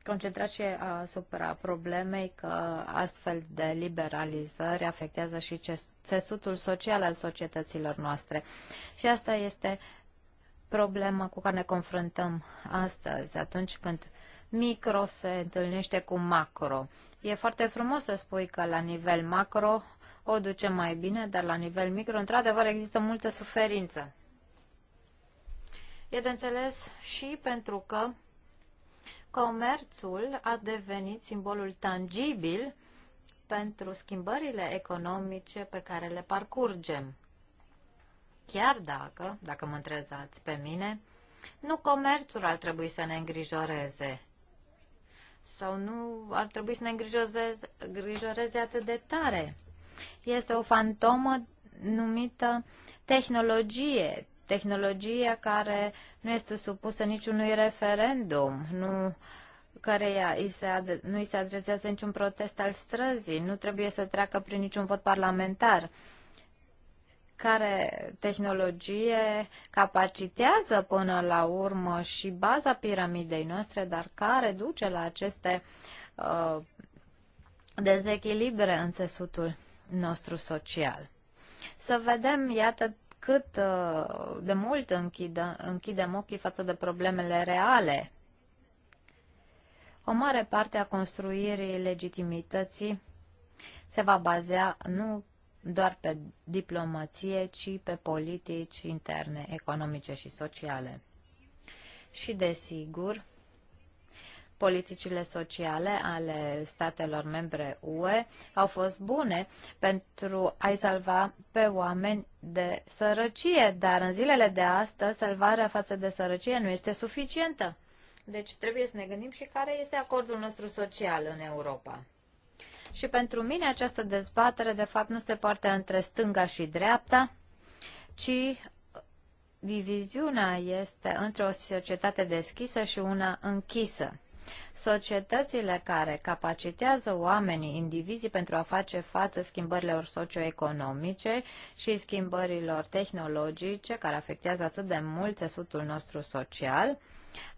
concentrat și asupra problemei că astfel de liberalizări afectează și țesutul social al societăților noastre. Și asta este problema cu care ne confruntăm astăzi, atunci când micro se întâlnește cu macro. E foarte frumos să spui că la nivel macro o duce mai bine, dar la nivel micro, într-adevăr, există multă suferință. E de înțeles și pentru că comerțul a devenit simbolul tangibil pentru schimbările economice pe care le parcurgem. Chiar dacă, dacă mă întrezați pe mine, nu comerțul ar trebui să ne îngrijoreze sau nu ar trebui să ne îngrijoreze, îngrijoreze atât de tare. Este o fantomă numită tehnologie, tehnologia care nu este supusă niciunui referendum, nu căreia i se nu îi se adresează niciun protest al străzii, nu trebuie să treacă prin niciun vot parlamentar care tehnologie capacitează până la urmă și baza piramidei noastre, dar care duce la aceste uh, dezechilibre în țesutul nostru social. Să vedem, iată, cât uh, de mult închidă, închidem ochii față de problemele reale. O mare parte a construirii legitimității se va bazea nu doar pe diplomație, ci pe politici interne, economice și sociale. Și, desigur, politicile sociale ale statelor membre UE au fost bune pentru a-i salva pe oameni de sărăcie, dar în zilele de astăzi salvarea față de sărăcie nu este suficientă. Deci trebuie să ne gândim și care este acordul nostru social în Europa. Și pentru mine această dezbatere, de fapt, nu se poartă între stânga și dreapta, ci diviziunea este între o societate deschisă și una închisă. Societățile care capacitează oamenii, indivizii pentru a face față schimbărilor socioeconomice și schimbărilor tehnologice care afectează atât de mult țesutul nostru social,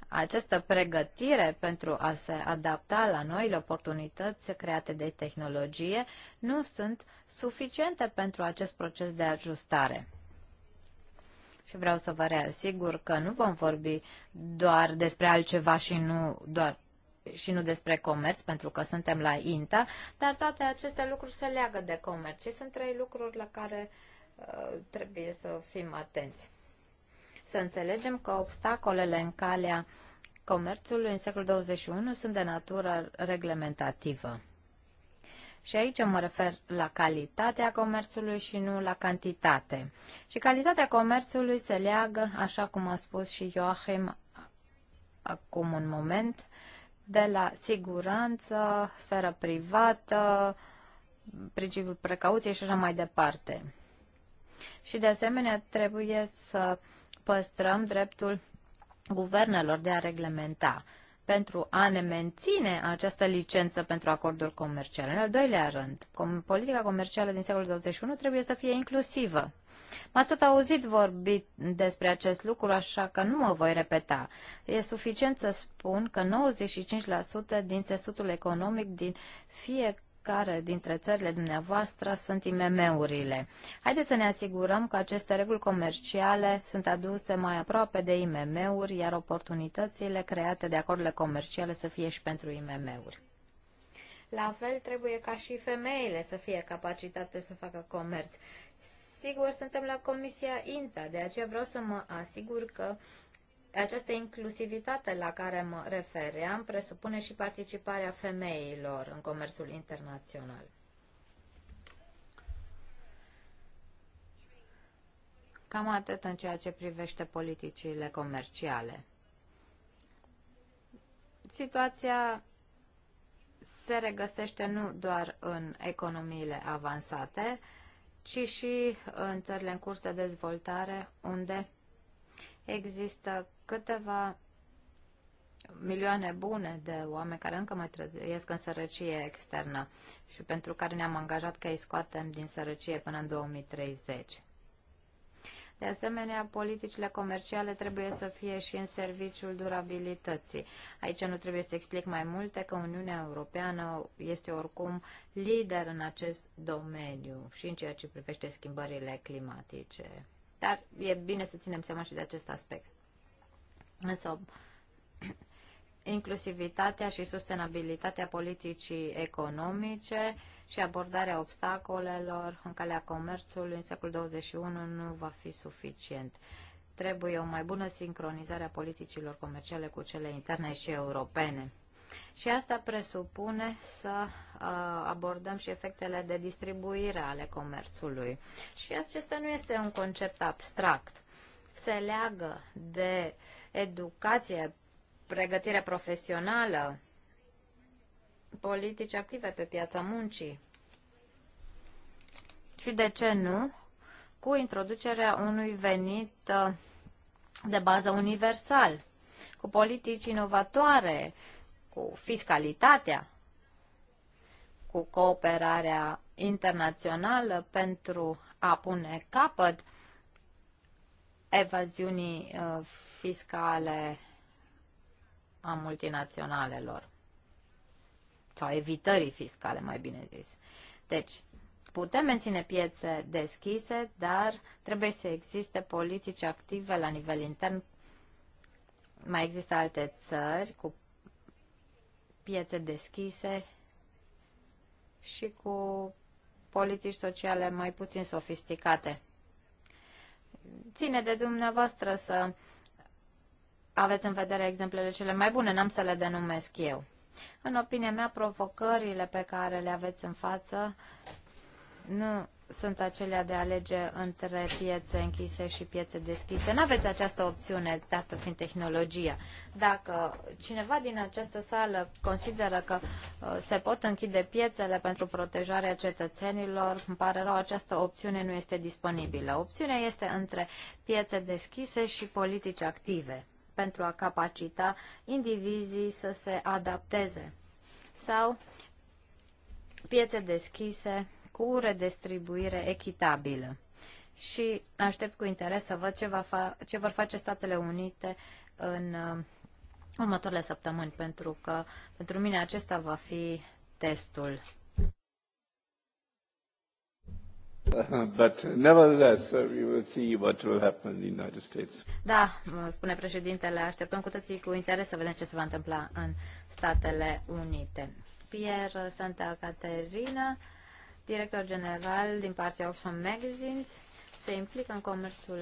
această pregătire pentru a se adapta la noile oportunități create de tehnologie nu sunt suficiente pentru acest proces de ajustare și vreau să vă reasigur că nu vom vorbi doar despre altceva și nu doar și nu despre comerț, pentru că suntem la INTA, dar toate aceste lucruri se leagă de comerț și sunt trei lucruri la care uh, trebuie să fim atenți. Să înțelegem că obstacolele în calea comerțului în secolul 21 sunt de natură reglementativă. Și aici mă refer la calitatea comerțului și nu la cantitate. Și calitatea comerțului se leagă, așa cum a spus și Joachim acum un moment, de la siguranță, sferă privată, principiul precauției și așa mai departe. Și de asemenea trebuie să păstrăm dreptul guvernelor de a reglementa pentru a ne menține această licență pentru acorduri comerciale. În al doilea rând, politica comercială din secolul 21 trebuie să fie inclusivă. M-ați tot auzit vorbit despre acest lucru, așa că nu mă voi repeta. E suficient să spun că 95% din țesutul economic din fiecare care dintre țările dumneavoastră sunt IMM-urile. Haideți să ne asigurăm că aceste reguli comerciale sunt aduse mai aproape de IMM-uri, iar oportunitățile create de acordurile comerciale să fie și pentru IMM-uri. La fel trebuie ca și femeile să fie capacitate să facă comerț. Sigur, suntem la Comisia INTA, de aceea vreau să mă asigur că această inclusivitate la care mă refeream presupune și participarea femeilor în comerțul internațional. Cam atât în ceea ce privește politicile comerciale. Situația se regăsește nu doar în economiile avansate, ci și în țările în curs de dezvoltare, unde există câteva milioane bune de oameni care încă mai trăiesc în sărăcie externă și pentru care ne-am angajat că îi scoatem din sărăcie până în 2030. De asemenea, politicile comerciale trebuie să fie și în serviciul durabilității. Aici nu trebuie să explic mai multe că Uniunea Europeană este oricum lider în acest domeniu și în ceea ce privește schimbările climatice. Dar e bine să ținem seama și de acest aspect. Însă, inclusivitatea și sustenabilitatea politicii economice și abordarea obstacolelor în calea comerțului în secolul 21 nu va fi suficient. Trebuie o mai bună sincronizare a politicilor comerciale cu cele interne și europene. Și asta presupune să uh, abordăm și efectele de distribuire ale comerțului. Și acesta nu este un concept abstract. Se leagă de uh, educație, pregătire profesională, politici active pe piața muncii și, de ce nu, cu introducerea unui venit uh, de bază universal, cu politici inovatoare, cu fiscalitatea, cu cooperarea internațională pentru a pune capăt evaziunii uh, fiscale a multinaționalelor sau evitării fiscale, mai bine zis. Deci, putem menține piețe deschise, dar trebuie să existe politici active la nivel intern. Mai există alte țări cu piețe deschise și cu politici sociale mai puțin sofisticate ține de dumneavoastră să aveți în vedere exemplele cele mai bune, n-am să le denumesc eu. În opinia mea, provocările pe care le aveți în față nu sunt acelea de a alege între piețe închise și piețe deschise. Nu aveți această opțiune, dată fiind tehnologia. Dacă cineva din această sală consideră că uh, se pot închide piețele pentru protejarea cetățenilor, îmi pare rău, această opțiune nu este disponibilă. Opțiunea este între piețe deschise și politici active pentru a capacita indivizii să se adapteze sau piețe deschise cu redistribuire echitabilă. Și aștept cu interes să văd ce, va fa- ce vor face Statele Unite în uh, următoarele săptămâni, pentru că pentru mine acesta va fi testul. But nevertheless, uh, we will see what will happen in the United States. Da, spune președintele, așteptăm cu toții cu interes să vedem ce se va întâmpla în Statele Unite. Pierre Santa Caterina director general din partea Oxfam Magazines, se implică în comerțul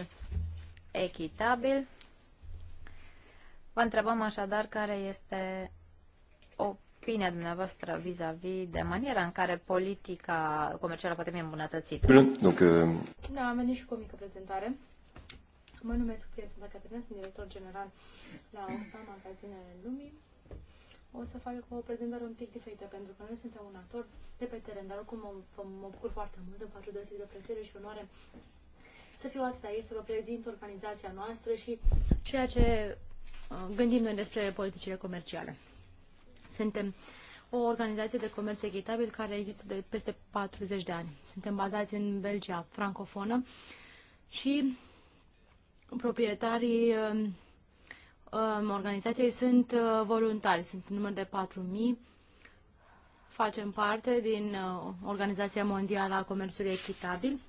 echitabil. Vă întrebăm așadar care este opinia dumneavoastră vis-a-vis -vis de maniera în care politica comercială poate fi îmbunătățită. Euh, da, am venit și cu o mică prezentare. Mă numesc Pia Santa Caterina, sunt director general la Oxfam Magazinele Lumii o să fac o prezentare un pic diferită, pentru că noi suntem un actor de pe teren, dar oricum mă, mă bucur foarte mult, îmi face deosebit de plăcere și onoare să fiu asta aici, să vă prezint organizația noastră și ceea ce uh, gândim noi despre politicile comerciale. Suntem o organizație de comerț echitabil care există de peste 40 de ani. Suntem bazați în Belgia francofonă și proprietarii uh, Um, organizației sunt uh, voluntari, sunt în număr de 4.000. Facem parte din uh, Organizația Mondială a Comerțului Echitabil,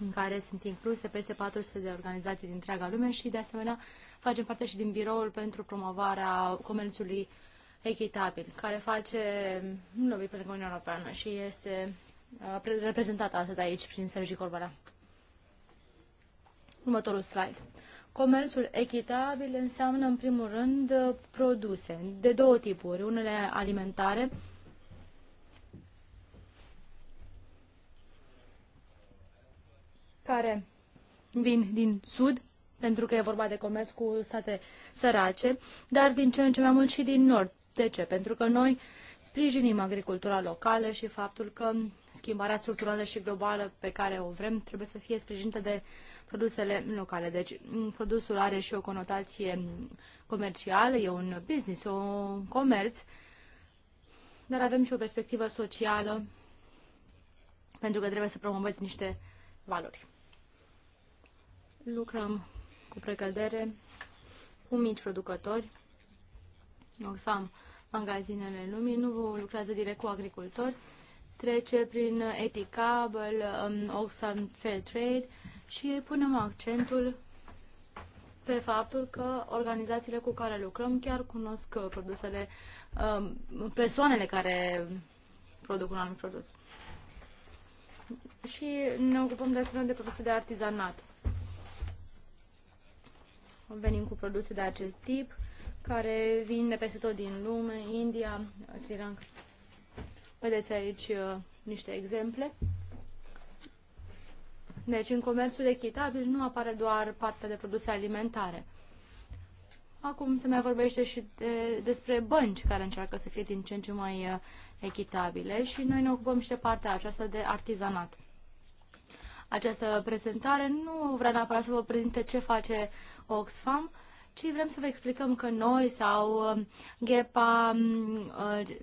în care sunt incluse peste 400 de organizații din întreaga lume și, de asemenea, facem parte și din Biroul pentru promovarea comerțului echitabil, care face um, un lobby pentru Uniunea Europeană și este uh, reprezentat astăzi aici prin Sergi Corbala. Următorul slide. Comerțul echitabil înseamnă, în primul rând, produse de două tipuri, unele alimentare, care vin din sud, pentru că e vorba de comerț cu state sărace, dar din ce în ce mai mult și din nord. De ce? Pentru că noi sprijinim agricultura locală și faptul că schimbarea structurală și globală pe care o vrem trebuie să fie sprijinită de produsele locale. Deci mm, produsul are și o conotație comercială, e un business, un comerț, dar avem și o perspectivă socială pentru că trebuie să promovezi niște valori. Lucrăm cu precădere cu mici producători. Oxfam magazinele lumii, nu lucrează direct cu agricultori, trece prin Eticable, um, Oxfam Fair Trade și punem accentul pe faptul că organizațiile cu care lucrăm chiar cunosc produsele, um, persoanele care produc un anumit produs. Și ne ocupăm de asemenea de produse de artizanat. Venim cu produse de acest tip care vin de peste tot din lume, India, Sri Lanka. Vedeți aici uh, niște exemple. Deci, în comerțul echitabil nu apare doar partea de produse alimentare. Acum se mai vorbește și de, despre bănci care încearcă să fie din ce în ce mai uh, echitabile și noi ne ocupăm și de partea aceasta de artizanat. Această prezentare nu vrea neapărat să vă prezinte ce face Oxfam, ci vrem să vă explicăm că noi sau um, GEPA,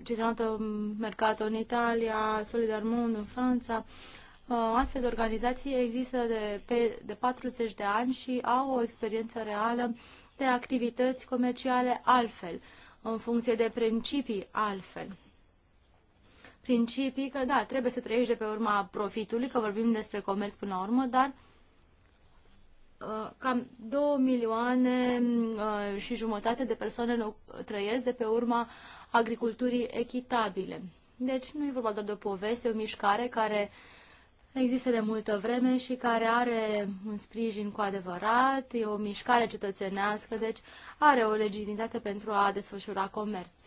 Citronato um, uh, Mercato în Italia, Solidar Mund în Franța, uh, astfel de organizații există de, pe, de 40 de ani și au o experiență reală de activități comerciale altfel, în funcție de principii altfel principii că, da, trebuie să trăiești de pe urma profitului, că vorbim despre comerț până la urmă, dar Uh, cam 2 milioane uh, și jumătate de persoane trăiesc de pe urma agriculturii echitabile. Deci nu e vorba doar de o poveste, o mișcare care există de multă vreme și care are un sprijin cu adevărat, e o mișcare cetățenească, deci are o legitimitate pentru a desfășura comerț.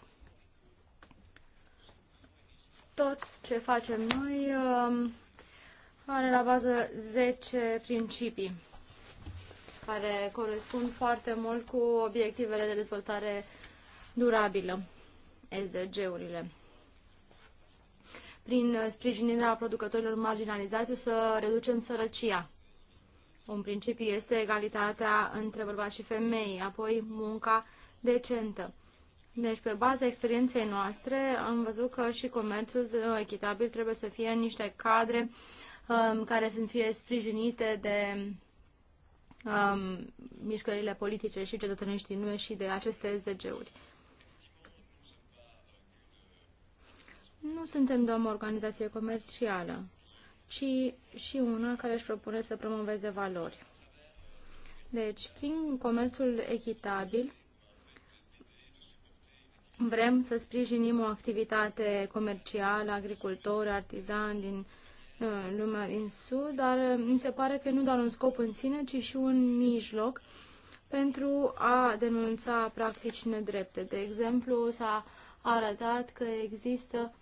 Tot ce facem noi uh, are la bază 10 principii care corespund foarte mult cu obiectivele de dezvoltare durabilă, SDG-urile. Prin sprijinirea producătorilor marginalizați o să reducem sărăcia. Un principiu este egalitatea între bărbați și femei, apoi munca decentă. Deci, pe baza experienței noastre, am văzut că și comerțul uh, echitabil trebuie să fie niște cadre um, care să fie sprijinite de um, mișcările politice și cetățenești nu și de aceste SDG-uri. Nu suntem doar o organizație comercială, ci și una care își propune să promoveze valori. Deci, prin comerțul echitabil, vrem să sprijinim o activitate comercială, agricultori, artizani din Uh, lumea din Sud, dar uh, mi se pare că nu doar un scop în sine, ci și un mijloc pentru a denunța practici nedrepte. De exemplu, s-a arătat că există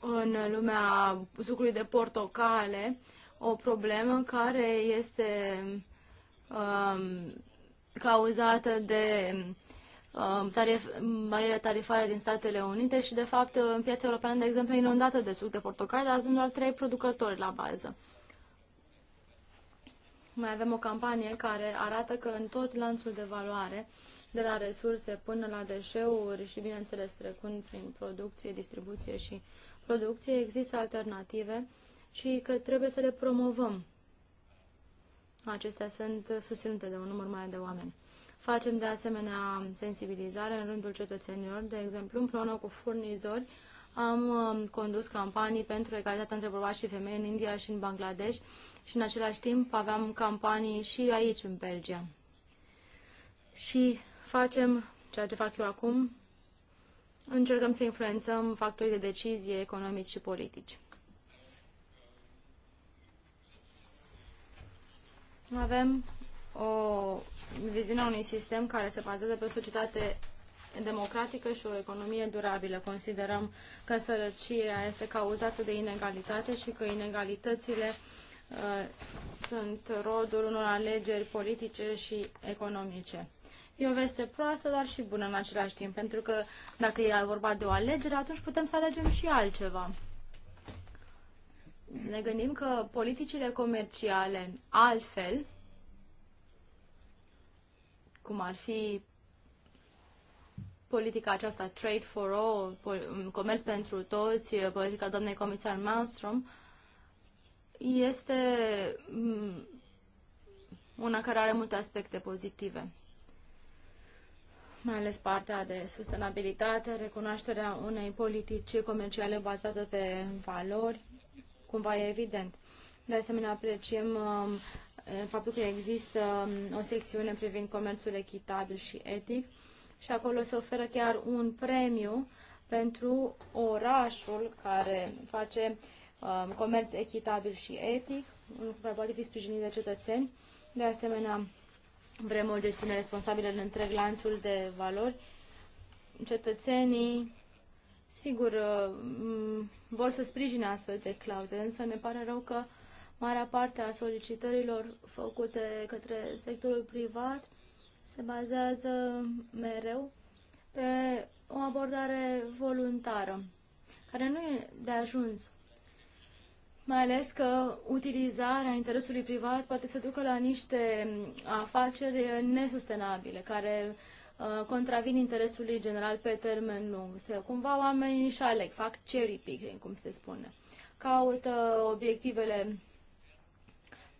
în lumea sucului de portocale o problemă care este um, cauzată de Um, tarif, barierele tarifare din Statele Unite și, de fapt, în piața europeană, de exemplu, inundată de suc de portocale, dar sunt doar trei producători la bază. Mai avem o campanie care arată că în tot lanțul de valoare, de la resurse până la deșeuri și, bineînțeles, trecând prin producție, distribuție și producție, există alternative și că trebuie să le promovăm. Acestea sunt susținute de un număr mare de oameni. Facem de asemenea sensibilizare în rândul cetățenilor, de exemplu, împreună cu furnizori, am um, condus campanii pentru egalitatea între bărbați și femei în India și în Bangladesh și în același timp aveam campanii și aici, în Belgia. Și facem ceea ce fac eu acum, încercăm să influențăm factorii de decizie economici și politici. Avem o viziune a unui sistem care se bazează pe o societate democratică și o economie durabilă. Considerăm că sărăcia este cauzată de inegalitate și că inegalitățile uh, sunt rodul unor alegeri politice și economice. E o veste proastă, dar și bună în același timp, pentru că dacă e vorba de o alegere, atunci putem să alegem și altceva. Ne gândim că politicile comerciale altfel cum ar fi politica aceasta Trade for All, comerț pentru toți, politica doamnei comisar Malmström, este mm, una care are multe aspecte pozitive mai ales partea de sustenabilitate, recunoașterea unei politici comerciale bazate pe valori, cumva e evident. De asemenea, apreciem mm, faptul că există um, o secțiune privind comerțul echitabil și etic și acolo se oferă chiar un premiu pentru orașul care face um, comerț echitabil și etic, un lucru care poate fi sprijinit de cetățeni. De asemenea, vrem o gestiune responsabilă în întreg lanțul de valori. Cetățenii, sigur, um, vor să sprijine astfel de clauze, însă ne pare rău că uh, Marea parte a solicitărilor făcute către sectorul privat se bazează mereu pe o abordare voluntară, care nu e de ajuns. Mai ales că utilizarea interesului privat poate să ducă la niște afaceri nesustenabile, care uh, contravin interesului general pe termen lung. Se, cumva oamenii își aleg, fac cherry picking, cum se spune. Caută obiectivele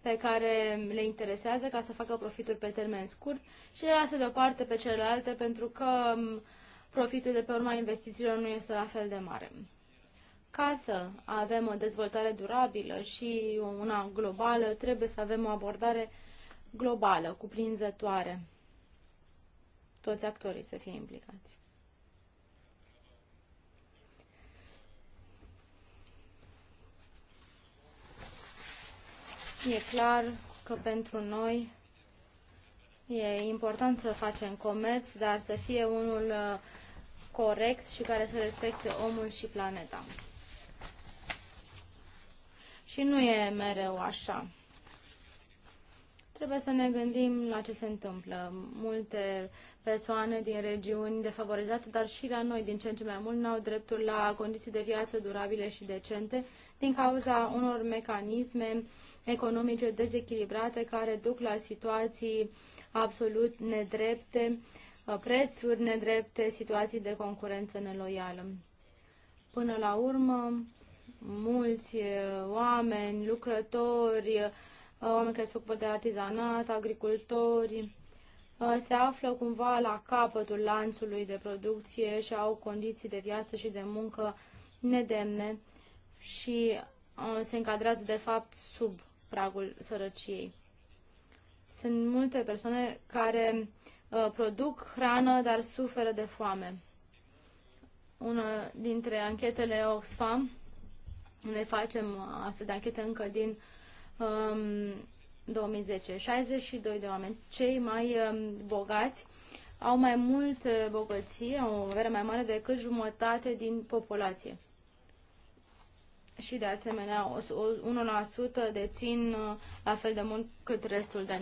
pe care le interesează ca să facă profituri pe termen scurt și le lasă deoparte pe celelalte pentru că profitul de pe urma investițiilor nu este la fel de mare. Ca să avem o dezvoltare durabilă și una globală, trebuie să avem o abordare globală, cuprinzătoare. Toți actorii să fie implicați. E clar că pentru noi e important să facem comerț, dar să fie unul uh, corect și care să respecte omul și planeta. Și nu e mereu așa. Trebuie să ne gândim la ce se întâmplă. Multe persoane din regiuni defavorizate, dar și la noi din ce în ce mai mult, n-au dreptul la condiții de viață durabile și decente din cauza unor mecanisme economice dezechilibrate care duc la situații absolut nedrepte, uh, prețuri nedrepte, situații de concurență neloială. Până la urmă, mulți uh, oameni, lucrători, uh, oameni care se ocupă de artizanat, agricultori, se află cumva la capătul lanțului de producție și au condiții de viață și de muncă nedemne și se încadrează de fapt sub pragul sărăciei. Sunt multe persoane care uh, produc hrană, dar suferă de foame. Una dintre anchetele Oxfam, ne facem astfel de anchete încă din um, 2010. 62 de oameni, cei mai um, bogați, au mai mult uh, bogăție, au o avere mai mare decât jumătate din populație și de asemenea 1% dețin uh, la fel de mult cât restul de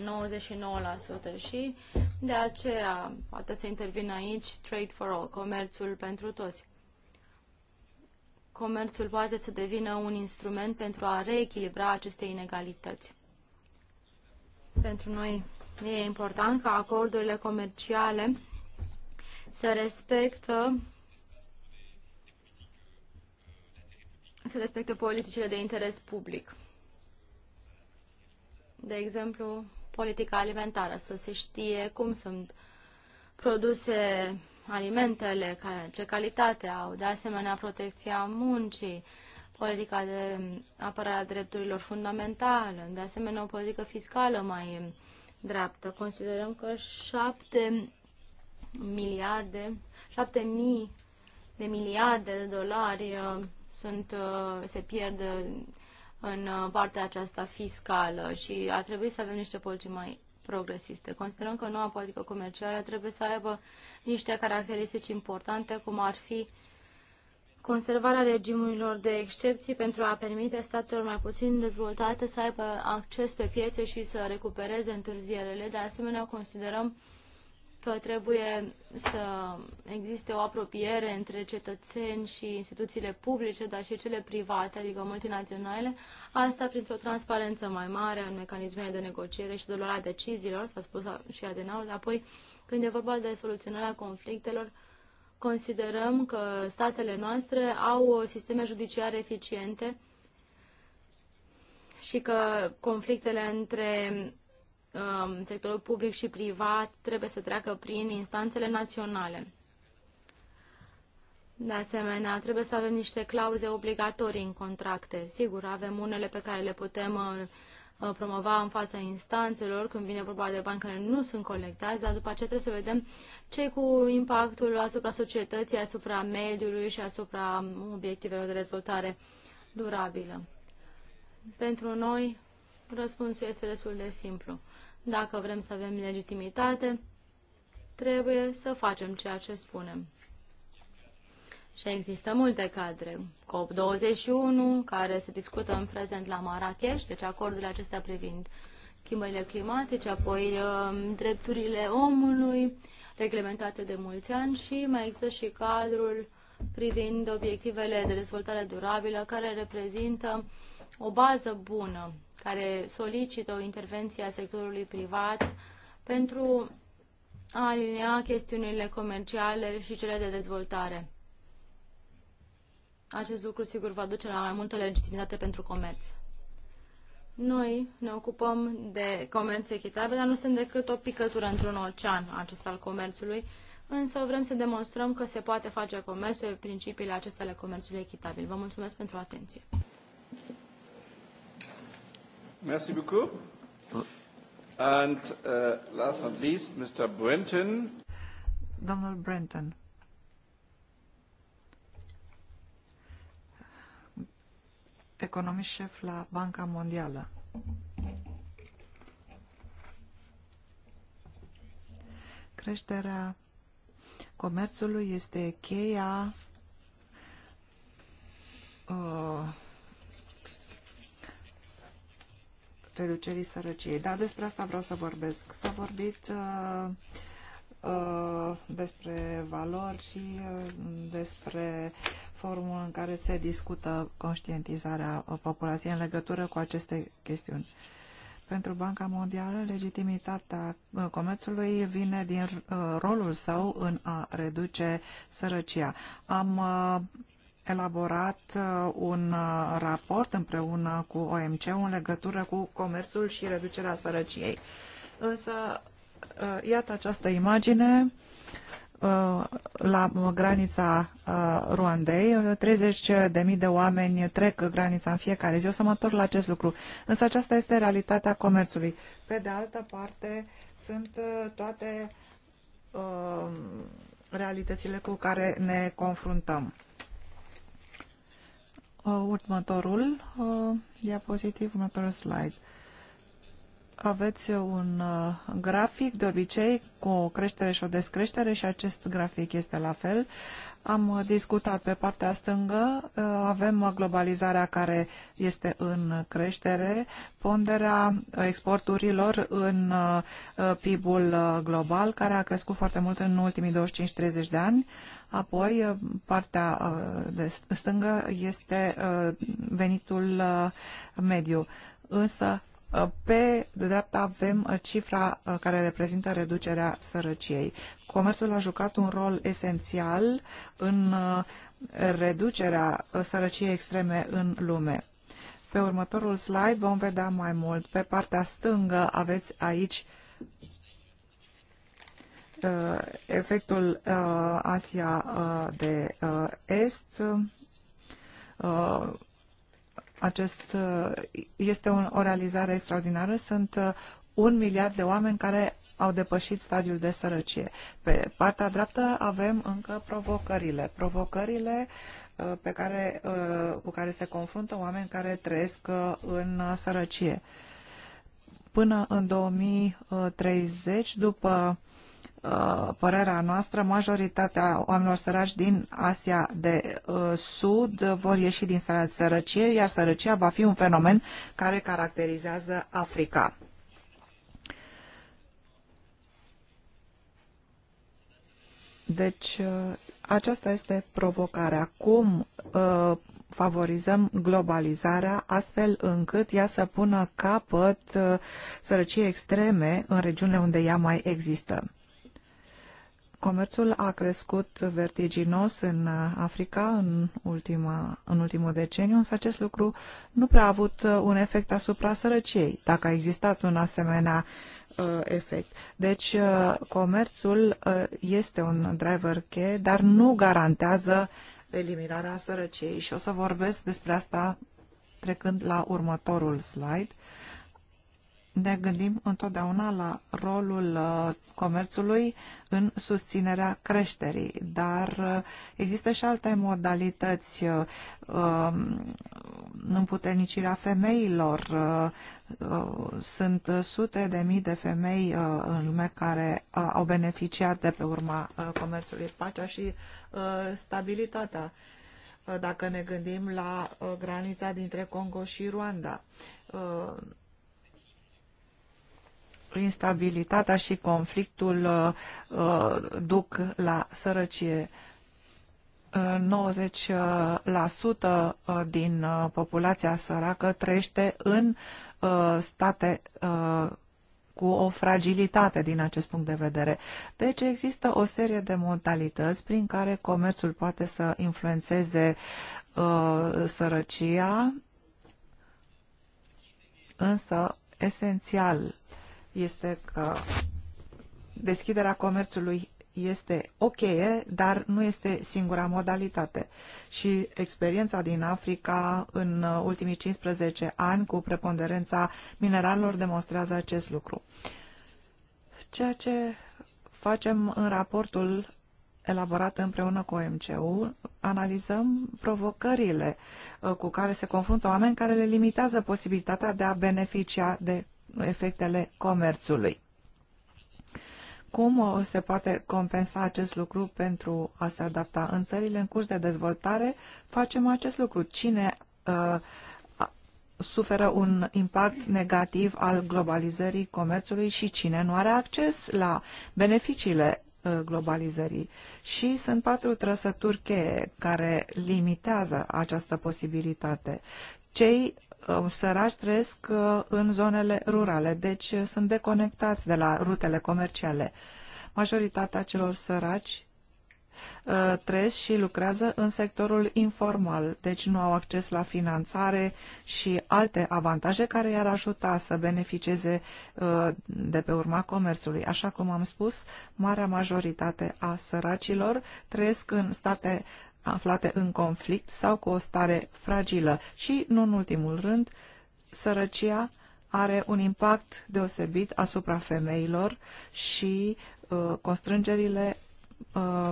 99% și de aceea poate să intervină aici trade for all, comerțul pentru toți. Comerțul poate să devină un instrument pentru a reechilibra aceste inegalități. Pentru noi e important ca acordurile comerciale să respectă se respecte politicile de interes public. De exemplu, politica alimentară, să se știe cum sunt produse alimentele, ce calitate au, de asemenea protecția muncii, politica de apărare a drepturilor fundamentale, de asemenea o politică fiscală mai dreaptă. Considerăm că 7 miliarde, 7 mii de miliarde de dolari uh, sunt, uh, se pierd în partea aceasta fiscală și ar trebui să avem niște politici mai progresiste. Considerăm că noua politică comercială trebuie să aibă niște caracteristici importante, cum ar fi conservarea regimurilor de excepții pentru a permite statelor mai puțin dezvoltate să aibă acces pe piețe și să recupereze întârzierele. De asemenea, considerăm că trebuie să existe o apropiere între cetățeni și instituțiile publice, dar și cele private, adică multinaționale, asta printr-o transparență mai mare în mecanismele de negociere și de luarea deciziilor, s-a spus și Adenaul, apoi când e vorba de soluționarea conflictelor, considerăm că statele noastre au sisteme judiciare eficiente și că conflictele între Um, sectorul public și privat trebuie să treacă prin instanțele naționale. De asemenea, trebuie să avem niște clauze obligatorii în contracte. Sigur, avem unele pe care le putem uh, uh, promova în fața instanțelor când vine vorba de bani care nu sunt colectați, dar după aceea trebuie să vedem ce cu impactul asupra societății, asupra mediului și asupra obiectivelor de dezvoltare durabilă. Pentru noi, răspunsul este destul de simplu. Dacă vrem să avem legitimitate, trebuie să facem ceea ce spunem. Și există multe cadre. COP21, care se discută în prezent la Marrakesh, deci acordurile acestea privind schimbările climatice, apoi uh, drepturile omului, reglementate de mulți ani și mai există și cadrul privind obiectivele de dezvoltare durabilă, care reprezintă o bază bună care solicită o intervenție a sectorului privat pentru a alinea chestiunile comerciale și cele de dezvoltare. Acest lucru sigur va duce la mai multă legitimitate pentru comerț. Noi ne ocupăm de comerț echitabil, dar nu sunt decât o picătură într-un ocean acesta al comerțului, însă vrem să demonstrăm că se poate face comerț pe principiile acestea ale comerțului echitabil. Vă mulțumesc pentru atenție. Merci beaucoup. And uh, last but not least, Mr. Brenton. Donald Brenton. Economist șef la Banca Mondială. Creșterea comerțului este cheia uh, reducerii sărăciei. Da, despre asta vreau să vorbesc. S-a vorbit uh, uh, despre valori și uh, despre formul în care se discută conștientizarea uh, populației în legătură cu aceste chestiuni. Pentru Banca Mondială, legitimitatea uh, comerțului vine din uh, rolul său în a reduce sărăcia. Am elaborat uh, un uh, raport împreună cu OMC în legătură cu comerțul și reducerea sărăciei. Însă, uh, iată această imagine la granița Ruandei. 30.000 de oameni trec granița în fiecare zi. O să mă întorc la acest lucru. Însă aceasta este realitatea comerțului. Pe de altă parte, sunt toate uh, realitățile cu care ne confruntăm. Uh, următorul uh, diapozitiv, următorul slide aveți un uh, grafic de obicei cu o creștere și o descreștere și acest grafic este la fel. Am uh, discutat pe partea stângă, uh, avem globalizarea care este în creștere, ponderea exporturilor în PIB-ul global, care a crescut foarte mult în ultimii 25-30 de ani, apoi partea de stângă este venitul mediu. Însă Uh, pe de dreapta avem uh, cifra uh, care reprezintă reducerea sărăciei. Comerțul a jucat un rol esențial în reducerea sărăciei extreme în lume. Pe următorul slide vom vedea mai mult. Pe partea stângă aveți aici efectul Asia de Est, acest uh, este un, o realizare extraordinară. Sunt uh, un miliard de oameni care au depășit stadiul de sărăcie. Pe partea dreaptă avem încă provocările. Provocările uh, pe care, cu care se confruntă oameni care trăiesc în sărăcie. Până în 2030, după Uh, părerea noastră, majoritatea oamenilor săraci din Asia de uh, Sud vor ieși din sărăcie, iar sărăcia va fi un fenomen care caracterizează Africa. Deci, uh, aceasta este provocarea. Cum favorizăm globalizarea astfel încât ea să pună capăt sărăciei extreme în regiunile unde ea mai există. Comerțul a crescut vertiginos în Africa în, ultima, în ultimul deceniu, însă acest lucru nu prea a avut uh, un efect asupra sărăciei, dacă a existat un asemenea uh, efect. Deci, uh, comerțul uh, este un driver cheie, dar nu garantează eliminarea sărăciei. Și o să vorbesc despre asta trecând la următorul slide ne gândim întotdeauna la rolul uh, comerțului în susținerea creșterii, dar uh, există și alte modalități, uh, um, împuternicirea femeilor. Sunt sute de mii de femei în lume care au beneficiat de pe urma comerțului pacea și stabilitatea dacă ne gândim la granița dintre Congo și Rwanda instabilitatea și conflictul uh, uh, duc la sărăcie. 90% uh, uh, din populația săracă trăiește în state cu o fragilitate din acest punct de vedere. Deci există o serie de modalități prin care comerțul poate să influențeze uh, sărăcia, însă esențial este că deschiderea comerțului este o okay, cheie, dar nu este singura modalitate. Și experiența din Africa în ultimii 15 ani cu preponderența mineralelor demonstrează acest lucru. Ceea ce facem în raportul elaborat împreună cu OMCU, analizăm provocările uh, cu care se confruntă oameni care le limitează posibilitatea de a beneficia de efectele comerțului. Cum se poate compensa acest lucru pentru a se adapta? În țările în curs de dezvoltare facem acest lucru. Cine uh, suferă un impact negativ al globalizării comerțului și cine nu are acces la beneficiile uh, globalizării. Și sunt patru trăsături cheie care limitează această posibilitate. Cei Uh, săraci trăiesc uh, în zonele rurale, deci uh, sunt deconectați de la rutele comerciale. Majoritatea celor săraci trăiesc și lucrează în sectorul informal, deci nu au acces la finanțare și alte avantaje care i-ar ajuta să beneficieze de pe urma comerțului. Așa cum am spus, marea majoritate a săracilor trăiesc în state aflate în conflict sau cu o stare fragilă. Și, nu în ultimul rând, sărăcia are un impact deosebit asupra femeilor și uh, constrângerile uh,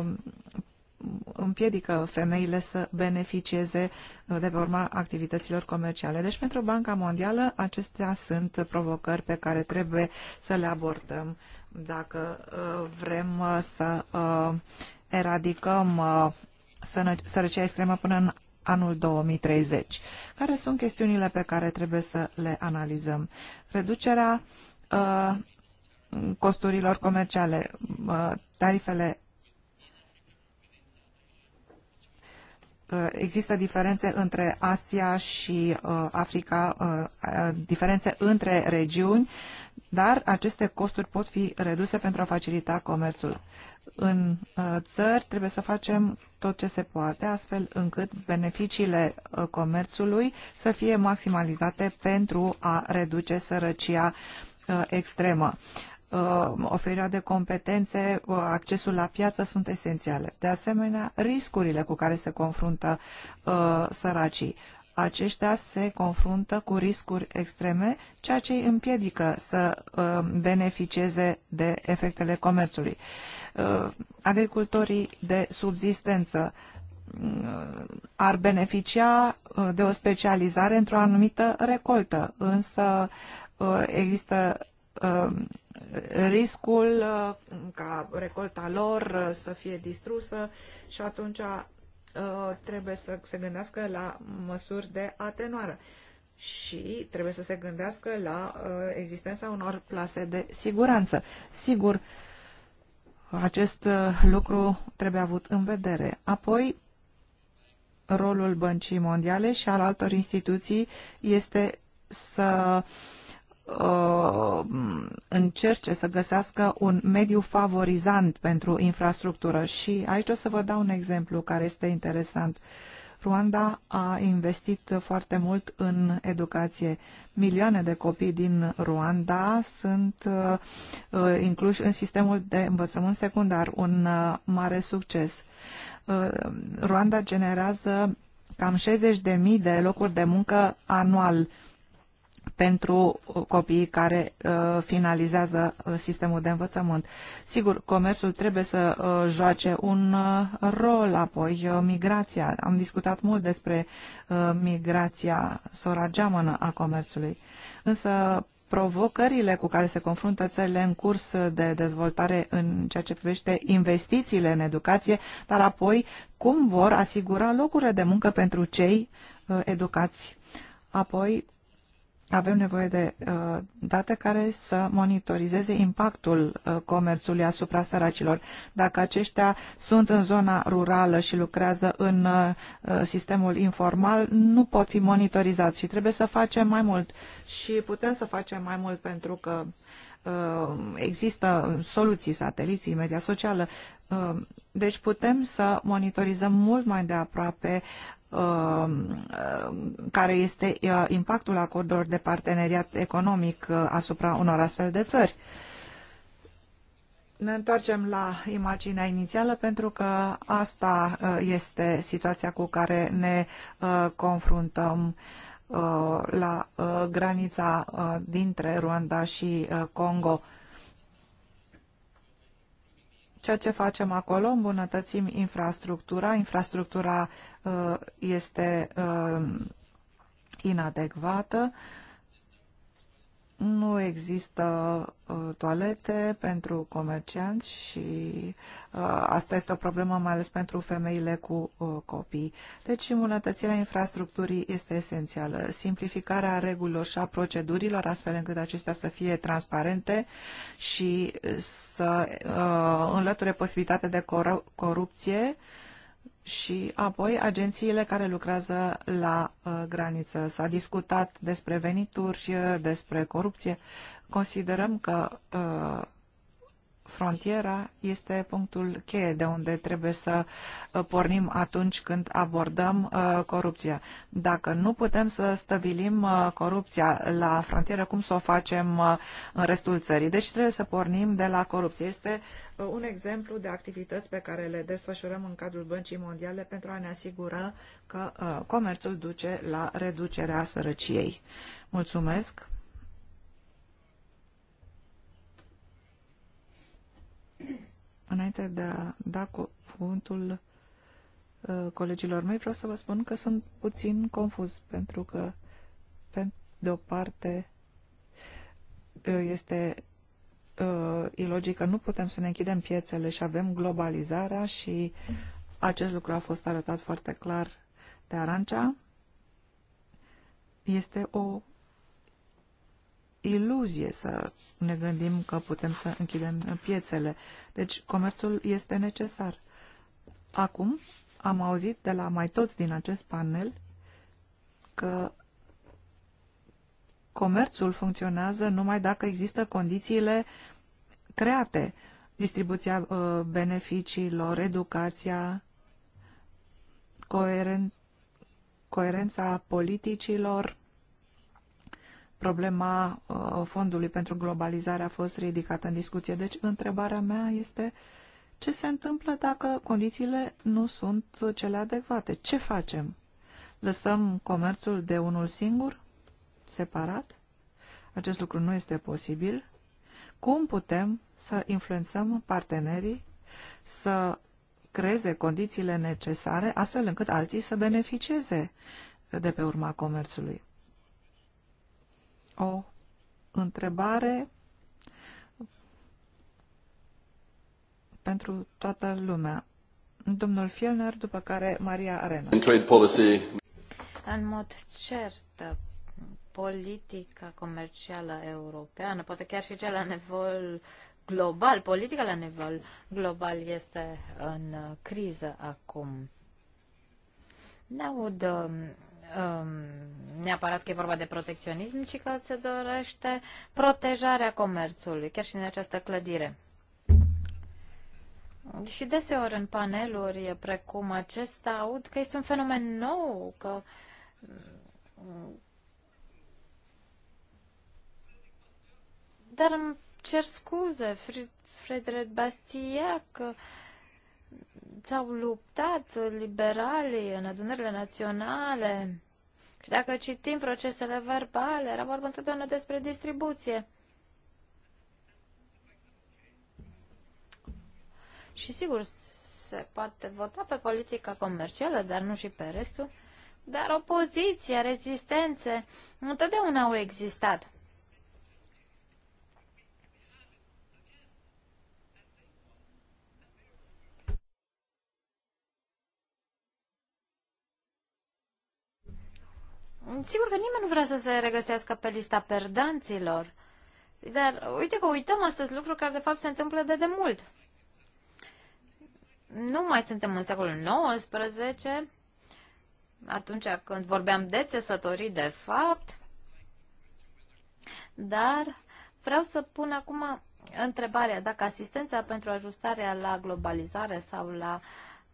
împiedică femeile să beneficieze uh, de pe urma activităților comerciale. Deci, pentru Banca Mondială, acestea sunt provocări pe care trebuie să le abordăm dacă uh, vrem uh, să eradicăm sărăcia extremă până în anul 2030. Care sunt chestiunile pe care trebuie să le analizăm? Reducerea uh, costurilor comerciale, uh, tarifele Uh, există diferențe între Asia și uh, Africa, uh, diferențe între regiuni, dar aceste costuri pot fi reduse pentru a facilita comerțul. În țări trebuie să facem tot ce se poate, astfel încât beneficiile comerțului să fie maximalizate pentru a reduce sărăcia extremă. Uh, oferirea de competențe, uh, accesul la piață sunt esențiale. De asemenea, riscurile cu care se confruntă uh, săracii aceștia se confruntă cu riscuri extreme, ceea ce îi împiedică să beneficieze de efectele comerțului. Agricultorii de subzistență ar beneficia de o specializare într-o anumită recoltă, însă există riscul uh, ca recolta lor uh, să fie distrusă și atunci uh, trebuie să se gândească la măsuri de atenuare și trebuie să se gândească la existența unor plase de siguranță. Sigur, acest lucru trebuie avut în vedere. Apoi, rolul Băncii Mondiale și al altor instituții este să uh, uh, încerce să găsească un mediu favorizant pentru infrastructură. Și aici o să vă dau un exemplu care este interesant. Rwanda a investit foarte mult în educație. Milioane de copii din Rwanda sunt uh, incluși în sistemul de învățământ secundar, un uh, mare succes. Uh, Rwanda generează cam 60.000 de locuri de muncă anual. Uh, pentru copiii care uh, finalizează uh, sistemul de învățământ. Sigur, comerțul trebuie să uh, joace un rol, apoi migrația. Am discutat mult despre migrația sora geamănă a comerțului. Însă provocările cu care se confruntă țările în curs de dezvoltare în ceea ce privește investițiile în educație, dar apoi cum vor asigura locurile de muncă pentru cei educați. Apoi, avem nevoie de uh, date care să monitorizeze impactul uh, comerțului asupra săracilor. Dacă aceștia sunt în zona rurală și lucrează în uh, uh sistemul informal, nu pot fi monitorizați și trebuie să facem mai mult. Și putem să facem mai mult pentru că uh, există soluții, sateliții, media socială. Uh, deci putem să monitorizăm mult mai de aproape Um, care este uh, impactul acordurilor de parteneriat economic uh, asupra unor astfel de țări. Ne întoarcem la imaginea inițială pentru că asta uh, este situația cu care ne confruntăm la granița dintre Rwanda și Congo ceea ce facem acolo, îmbunătățim infrastructura. Infrastructura uh, este uh, inadecvată nu există uh, toalete pentru comercianți și uh, asta este o problemă mai ales pentru femeile cu uh, copii. Deci îmbunătățirea infrastructurii este esențială. Simplificarea regulilor și a procedurilor astfel încât acestea să fie transparente și să uh, înlăture posibilitatea de coru corupție uh, și apoi agențiile care lucrează la uh, graniță. S-a discutat despre venituri și uh, despre corupție. Considerăm că uh, frontiera este punctul cheie de unde trebuie să uh, pornim atunci când abordăm uh, corupția. Dacă nu putem să stabilim uh, corupția la frontieră, cum să o facem uh, în restul țării? Deci trebuie să pornim de la corupție. Este uh, un exemplu de activități pe care le desfășurăm în cadrul Băncii Mondiale pentru a ne asigura că uh, comerțul duce la reducerea sărăciei. Mulțumesc! Înainte de a da cuvântul uh, colegilor mei, vreau să vă spun că sunt puțin confuz, pentru că, de o parte, uh, este uh, ilogică, nu putem să ne închidem piețele și avem globalizarea și acest lucru a fost arătat foarte clar de Arancea. Este o iluzie să ne gândim că putem să închidem piețele. Deci comerțul este necesar. Acum am auzit de la mai toți din acest panel că comerțul funcționează numai dacă există condițiile create, distribuția uh, beneficiilor, educația, coeren, coerența politicilor, problema uh, fondului pentru globalizare a fost ridicată în discuție. Deci, întrebarea mea este ce se întâmplă dacă condițiile nu sunt cele adecvate? Ce facem? Lăsăm comerțul de unul singur? Separat? Acest lucru nu este posibil. Cum putem să influențăm partenerii să creeze condițiile necesare astfel încât alții să beneficieze de pe urma comerțului? o întrebare pentru toată lumea. Domnul Fielner, după care Maria Arena. În mod cert, politica comercială europeană, poate chiar și cea la nivel global, politica la nivel global este în criză acum. Ne aud um, Um, neapărat că e vorba de protecționism, ci că se dorește protejarea comerțului, chiar și în această clădire. Și deseori în paneluri precum acesta aud că este un fenomen nou, că dar îmi cer scuze, Fred, Bastiac, că uh, s-au luptat liberalii în adunările naționale. Și dacă citim procesele verbale, era vorba întotdeauna despre distribuție. Și sigur, se poate vota pe politica comercială, dar nu și pe restul. Dar opoziția, rezistențe, întotdeauna au existat. Sigur că nimeni nu vrea să se regăsească pe lista perdanților, dar uite că uităm astăzi lucruri care de fapt se întâmplă de demult. Nu mai suntem în secolul XIX, atunci când vorbeam de țesătorii de fapt, dar vreau să pun acum întrebarea dacă asistența pentru ajustarea la globalizare sau la uh,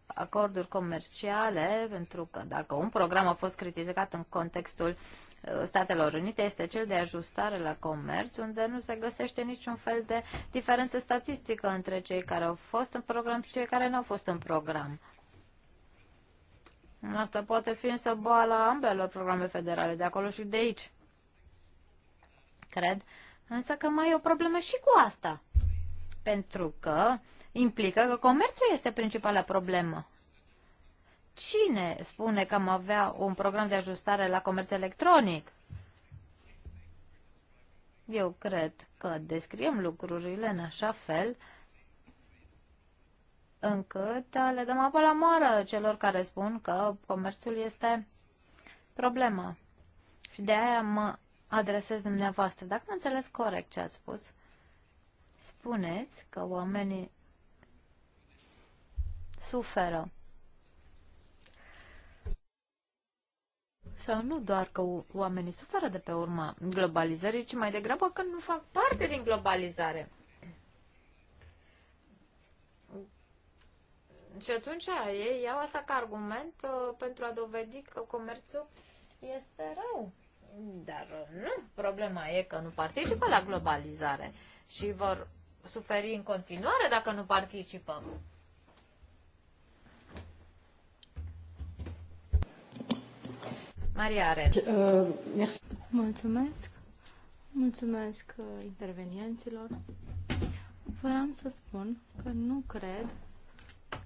acorduri comerciale, pentru că dacă un program a fost criticat în contextul uh, Statelor Unite este cel de ajustare la comerț, unde nu se găsește niciun fel de diferență statistică între cei care au fost în program și cei care nu au fost în program. Asta poate fi însă boala ambelor programe federale, de acolo și de aici. Cred însă că mai e o problemă și cu asta pentru că implică că comerțul este principala problemă. Cine spune că am avea un program de ajustare la comerț electronic? Eu cred că descriem lucrurile în așa fel încât le dăm apă la moară celor care spun că comerțul este problemă. Și de aia mă adresez dumneavoastră. Dacă am înțeles corect ce ați spus, spuneți că oamenii suferă. Sau nu doar că oamenii suferă de pe urma globalizării, ci mai degrabă că nu fac parte din globalizare. Și atunci ei iau asta ca argument uh, pentru a dovedi că comerțul este rău. Dar uh, nu, problema e că nu participă la globalizare și vor suferi în continuare dacă nu participăm. Maria Are. Uh, Mulțumesc. Mulțumesc uh, intervenienților. Vreau să spun că nu cred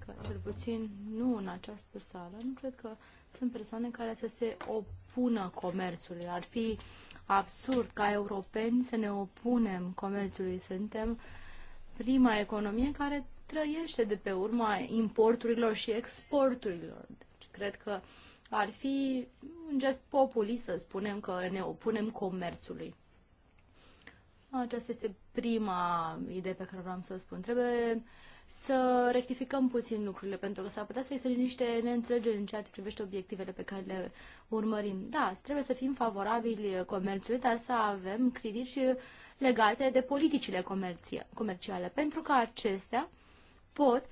că, cel puțin nu în această sală, nu cred că sunt persoane care să se opună comerțului. Ar fi absurd ca europeni să ne opunem comerțului. Suntem prima economie care trăiește de pe urma importurilor și exporturilor. Deci, cred că ar fi un gest populist să spunem că ne opunem comerțului. Aceasta este prima idee pe care vreau să o spun. Trebuie să rectificăm puțin lucrurile, pentru că s-ar putea să existe niște neînțelegeri în ceea ce privește obiectivele pe care le urmărim. Da, trebuie să fim favorabili comerțului, dar să avem critici legate de politicile comerciale, pentru că acestea pot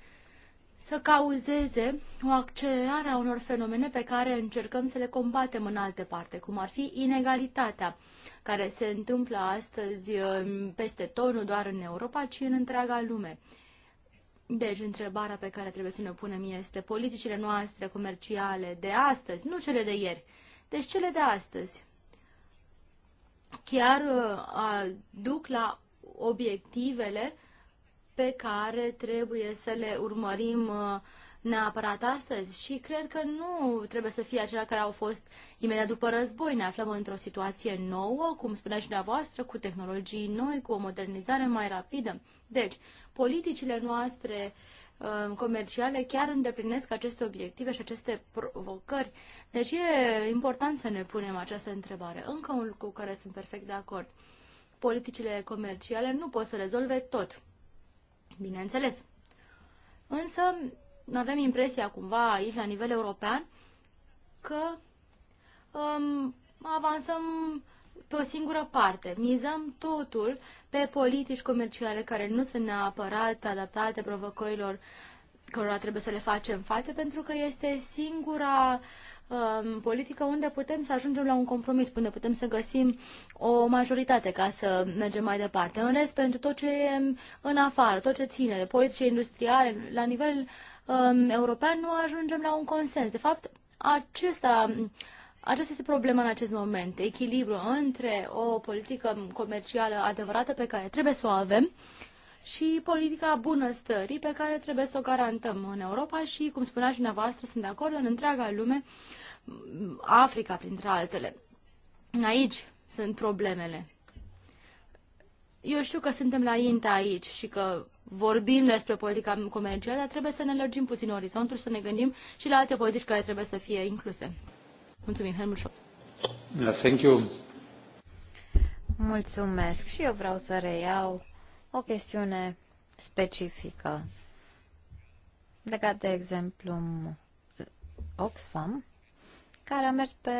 să cauzeze o accelerare a unor fenomene pe care încercăm să le combatem în alte parte, cum ar fi inegalitatea, care se întâmplă astăzi um, peste tot, nu doar în Europa, ci în întreaga lume. Deci, întrebarea pe care trebuie să ne punem este politicile noastre comerciale de astăzi, nu cele de ieri, deci cele de astăzi chiar uh, duc la obiectivele pe care trebuie să le urmărim uh, neapărat astăzi și cred că nu trebuie să fie acelea care au fost imediat după război. Ne aflăm într-o situație nouă, cum spunea și dumneavoastră, cu tehnologii noi, cu o modernizare mai rapidă. Deci, politicile noastre uh, Um, comerciale chiar îndeplinesc aceste obiective și aceste provocări. Deci e important să ne punem această întrebare. Încă un lucru cu care sunt perfect de acord. Politicile comerciale nu pot să rezolve tot. Bineînțeles. Însă avem impresia cumva aici, la nivel european, că um, avansăm pe o singură parte. Mizăm totul pe politici comerciale care nu sunt neapărat adaptate provocărilor cărora trebuie să le facem față, pentru că este singura um, politică unde putem să ajungem la un compromis, unde putem să găsim o majoritate ca să mergem mai departe. În rest, pentru tot ce e în afară, tot ce ține de politice industriale, la nivel um, european, nu ajungem la un consens. De fapt, acesta aceasta este problema în acest moment, echilibru între o politică comercială adevărată pe care trebuie să o avem și politica bunăstării pe care trebuie să o garantăm în Europa și, cum spunea și dumneavoastră, sunt de acord în întreaga lume, Africa printre altele. Aici sunt problemele. Eu știu că suntem la INTA aici și că vorbim despre politica comercială, dar trebuie să ne lărgim puțin orizontul, să ne gândim și la alte politici care trebuie să fie incluse. Da, thank you. Mulțumesc și eu vreau să reiau o chestiune specifică legat de exemplu Oxfam, care a mers pe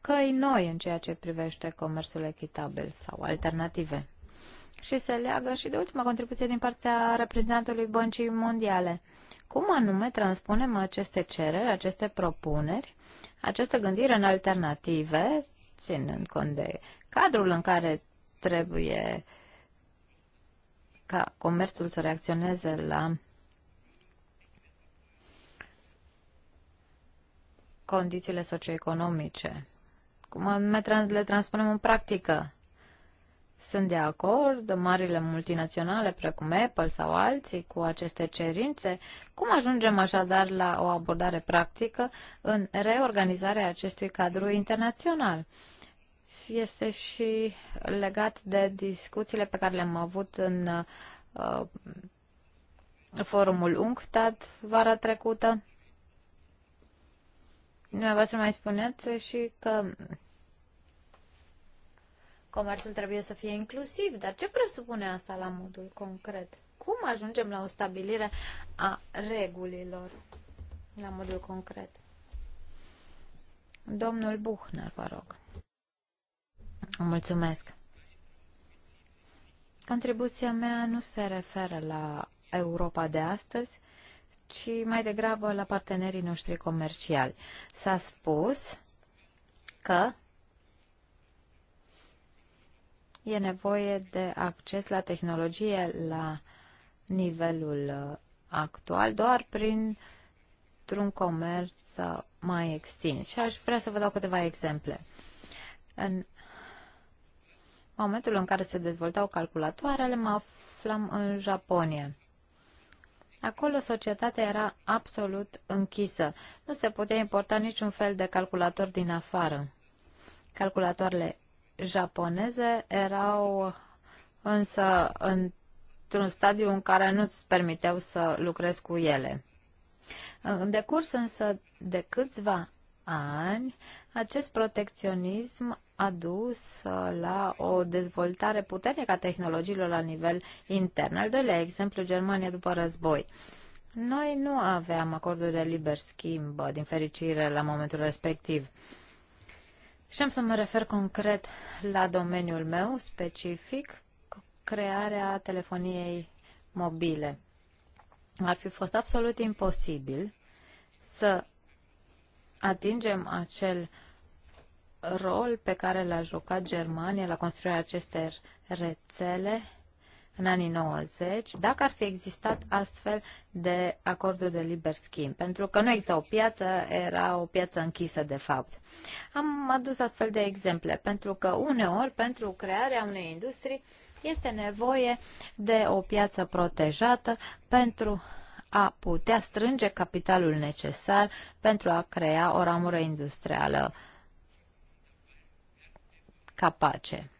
căi noi în ceea ce privește comerțul echitabil sau alternative. Și se leagă și de ultima contribuție din partea reprezentantului Băncii Mondiale. Cum anume transpunem aceste cereri, aceste propuneri această gândire în alternative, ținând cont de cadrul în care trebuie ca comerțul să reacționeze la condițiile socioeconomice. Cum le transpunem în practică? Sunt de acord, marile multinaționale precum Apple sau alții cu aceste cerințe. Cum ajungem așadar la o abordare practică în reorganizarea acestui cadru internațional? Este și legat de discuțiile pe care le-am avut în uh, forumul UNCTAD vara trecută. Dumneavoastră mai spuneți și că Comerțul trebuie să fie inclusiv, dar ce presupune asta la modul concret? Cum ajungem la o stabilire a regulilor la modul concret? Domnul Buchner, vă rog. Mulțumesc. Contribuția mea nu se referă la Europa de astăzi, ci mai degrabă la partenerii noștri comerciali. S-a spus că e nevoie de acces la tehnologie la nivelul uh, actual doar prin un comerț uh, mai extins. Și aș vrea să vă dau câteva exemple. În momentul în care se dezvoltau calculatoarele, mă aflam în Japonia. Acolo societatea era absolut închisă. Nu se putea importa niciun fel de calculator din afară. Calculatoarele japoneze erau însă într-un stadiu în care nu-ți permiteau să lucrezi cu ele. În decurs însă de câțiva ani, acest protecționism a dus la o dezvoltare puternică a tehnologiilor la nivel intern. Al doilea exemplu, Germania după război. Noi nu aveam acorduri de liber schimb, din fericire, la momentul respectiv. Uh, și am să mă refer concret la domeniul meu specific, crearea telefoniei mobile. Ar fi fost absolut imposibil să atingem acel rol pe care l-a jucat Germania la construirea acestei rețele în anii 90 dacă ar fi existat astfel de acorduri de liber schimb, pentru că nu exista o piață, era o piață închisă de fapt. Am adus astfel de exemple, pentru că uneori pentru crearea unei industrii este nevoie de o piață protejată pentru a putea strânge capitalul necesar pentru a crea o ramură industrială capace.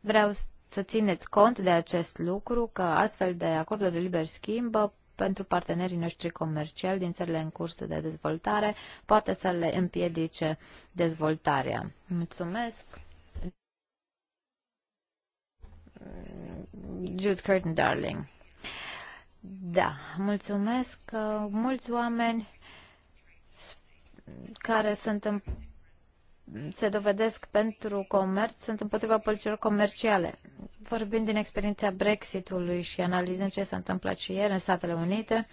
Vreau să țineți cont de acest lucru, că astfel de acorduri de liber schimb uh, pentru partenerii noștri comerciali din țările în curs de dezvoltare poate să le împiedice dezvoltarea. Mulțumesc! Jude Curtin, darling. Da, mulțumesc. Uh, mulți oameni care sunt se dovedesc pentru comerț sunt împotriva politicilor comerciale. Vorbind din experiența Brexitului și analizând ce s-a întâmplat și ieri în Statele Unite,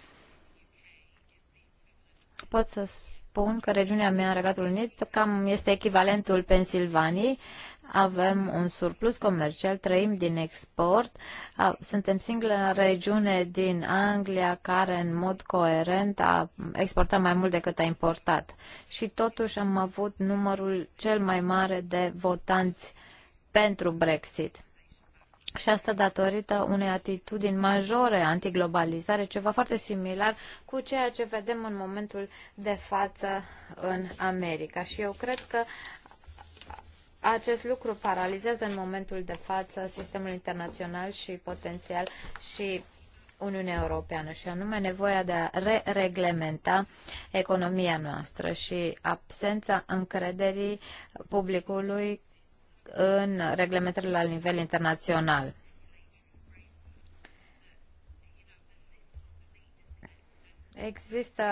pot să spun că regiunea mea, Regatul Unit, cam este echivalentul Pennsylvaniei. Avem un surplus comercial, trăim din export. Suntem singura regiune din Anglia care în mod coerent a exportat mai mult decât a importat. Și totuși am avut numărul cel mai mare de votanți pentru Brexit. Și asta datorită unei atitudini majore antiglobalizare, ceva foarte similar cu ceea ce vedem în momentul de față în America. Și eu cred că acest lucru paralizează în momentul de față sistemul internațional și potențial și Uniunea Europeană și anume nevoia de a re-reglementa economia noastră și absența încrederii publicului în reglementările la nivel internațional. Există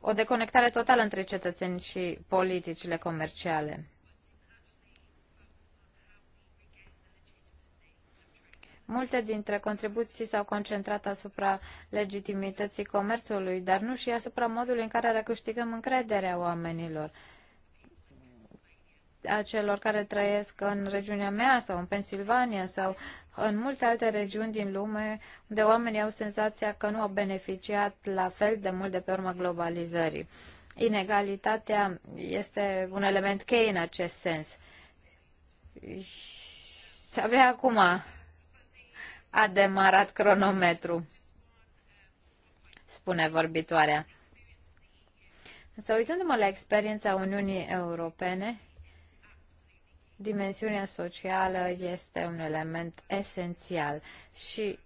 o deconectare totală între cetățeni și politicile comerciale. Multe dintre contribuții s-au concentrat asupra legitimității comerțului, dar nu și asupra modului în care recâștigăm încrederea oamenilor. Uh, a celor care trăiesc în regiunea mea sau în Pennsylvania sau în multe alte regiuni din lume unde oamenii au senzația că nu au beneficiat la fel de mult de pe urma globalizării. Inegalitatea este un element cheie în acest sens. Să avea acum a demarat cronometru, spune vorbitoarea. Însă uitându-mă la experiența Uniunii Europene, dimensiunea socială este un element esențial și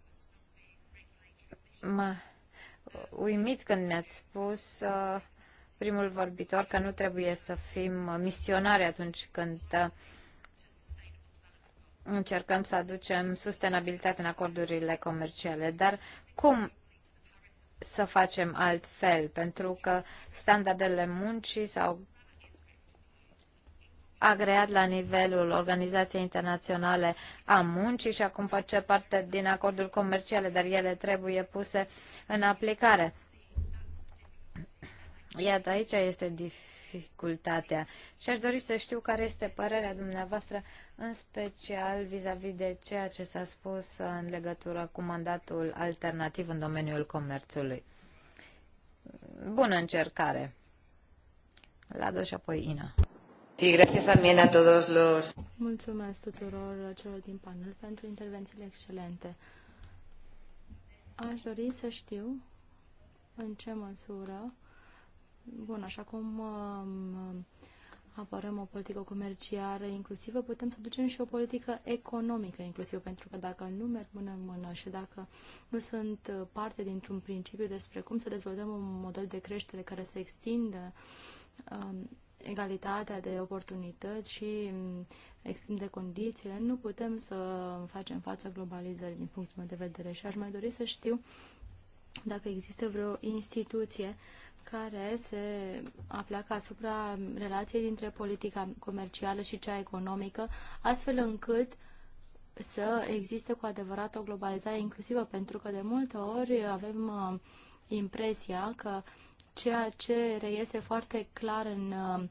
mă uimit când mi-ați spus uh, primul vorbitor că nu trebuie să fim misionari atunci când uh, încercăm să aducem sustenabilitate în acordurile comerciale. Dar cum să facem altfel? Pentru că standardele muncii sau agreat la nivelul Organizației Internaționale a Muncii și acum face parte din acorduri comerciale, dar ele trebuie puse în aplicare. Iată, aici este dificultatea. Și aș dori să știu care este părerea dumneavoastră, în special vis-a-vis -vis de ceea ce s-a spus în legătură cu mandatul alternativ în domeniul comerțului. Bună încercare! Lado și apoi Ina. Mulțumesc tuturor celor din panel pentru intervențiile excelente. Aș dori să știu în ce măsură, bun, așa cum um, apărăm o politică comercială inclusivă, putem să ducem și o politică economică inclusivă, pentru că dacă nu merg mână în mână și dacă nu sunt parte dintr-un principiu despre cum să dezvoltăm un model de creștere care să extindă um, egalitatea de oportunități și mm, extinde condițiile, nu putem să facem față globalizării din punctul meu de vedere. Și aș mai dori să știu dacă există vreo instituție care se apleacă asupra relației dintre politica comercială și cea economică, astfel încât să existe cu adevărat o globalizare inclusivă, pentru că de multe ori avem uh, impresia că uh, ceea ce reiese foarte clar în, uh,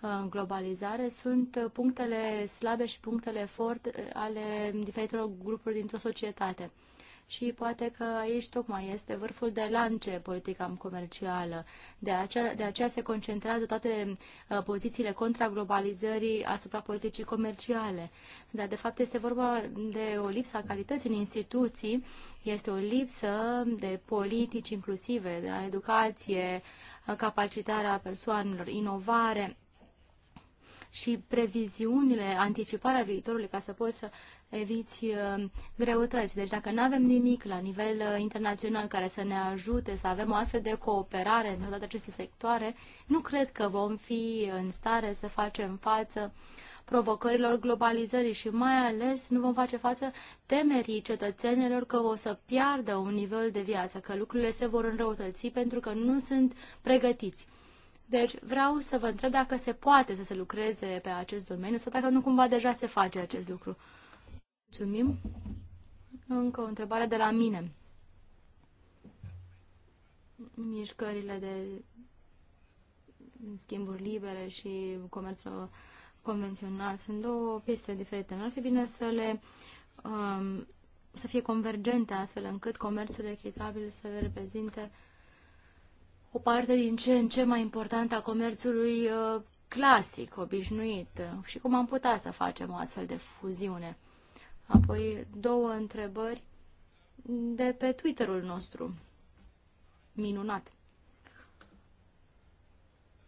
în globalizare sunt punctele slabe și punctele forte ale diferitelor grupuri dintr-o societate și poate că aici tocmai este vârful de lance politica comercială. De aceea, de aceea se concentrează toate uh, pozițiile contra globalizării asupra politicii comerciale. Dar de fapt este vorba de o lipsă a calității în instituții, este o lipsă de politici inclusive, de la educație, uh, capacitarea persoanelor, inovare și previziunile, anticiparea viitorului ca să poți să eviți uh, greutăți. Deci dacă nu avem nimic la nivel uh, internațional care să ne ajute să avem o astfel de cooperare în toate aceste sectoare, nu cred că vom fi în stare să facem față provocărilor globalizării și mai ales nu vom face față temerii cetățenilor că o să piardă un nivel de viață, că lucrurile se vor înrăutăți pentru că nu sunt pregătiți. Deci vreau să vă întreb dacă se poate să se lucreze pe acest domeniu sau dacă nu cumva deja se face acest lucru. Mulțumim. Încă o întrebare de la mine. Mișcările de schimburi libere și comerțul convențional sunt două piste diferite. N-ar fi bine să le um, să fie convergente astfel încât comerțul echitabil să reprezinte o parte din ce în ce mai importantă a comerțului uh, clasic, obișnuit. Și cum am putea să facem o astfel de fuziune? Apoi două întrebări de pe Twitterul nostru. Minunat!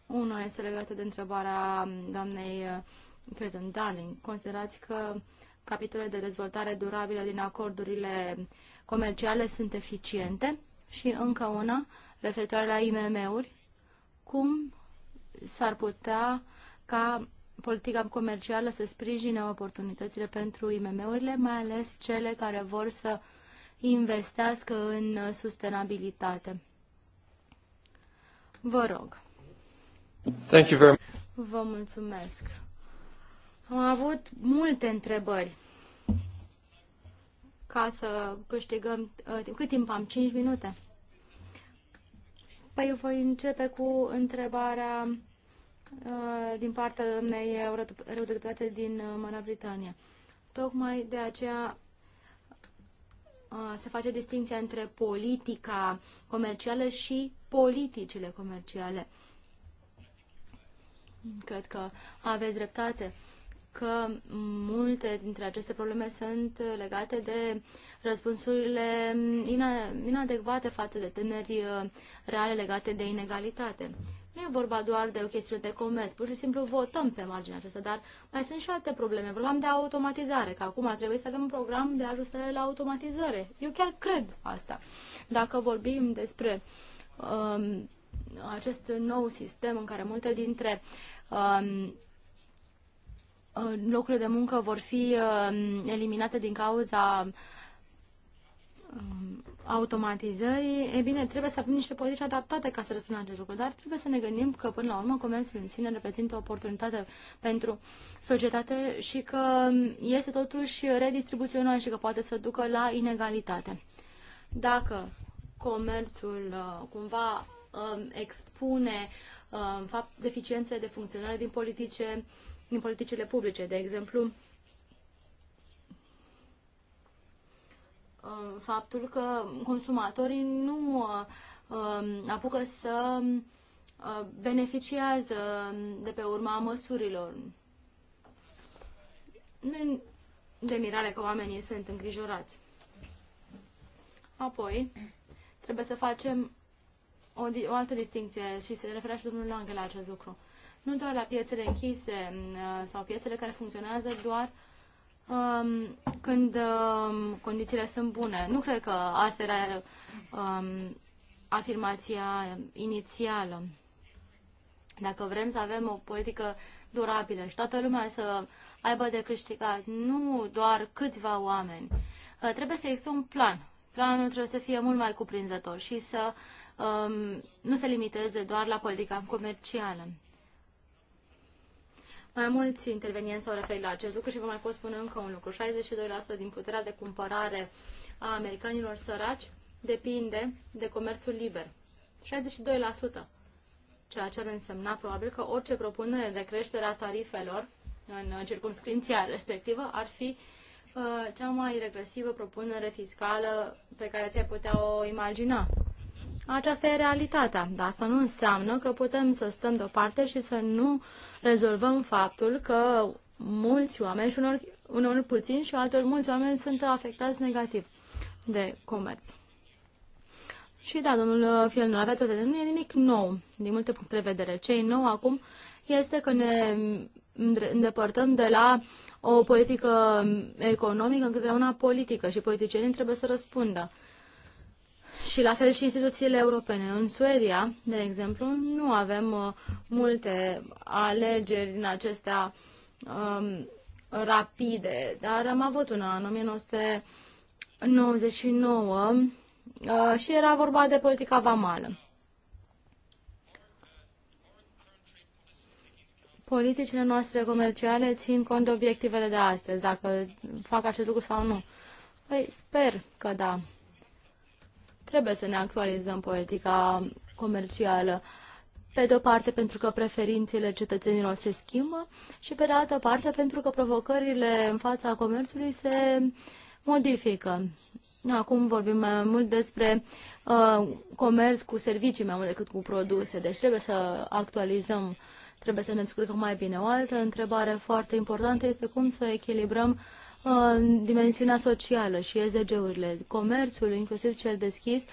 Una este legată de întrebarea doamnei uh, Creighton Darling. Considerați că capitolele de dezvoltare durabilă din acordurile comerciale sunt eficiente? Și încă una, referitoare la IMM-uri, cum s-ar putea ca politica comercială să sprijine oportunitățile pentru IMM-urile, mai ales cele care vor să investească în sustenabilitate. Vă rog. Thank you very much. Vă mulțumesc. Am avut multe întrebări. Ca să câștigăm... Uh, cât timp am? 5 minute? Păi voi începe cu întrebarea Uh, din partea unei eurodeputate din uh, Marea Britanie. Tocmai de aceea uh, se face distinția între politica comercială și politicile comerciale. Cred că aveți dreptate că multe dintre aceste probleme sunt legate de răspunsurile inadecvate față de tineri reale legate de inegalitate. Nu e vorba doar de o chestiune de comerț, pur și simplu votăm pe marginea aceasta, dar mai sunt și alte probleme. Vorbeam de automatizare, că acum ar trebui să avem un program de ajustare la automatizare. Eu chiar cred asta. Dacă vorbim despre um, acest nou sistem în care multe dintre um, uh, locurile de muncă vor fi um, eliminate din cauza automatizării, e bine, trebuie să avem niște politici adaptate ca să răspundem acest lucru, dar trebuie să ne gândim că, până la urmă, comerțul în sine reprezintă o oportunitate pentru societate și că este totuși redistribuțional și că poate să ducă la inegalitate. Dacă comerțul uh, cumva um, expune um, fapt, de funcționare din, politice, din politicile publice, de exemplu, Um, faptul că consumatorii nu um, apucă să uh, beneficiază de pe urma măsurilor. Nu de mirare că oamenii sunt îngrijorați. Apoi, trebuie să facem o, o altă distinție și se referă și domnul Lange la acest lucru. Nu doar la piețele închise uh, sau piețele care funcționează doar uh, um, când um, condițiile sunt bune. Nu cred că asta era um, afirmația inițială. Dacă vrem să avem o politică durabilă și toată lumea să aibă de câștigat, nu doar câțiva oameni, uh, trebuie să existe un plan. Planul trebuie să fie mult mai cuprinzător și să um, nu se limiteze doar la politica comercială. Mai mulți intervenienți s-au referit la acest lucru și vă mai pot spune încă un lucru. 62% din puterea de cumpărare a americanilor săraci depinde de comerțul liber. 62%. Ceea ce ar însemna probabil că orice propunere de creștere a tarifelor în circumscripția respectivă ar fi uh, cea mai regresivă propunere fiscală pe care ți-ai putea o imagina. Aceasta e realitatea, dar asta nu înseamnă că putem să stăm deoparte și să nu rezolvăm faptul că mulți oameni și unor, unor puțini și altor mulți oameni sunt afectați negativ de comerț. Și da, domnul nu avea toate, nu e nimic nou din multe puncte de vedere. Ce e nou acum este că ne îndepărtăm de la o politică economică încât la una politică și politicienii trebuie să răspundă și la fel și instituțiile europene. În Suedia, de exemplu, nu avem uh, multe alegeri din acestea um, rapide, dar am avut una în 1999 uh, și era vorba de politica vamală. Politicile noastre comerciale țin cont de obiectivele de astăzi, dacă fac acest lucru sau nu. Păi sper că da. Trebuie să ne actualizăm politica comercială. Pe de o parte pentru că preferințele cetățenilor se schimbă și pe de altă parte pentru că provocările în fața comerțului se modifică. Acum vorbim mai mult despre uh, comerț cu servicii mai mult decât cu produse, deci trebuie să actualizăm, trebuie să ne descurcăm mai bine. O altă întrebare foarte importantă este cum să echilibrăm uh, dimensiunea socială și SDG-urile. Comerțul, inclusiv cel deschis,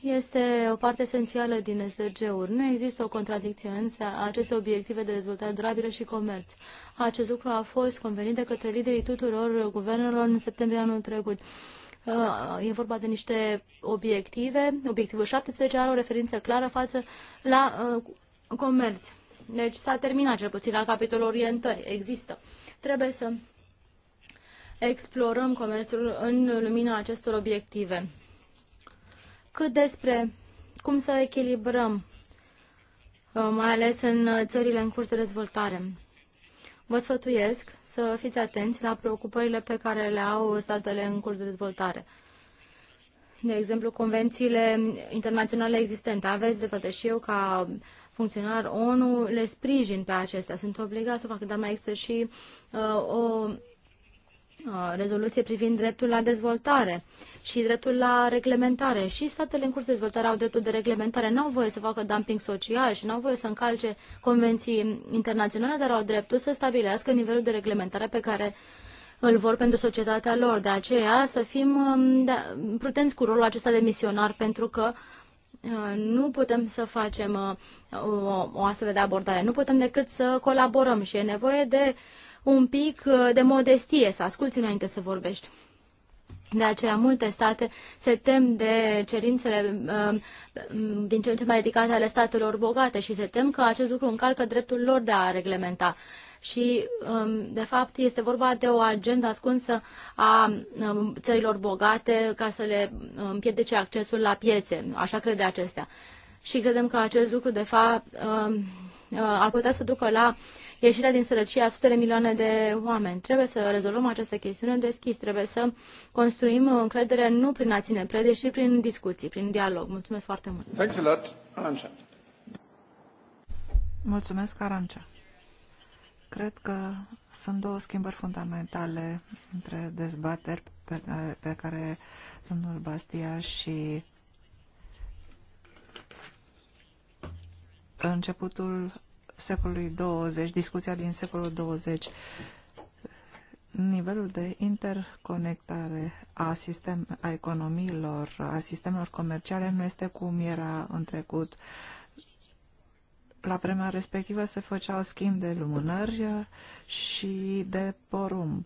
este o parte esențială din SDG-uri. Nu există o contradicție însă aceste obiective de dezvoltare durabilă și comerț. Acest lucru a fost convenit de către liderii tuturor guvernelor în septembrie anul trecut. Uh, e vorba de niște obiective. Obiectivul 17 are o referință clară față la uh, comerț. Deci s-a terminat cel puțin la capitolul orientări. Există. Trebuie să explorăm comerțul în lumina acestor obiective. Cât despre cum să echilibrăm, uh, mai ales în țările în curs de dezvoltare. Vă sfătuiesc să fiți atenți la preocupările pe care le au statele în curs de dezvoltare. De exemplu, convențiile internaționale existente. Aveți dreptate și eu ca funcționar ONU le sprijin pe acestea. Sunt obligați să facă, dar mai există și uh, o Uh, rezoluție privind dreptul la dezvoltare și dreptul la reglementare. Și statele în curs de dezvoltare au dreptul de reglementare, n-au voie să facă dumping social și n-au voie să încalce convenții internaționale, dar au dreptul să stabilească nivelul de reglementare pe care îl vor pentru societatea lor. De aceea să fim um, prudenți cu rolul acesta de misionar, pentru că uh, nu putem să facem uh, o, o astfel de abordare. Nu putem decât să colaborăm și e nevoie de un pic uh, de modestie, să asculți înainte să vorbești. De aceea, multe state se tem de cerințele um, um, din ce în ce mai ridicate ale statelor bogate și se tem că acest lucru încalcă dreptul lor de a reglementa. Și, um, de fapt, este vorba de o agendă ascunsă a țărilor bogate ca să le împiedice accesul la piețe, așa crede acestea. Și credem că acest lucru, de fapt, Uh, ar putea să ducă la ieșirea din sărăcie a sute de milioane de oameni. Trebuie să rezolvăm această chestiune deschis, trebuie să construim încredere nu prin a ține prede, ci prin discuții, prin dialog. Mulțumesc foarte mult! Thanks a lot, Arancea. Mulțumesc, Arancea. Cred că sunt două schimbări fundamentale între dezbateri pe care, pe care domnul Bastia și începutul secolului 20, discuția din secolul 20, nivelul de interconectare a, sistem, a economiilor, a sistemelor comerciale nu este cum era în trecut. La vremea respectivă se făceau schimb de lumânări și de porumb.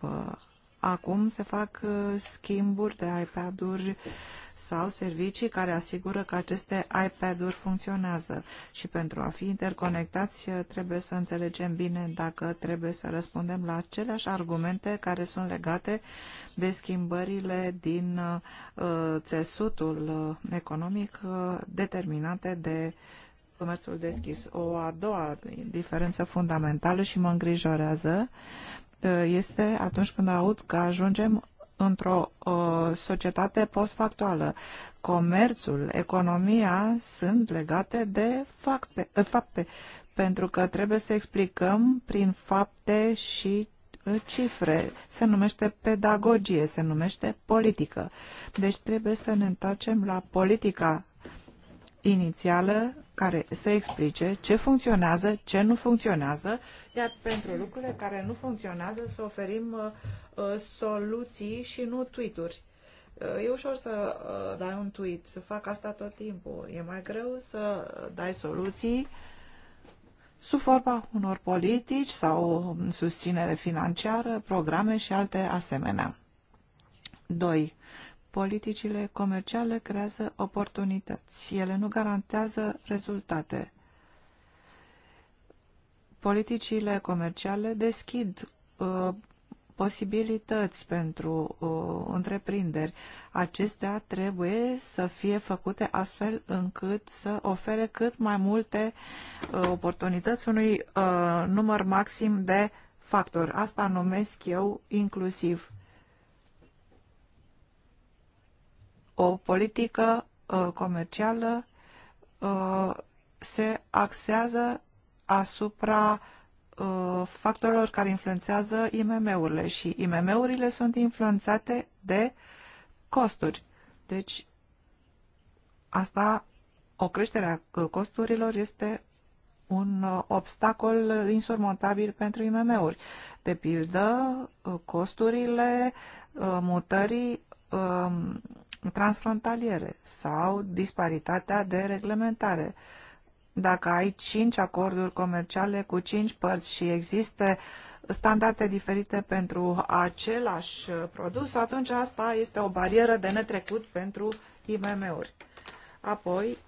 Acum se fac schimburi de iPad-uri, sau servicii care asigură că aceste iPad-uri funcționează și pentru a fi interconectați trebuie să înțelegem bine dacă trebuie să răspundem la aceleași argumente care sunt legate de schimbările din uh, țesutul uh, economic uh, determinate de comerțul deschis. O a doua diferență fundamentală și mă îngrijorează uh, este atunci când aud că ajungem într-o uh, societate postfactuală. Comerțul, economia sunt legate de fapte, uh, fapte, pentru că trebuie să explicăm prin fapte și uh, cifre. Se numește pedagogie, se numește politică. Deci trebuie să ne întoarcem la politica inițială care să explice ce funcționează, ce nu funcționează, iar pentru lucrurile care nu funcționează să oferim Uh, soluții și nu tweet-uri. Uh, e ușor să uh, dai un tweet, să fac asta tot timpul. E mai greu să dai soluții sub forma unor politici sau susținere financiară, programe și alte asemenea. 2. Politicile comerciale creează oportunități. Ele nu garantează rezultate. Politicile comerciale deschid uh, posibilități pentru uh, întreprinderi. Acestea trebuie să fie făcute astfel încât să ofere cât mai multe uh, oportunități unui uh, număr maxim de factori. Asta numesc eu inclusiv o politică uh, comercială uh, se axează asupra uh, Uh, factorilor care influențează IMM-urile și IMM-urile sunt influențate de costuri. Deci, asta, o creștere a uh, costurilor este un uh, obstacol insurmontabil pentru IMM-uri. De pildă, costurile mutării um, transfrontaliere sau disparitatea de reglementare dacă ai cinci acorduri comerciale cu cinci părți și există standarde diferite pentru același produs, atunci asta este o barieră de netrecut pentru IMM-uri. Apoi,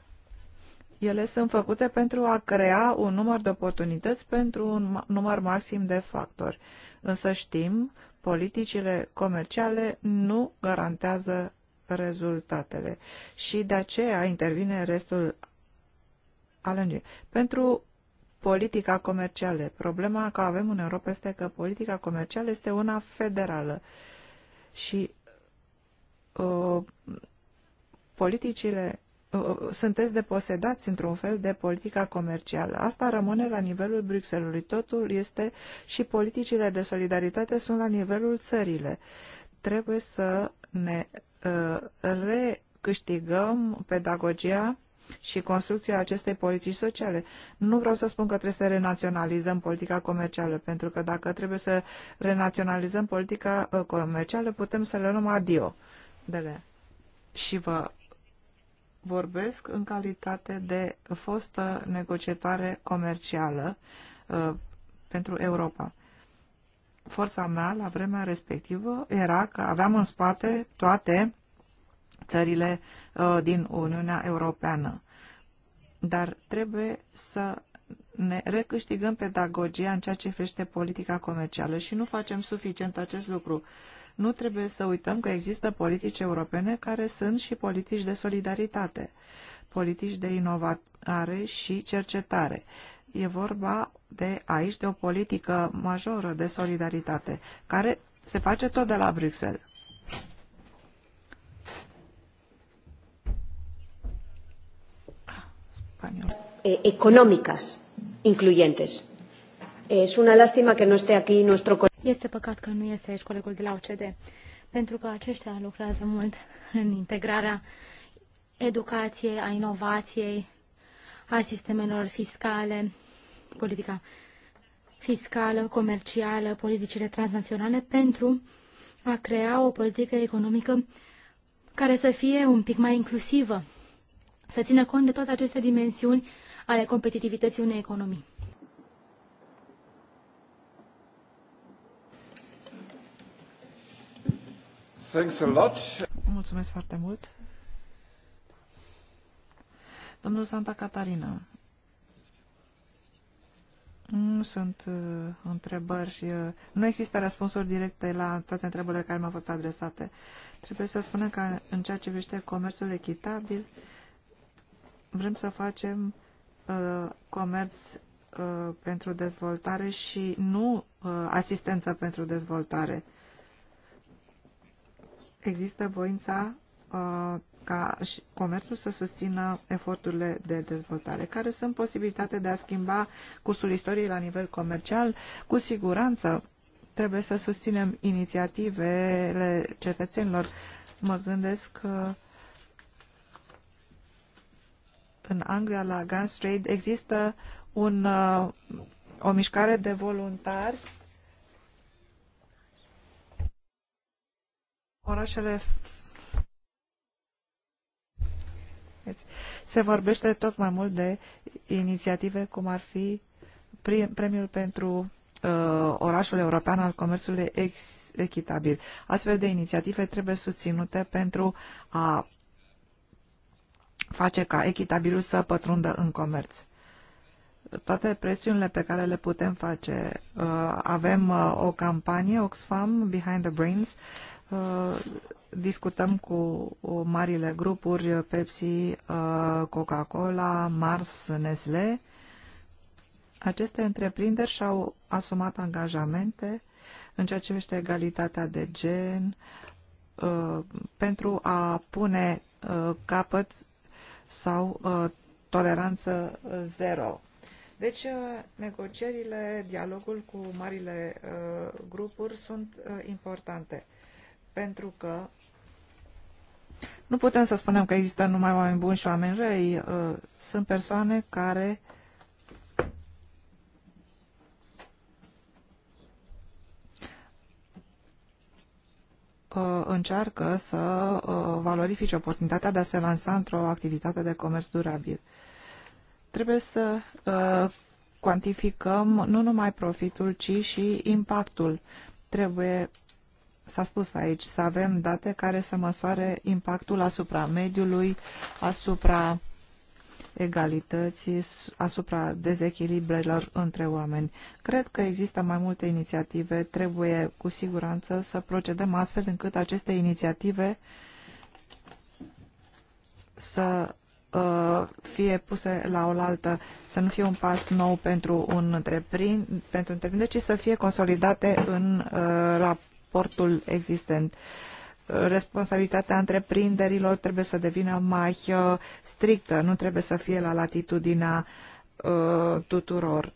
ele sunt făcute pentru a crea un număr de oportunități pentru un număr maxim de factori. Însă știm, politicile comerciale nu garantează rezultatele și de aceea intervine restul alânge. Pentru politica comercială, problema că avem în Europa este că politica comercială este una federală și uh, politicile uh, uh, sunteți deposedați într-un fel de politica comercială. Asta rămâne la nivelul Bruxellesului. Totul este și politicile de solidaritate sunt la nivelul țările. Trebuie să ne uh, recâștigăm pedagogia și construcția acestei politici sociale. Nu vreau să spun că trebuie să renaționalizăm politica comercială, pentru că dacă trebuie să renaționalizăm politica uh, comercială, putem să le luăm adio de le. Și vă vorbesc în calitate de fostă negociatoare comercială uh, pentru Europa. Forța mea la vremea respectivă era că aveam în spate toate țările uh, din Uniunea Europeană. Dar trebuie să ne recâștigăm pedagogia în ceea ce privește politica comercială și nu facem suficient acest lucru. Nu trebuie să uităm că există politici europene care sunt și politici de solidaritate, politici de inovare și cercetare. E vorba de aici de o politică majoră de solidaritate, care se face tot de la Bruxelles. años. Eh, económicas, incluyentes. Es una lástima que no esté aquí nuestro Este păcat că nu este aici colegul de la OCD, pentru că aceștia lucrează mult în integrarea educației, a inovației, a sistemelor fiscale, politica fiscală, comercială, politicile transnaționale pentru a crea o politică economică care să fie un pic mai inclusivă să țină cont de toate aceste dimensiuni ale competitivității unei economii. Thanks a lot. Mulțumesc foarte mult. Domnul Santa Catarina, nu sunt uh, întrebări. Uh, nu există răspunsuri directe la toate întrebările care mi-au fost adresate. Trebuie să spunem că în ceea ce privește comerțul echitabil, uh, Vrem să facem uh, comerț uh, pentru dezvoltare și nu uh, asistență pentru dezvoltare. Există voința uh, ca și comerțul să susțină eforturile de dezvoltare. Care sunt posibilitatea de a schimba cursul istoriei la nivel comercial? Cu siguranță trebuie să susținem inițiativele cetățenilor. Mă gândesc că în Anglia, la Gun Street, există un, uh, o mișcare de voluntari orașele se vorbește tot mai mult de inițiative cum ar fi premiul pentru uh, orașul european al comerțului ex echitabil. Astfel de inițiative trebuie susținute pentru a face ca echitabilul să pătrundă în comerț. Toate presiunile pe care le putem face. Uh, avem uh, o campanie Oxfam Behind the Brains. Uh, discutăm cu marile grupuri Pepsi, Coca-Cola, Mars, Nestlé. Aceste întreprinderi și-au asumat angajamente în ceea ce privește egalitatea de gen, pentru a pune capăt sau uh, toleranță uh, zero. Deci, uh, negocierile, dialogul cu marile uh, grupuri sunt uh, importante, pentru că nu putem să spunem că există numai oameni buni și oameni răi. Uh, sunt persoane care Uh, încearcă să uh, valorifice oportunitatea de a se lansa într-o activitate de comerț durabil. Trebuie să uh, cuantificăm nu numai profitul, ci și impactul. Trebuie, s-a spus aici, să avem date care să măsoare impactul asupra mediului, asupra egalității, asupra dezechilibrelor între oameni. Cred că există mai multe inițiative, trebuie cu siguranță să procedăm astfel încât aceste inițiative să uh, fie puse la oaltă, să nu fie un pas nou pentru un întreprind, pentru întreprindere, ci să fie consolidate în uh, raportul existent. Uh, responsabilitatea întreprinderilor trebuie să devină mai uh, strictă, nu trebuie să fie la latitudinea uh, tuturor.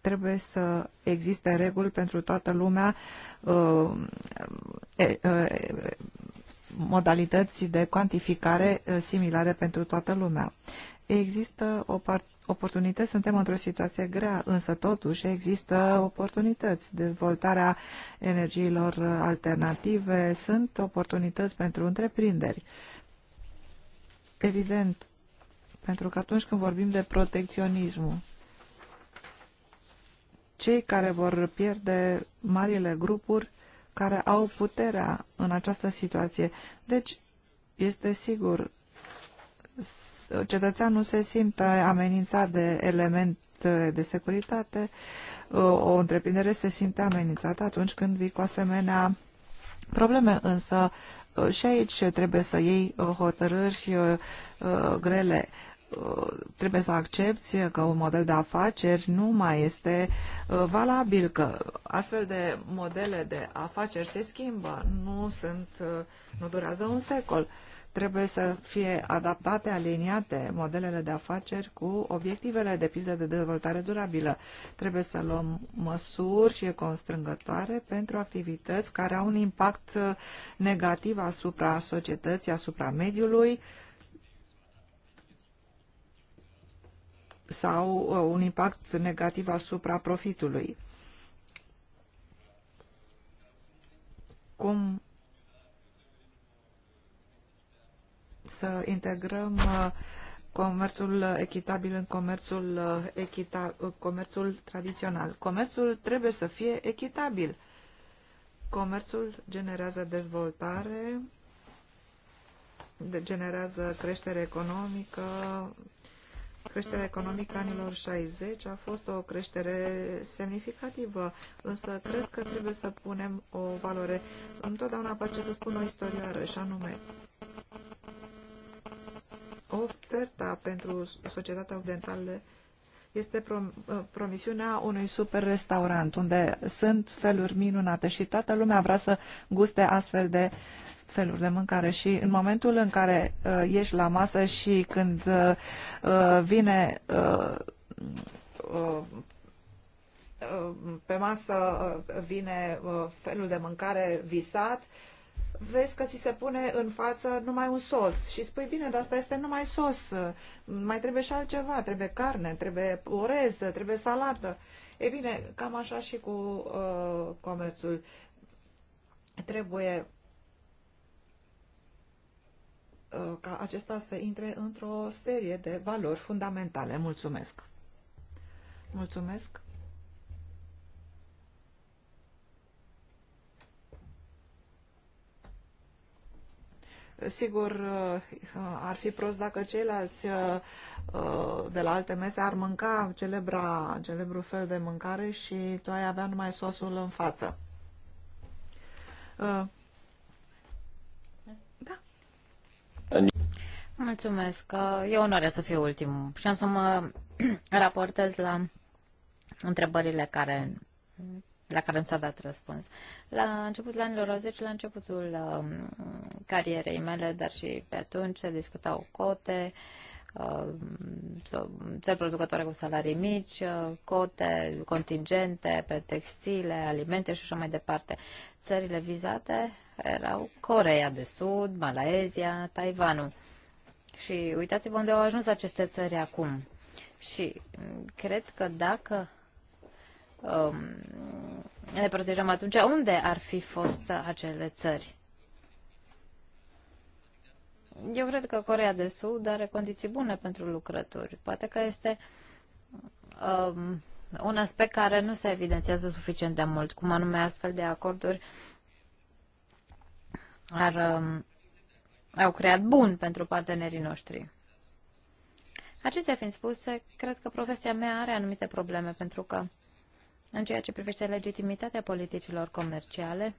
Trebuie să existe reguli pentru toată lumea, uh, modalități de cuantificare similare pentru toată lumea. Există o parte oportunități, suntem într-o situație grea, însă totuși există oportunități. Dezvoltarea energiilor alternative sunt oportunități pentru întreprinderi. Evident, pentru că atunci când vorbim de protecționism, cei care vor pierde marile grupuri care au puterea în această situație. Deci, este sigur cetățeanul se simte amenințat de elemente de securitate, o întreprindere se simte amenințată atunci când vii cu asemenea probleme, însă uh, și aici trebuie să iei uh, hotărâri uh, grele trebuie să accepti că un model de afaceri nu mai este valabil, că astfel de modele de afaceri se schimbă, nu sunt, nu durează un secol. Trebuie să fie adaptate, aliniate modelele de afaceri cu obiectivele de pildă de dezvoltare durabilă. Trebuie să luăm măsuri și constrângătoare pentru activități care au un impact negativ asupra societății, asupra mediului, sau uh, un impact negativ asupra profitului. Cum să integrăm uh, comerțul echitabil în comerțul, uh, echita, uh, comerțul tradițional. Comerțul trebuie să fie echitabil. Comerțul generează dezvoltare, generează creștere economică. Creșterea economică anilor 60 a fost o creștere semnificativă, însă cred că trebuie să punem o valoare. Întotdeauna place să spun o istorioară, și anume, Oferta pentru societatea occidentală este uh, promisiunea unui super restaurant unde sunt feluri minunate și toată lumea vrea să guste astfel de feluri de mâncare și în momentul în care uh, ieși la masă și când uh, uh vine uh, uh, uh, pe masă vine felul de mâncare visat, vezi că ți se pune în față numai un sos și spui, bine, dar asta este numai sos, mai trebuie și altceva, trebuie carne, trebuie orez, trebuie salată. E bine, cam așa și cu uh, comerțul. Trebuie uh, ca acesta să intre într-o serie de valori fundamentale. Mulțumesc! Mulțumesc! Sigur, uh, ar fi prost dacă ceilalți uh, uh, de la alte mese ar mânca celebra, celebrul fel de mâncare și tu ai avea numai sosul în față. Da. Mulțumesc. E onoare să fiu ultimul și am să mă raportez la întrebările care la care nu s-a dat răspuns. La începutul anilor 90, la începutul um, carierei mele, dar și pe atunci, se discutau cote, um, țări producătoare cu salarii mici, uh, cote, contingente pe textile, alimente și așa mai departe. Țările vizate erau Coreea de Sud, Malaezia, Taiwanul. Și uitați-vă unde au ajuns aceste țări acum. Și um, cred că dacă Um, ne protejăm atunci, unde ar fi fost acele țări? Eu cred că Corea de Sud are condiții bune pentru lucrători. Poate că este um, un aspect care nu se evidențiază suficient de mult, cum anume astfel de acorduri ar, um, au creat bun pentru partenerii noștri. Acestea fiind spuse, cred că profesia mea are anumite probleme, pentru că în ceea ce privește legitimitatea politicilor comerciale,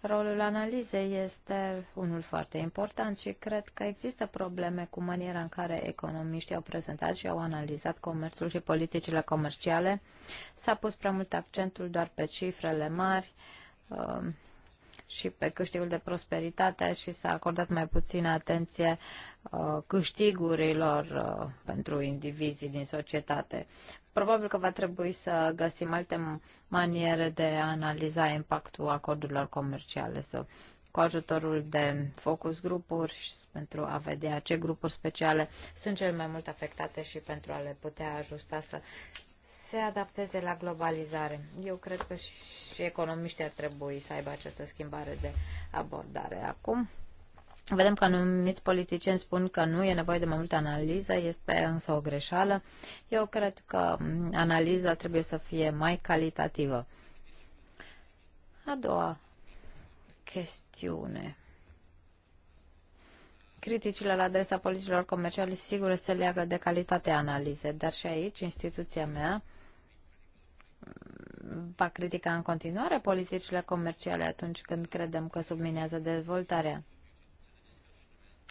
rolul analizei este unul foarte important și cred că există probleme cu maniera în care economiștii au prezentat și au analizat comerțul și politicile comerciale. S-a pus prea mult accentul doar pe cifrele mari, um, și pe câștigul de prosperitate și s-a acordat mai puțină atenție uh, câștigurilor uh, pentru indivizii din societate. Probabil că va trebui să găsim alte maniere de a analiza impactul acordurilor comerciale, să cu ajutorul de focus grupuri pentru a vedea ce grupuri speciale sunt cel mai mult afectate și pentru a le putea ajusta să se adapteze la globalizare. Eu cred că și economiștii ar trebui să aibă această schimbare de abordare. Acum, vedem că anumiți politicieni spun că nu e nevoie de mai multă analiză, este însă o greșeală. Eu cred că analiza trebuie să fie mai calitativă. A doua chestiune criticile la adresa politicilor comerciale sigur se leagă de calitatea analizei, dar și aici instituția mea va critica în continuare politicile comerciale atunci când credem că subminează dezvoltarea.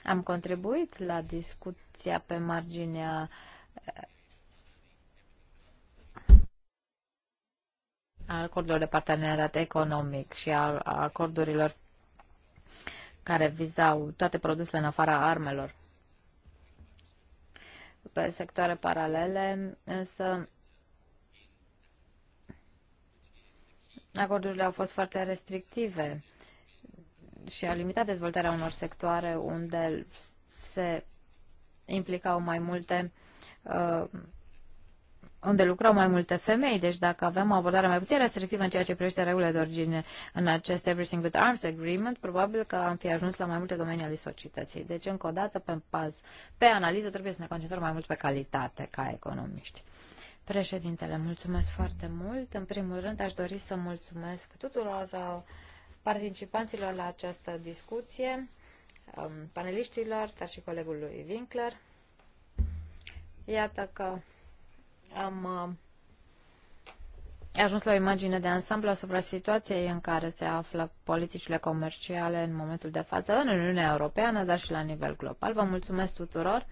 Am contribuit la discuția pe marginea eh, acordurilor de parteneriat economic și a acordurilor care vizau toate produsele în afara armelor. Pe sectoare paralele, însă, acordurile au fost foarte restrictive și a limitat dezvoltarea unor sectoare unde se implicau mai multe uh, unde lucrau mai multe femei, deci dacă avem o abordare mai puțin restrictivă în ceea ce privește regulile de origine în acest Everything with Arms Agreement, probabil că am fi ajuns la mai multe domenii ale societății. Deci, încă o dată, pe, paz, pe analiză trebuie să ne concentrăm mai mult pe calitate ca economiști. Președintele, mulțumesc foarte mult. În primul rând, aș dori să mulțumesc tuturor uh, participanților la această discuție, um, paneliștilor, dar și colegului Winkler. Iată că am uh, ajuns la o imagine de ansamblu asupra situației în care se află politicile comerciale în momentul de față în Uniunea Europeană, dar și la nivel global. Vă mulțumesc tuturor.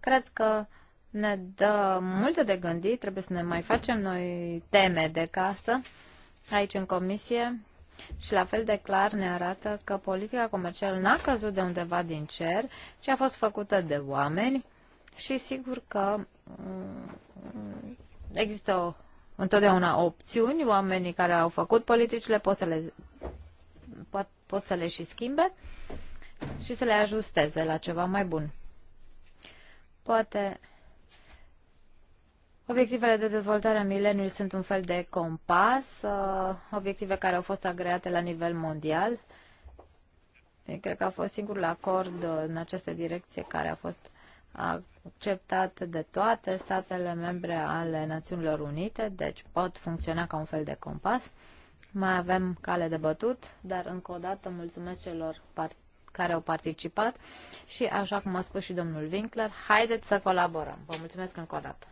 Cred că ne dă multe de gândit, trebuie să ne mai facem noi teme de casă aici în comisie și la fel de clar ne arată că politica comercială n-a căzut de undeva din cer, ci a fost făcută de oameni și sigur că mm, există o, întotdeauna opțiuni, oamenii care au făcut politicile pot să le, pot, pot să le și schimbe și să le ajusteze la ceva mai bun. Poate Obiectivele de dezvoltare a mileniului sunt un fel de compas, uh, obiective care au fost agreate la nivel mondial. Cred că a fost singurul acord uh, în această direcție care a fost acceptat de toate statele membre ale Națiunilor Unite, deci pot funcționa ca un fel de compas. Mai avem cale de bătut, dar încă o dată mulțumesc celor care au participat și, așa cum a spus și domnul Winkler, haideți să colaborăm. Vă mulțumesc încă o dată.